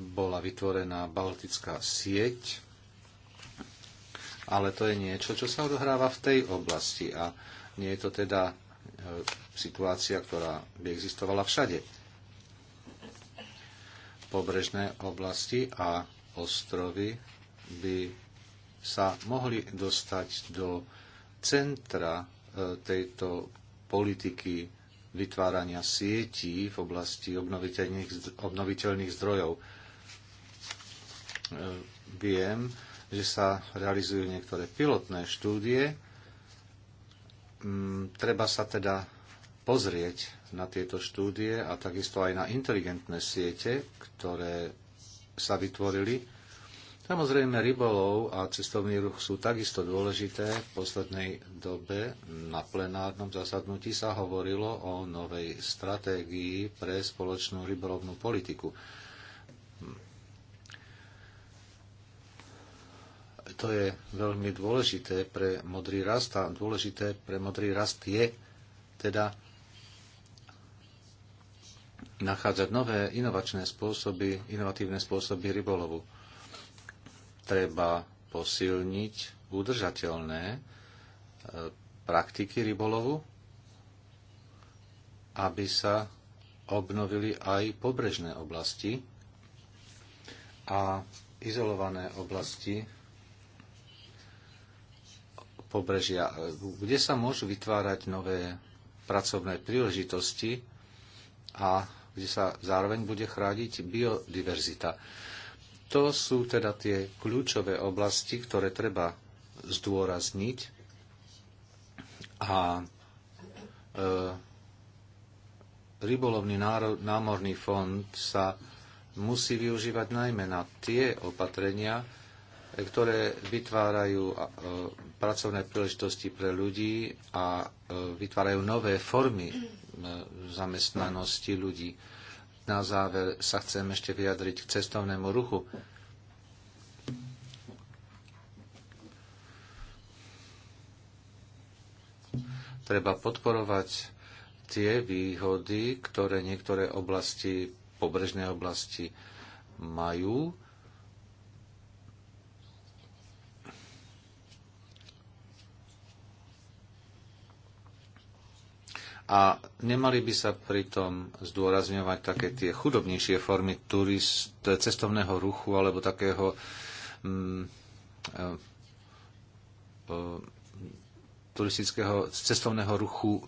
bola vytvorená baltická sieť, ale to je niečo, čo sa odohráva v tej oblasti a nie je to teda e, situácia, ktorá by existovala všade. Pobrežné oblasti a ostrovy by sa mohli dostať do centra e, tejto politiky vytvárania sietí v oblasti obnoviteľných, obnoviteľných zdrojov. E, viem, že sa realizujú niektoré pilotné štúdie. Mm, treba sa teda pozrieť na tieto štúdie a takisto aj na inteligentné siete, ktoré sa vytvorili Samozrejme, rybolov a cestovný ruch sú takisto dôležité. V poslednej dobe na plenárnom zasadnutí sa hovorilo o novej stratégii pre spoločnú rybolovnú politiku. To je veľmi dôležité pre modrý rast a dôležité pre modrý rast je teda nachádzať nové inovačné spôsoby, inovatívne spôsoby rybolovu treba posilniť udržateľné e, praktiky rybolovu, aby sa obnovili aj pobrežné oblasti a izolované oblasti pobrežia, e, kde sa môžu vytvárať nové pracovné príležitosti a kde sa zároveň bude chrádiť biodiverzita. To sú teda tie kľúčové oblasti, ktoré treba zdôrazniť a e, rybolovný náro, námorný fond sa musí využívať najmä na tie opatrenia, ktoré vytvárajú e, pracovné príležitosti pre ľudí a e, vytvárajú nové formy e, zamestnanosti ľudí. Na záver sa chcem ešte vyjadriť k cestovnému ruchu. Treba podporovať tie výhody, ktoré niektoré oblasti, pobrežné oblasti majú A nemali by sa pritom zdôrazňovať také tie chudobnejšie formy turist, cestovného ruchu alebo takého mm, e, e turistického cestovného ruchu, e,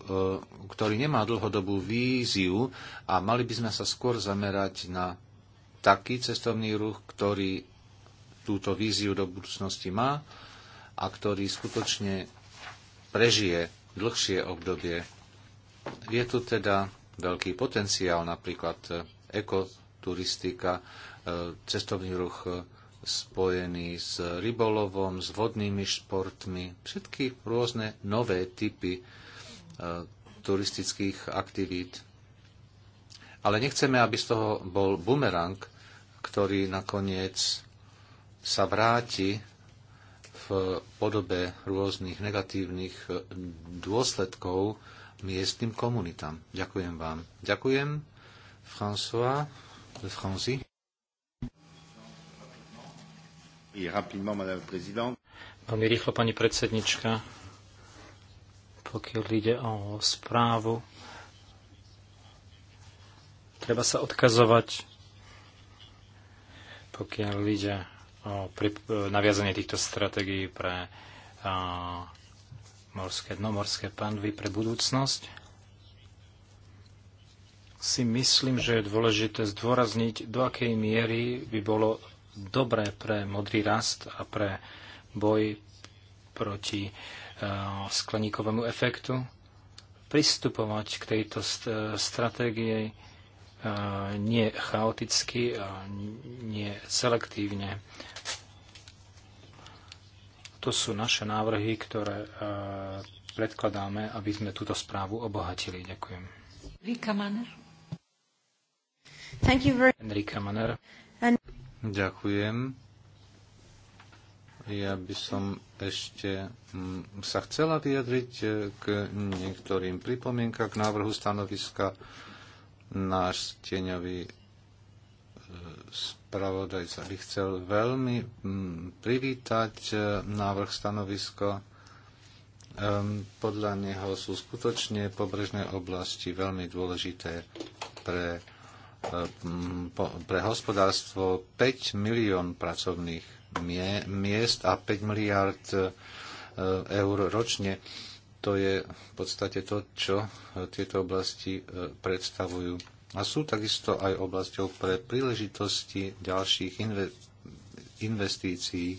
ktorý nemá dlhodobú víziu a mali by sme sa skôr zamerať na taký cestovný ruch, ktorý túto víziu do budúcnosti má a ktorý skutočne prežije dlhšie obdobie je tu teda veľký potenciál, napríklad e, ekoturistika, e, cestovný ruch e, spojený s rybolovom, s vodnými športmi, všetky rôzne nové typy turistických aktivít. Ale nechceme, aby z toho bol bumerang, ktorý nakoniec sa vráti v podobe rôznych negatívnych dôsledkov, miestnym komunitám. Ďakujem vám. Ďakujem, François de Franzi. Veľmi rýchlo, pani predsednička, pokiaľ ide o správu, treba sa odkazovať, pokiaľ ide o naviazanie týchto stratégií pre morské dno, morské panvy pre budúcnosť, si myslím, že je dôležité zdôrazniť, do akej miery by bolo dobré pre modrý rast a pre boj proti uh, skleníkovému efektu pristupovať k tejto st- stratégii uh, e, nie chaoticky a nie selektívne. To sú naše návrhy, ktoré e, predkladáme, aby sme túto správu obohatili. Ďakujem. Thank you very... Enrika Manner. And... Ďakujem. Ja by som ešte mm, sa chcela vyjadriť e, k niektorým pripomienkam k návrhu stanoviska náš steňový spravodajca by chcel veľmi mm, privítať e, návrh stanovisko. Podľa neho sú skutočne pobrežné oblasti veľmi dôležité pre, e, mm, pre hospodárstvo 5 milión pracovných miest a 5 miliard e, eur ročne. To je v podstate to, čo tieto oblasti predstavujú a sú takisto aj oblasťou pre príležitosti ďalších investícií.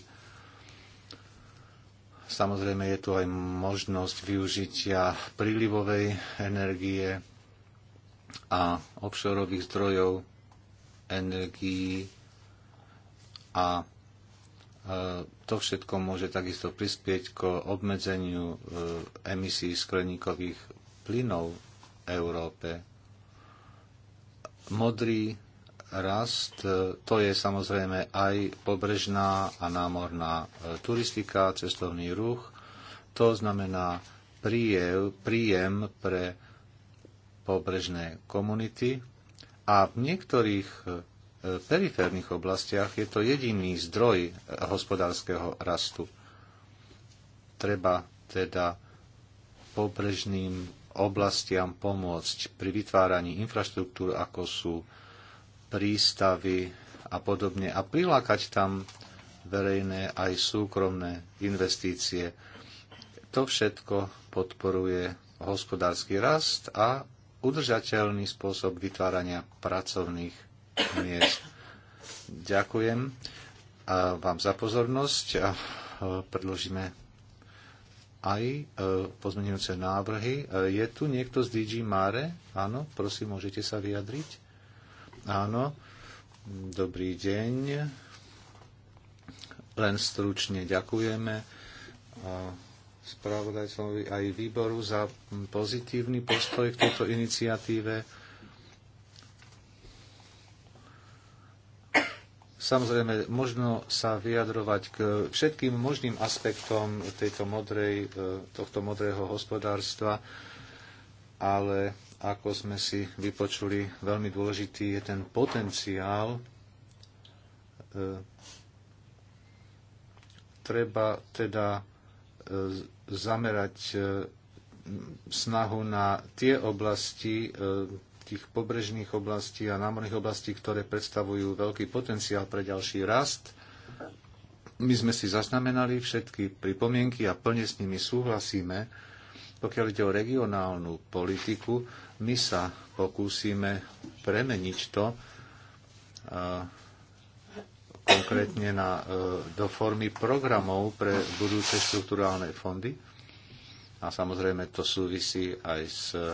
Samozrejme je tu aj možnosť využitia prílivovej energie a offshoreových zdrojov energií a e, to všetko môže takisto prispieť k obmedzeniu e, emisí skleníkových plynov v Európe Modrý rast, e, to je samozrejme aj pobrežná a námorná e, turistika, cestovný ruch. To znamená príjem, príjem pre pobrežné komunity a v niektorých e, periférnych oblastiach je to jediný zdroj hospodárskeho rastu. Treba teda pobrežným oblastiam pomôcť pri vytváraní infraštruktúr, ako sú prístavy a podobne, a prilákať tam verejné aj súkromné investície. To všetko podporuje hospodársky rast a udržateľný spôsob vytvárania pracovných miest. Ďakujem vám za pozornosť a predložíme aj e, pozmenujúce návrhy. E, je tu niekto z DG Mare? Áno, prosím, môžete sa vyjadriť? Áno, dobrý deň. Len stručne ďakujeme e, spravodajcovi aj výboru za pozitívny postoj k tejto iniciatíve Samozrejme, možno sa vyjadrovať k všetkým možným aspektom tejto modrej, e, tohto modrého hospodárstva, ale ako sme si vypočuli, veľmi dôležitý je ten potenciál. E, treba teda e, zamerať snahu na tie oblasti tých pobrežných oblastí a námorných oblastí, ktoré predstavujú veľký potenciál pre ďalší rast. My sme si zaznamenali všetky pripomienky a plne s nimi súhlasíme. Pokiaľ ide o regionálnu politiku, my sa pokúsime premeniť to konkrétne na, e, do formy programov pre budúce štruktúrálne fondy. A samozrejme to súvisí aj s e,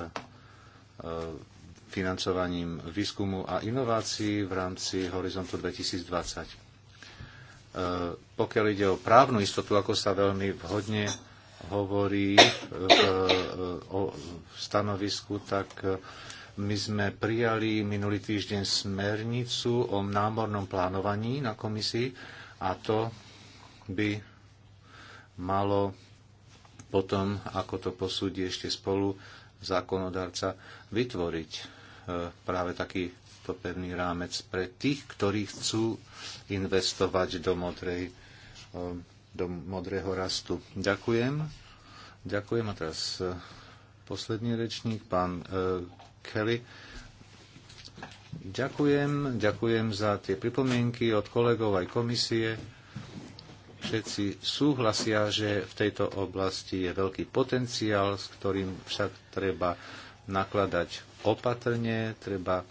financovaním výskumu a inovácií v rámci Horizontu 2020. E, pokiaľ ide o právnu istotu, ako sa veľmi vhodne hovorí e, e, o stanovisku, tak my sme prijali minulý týždeň smernicu o námornom plánovaní na komisii a to by malo potom, ako to posúdi ešte spolu zákonodarca, vytvoriť E, práve takýto pevný rámec pre tých, ktorí chcú investovať do, modrej, e, do modrého rastu. Ďakujem. Ďakujem a teraz e, posledný rečník, pán Kelly. Ďakujem, ďakujem za tie pripomienky od kolegov aj komisie. Všetci súhlasia, že v tejto oblasti je veľký potenciál, s ktorým však treba nakladať opatrne, treba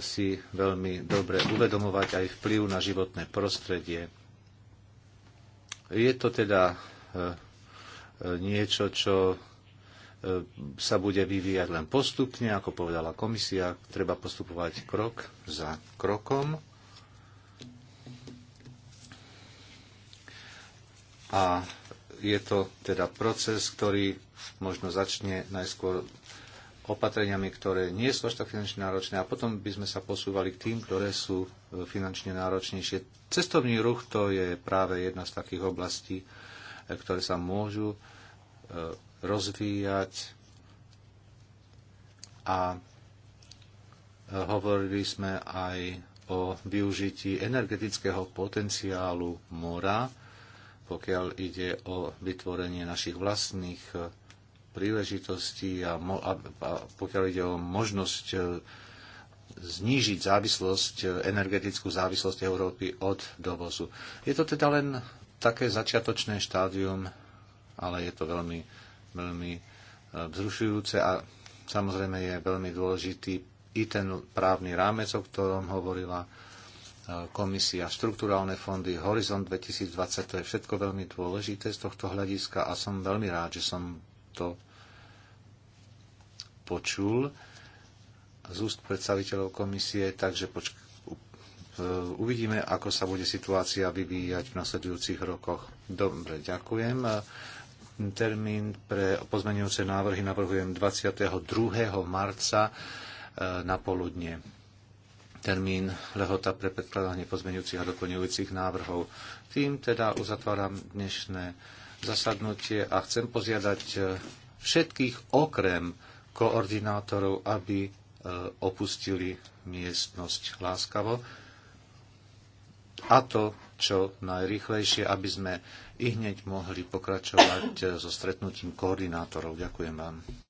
si veľmi dobre uvedomovať aj vplyv na životné prostredie. Je to teda e, e, niečo, čo e, sa bude vyvíjať len postupne, ako povedala komisia, treba postupovať krok za krokom. A je to teda proces, ktorý možno začne najskôr opatreniami, ktoré nie sú až tak finančne náročné a potom by sme sa posúvali k tým, ktoré sú e, finančne náročnejšie. Cestovný ruch to je práve jedna z takých oblastí, e, ktoré sa môžu e, rozvíjať a hovorili sme aj o využití energetického potenciálu mora, pokiaľ ide o vytvorenie našich vlastných príležitosti a, mo- a, a pokiaľ ide o možnosť e, znížiť závislosť, e, energetickú závislosť Európy od dovozu. Je to teda len také začiatočné štádium, ale je to veľmi, veľmi e, vzrušujúce a samozrejme je veľmi dôležitý i ten právny rámec, o ktorom hovorila komisia, štruktúrálne fondy, Horizont 2020, to je všetko veľmi dôležité z tohto hľadiska a som veľmi rád, že som to počul z úst predstaviteľov komisie, takže poč- e, uvidíme, ako sa bude situácia vyvíjať v nasledujúcich rokoch. Dobre, ďakujem. E, termín pre pozmenujúce návrhy navrhujem 22. marca e, na poludne. Termín lehota pre predkladanie pozmenujúcich a doplňujúcich návrhov. Tým teda uzatváram dnešné zasadnutie a chcem požiadať e, všetkých okrem koordinátorov, aby e, opustili miestnosť láskavo a to čo najrychlejšie, aby sme i hneď mohli pokračovať e, so stretnutím koordinátorov. Ďakujem vám.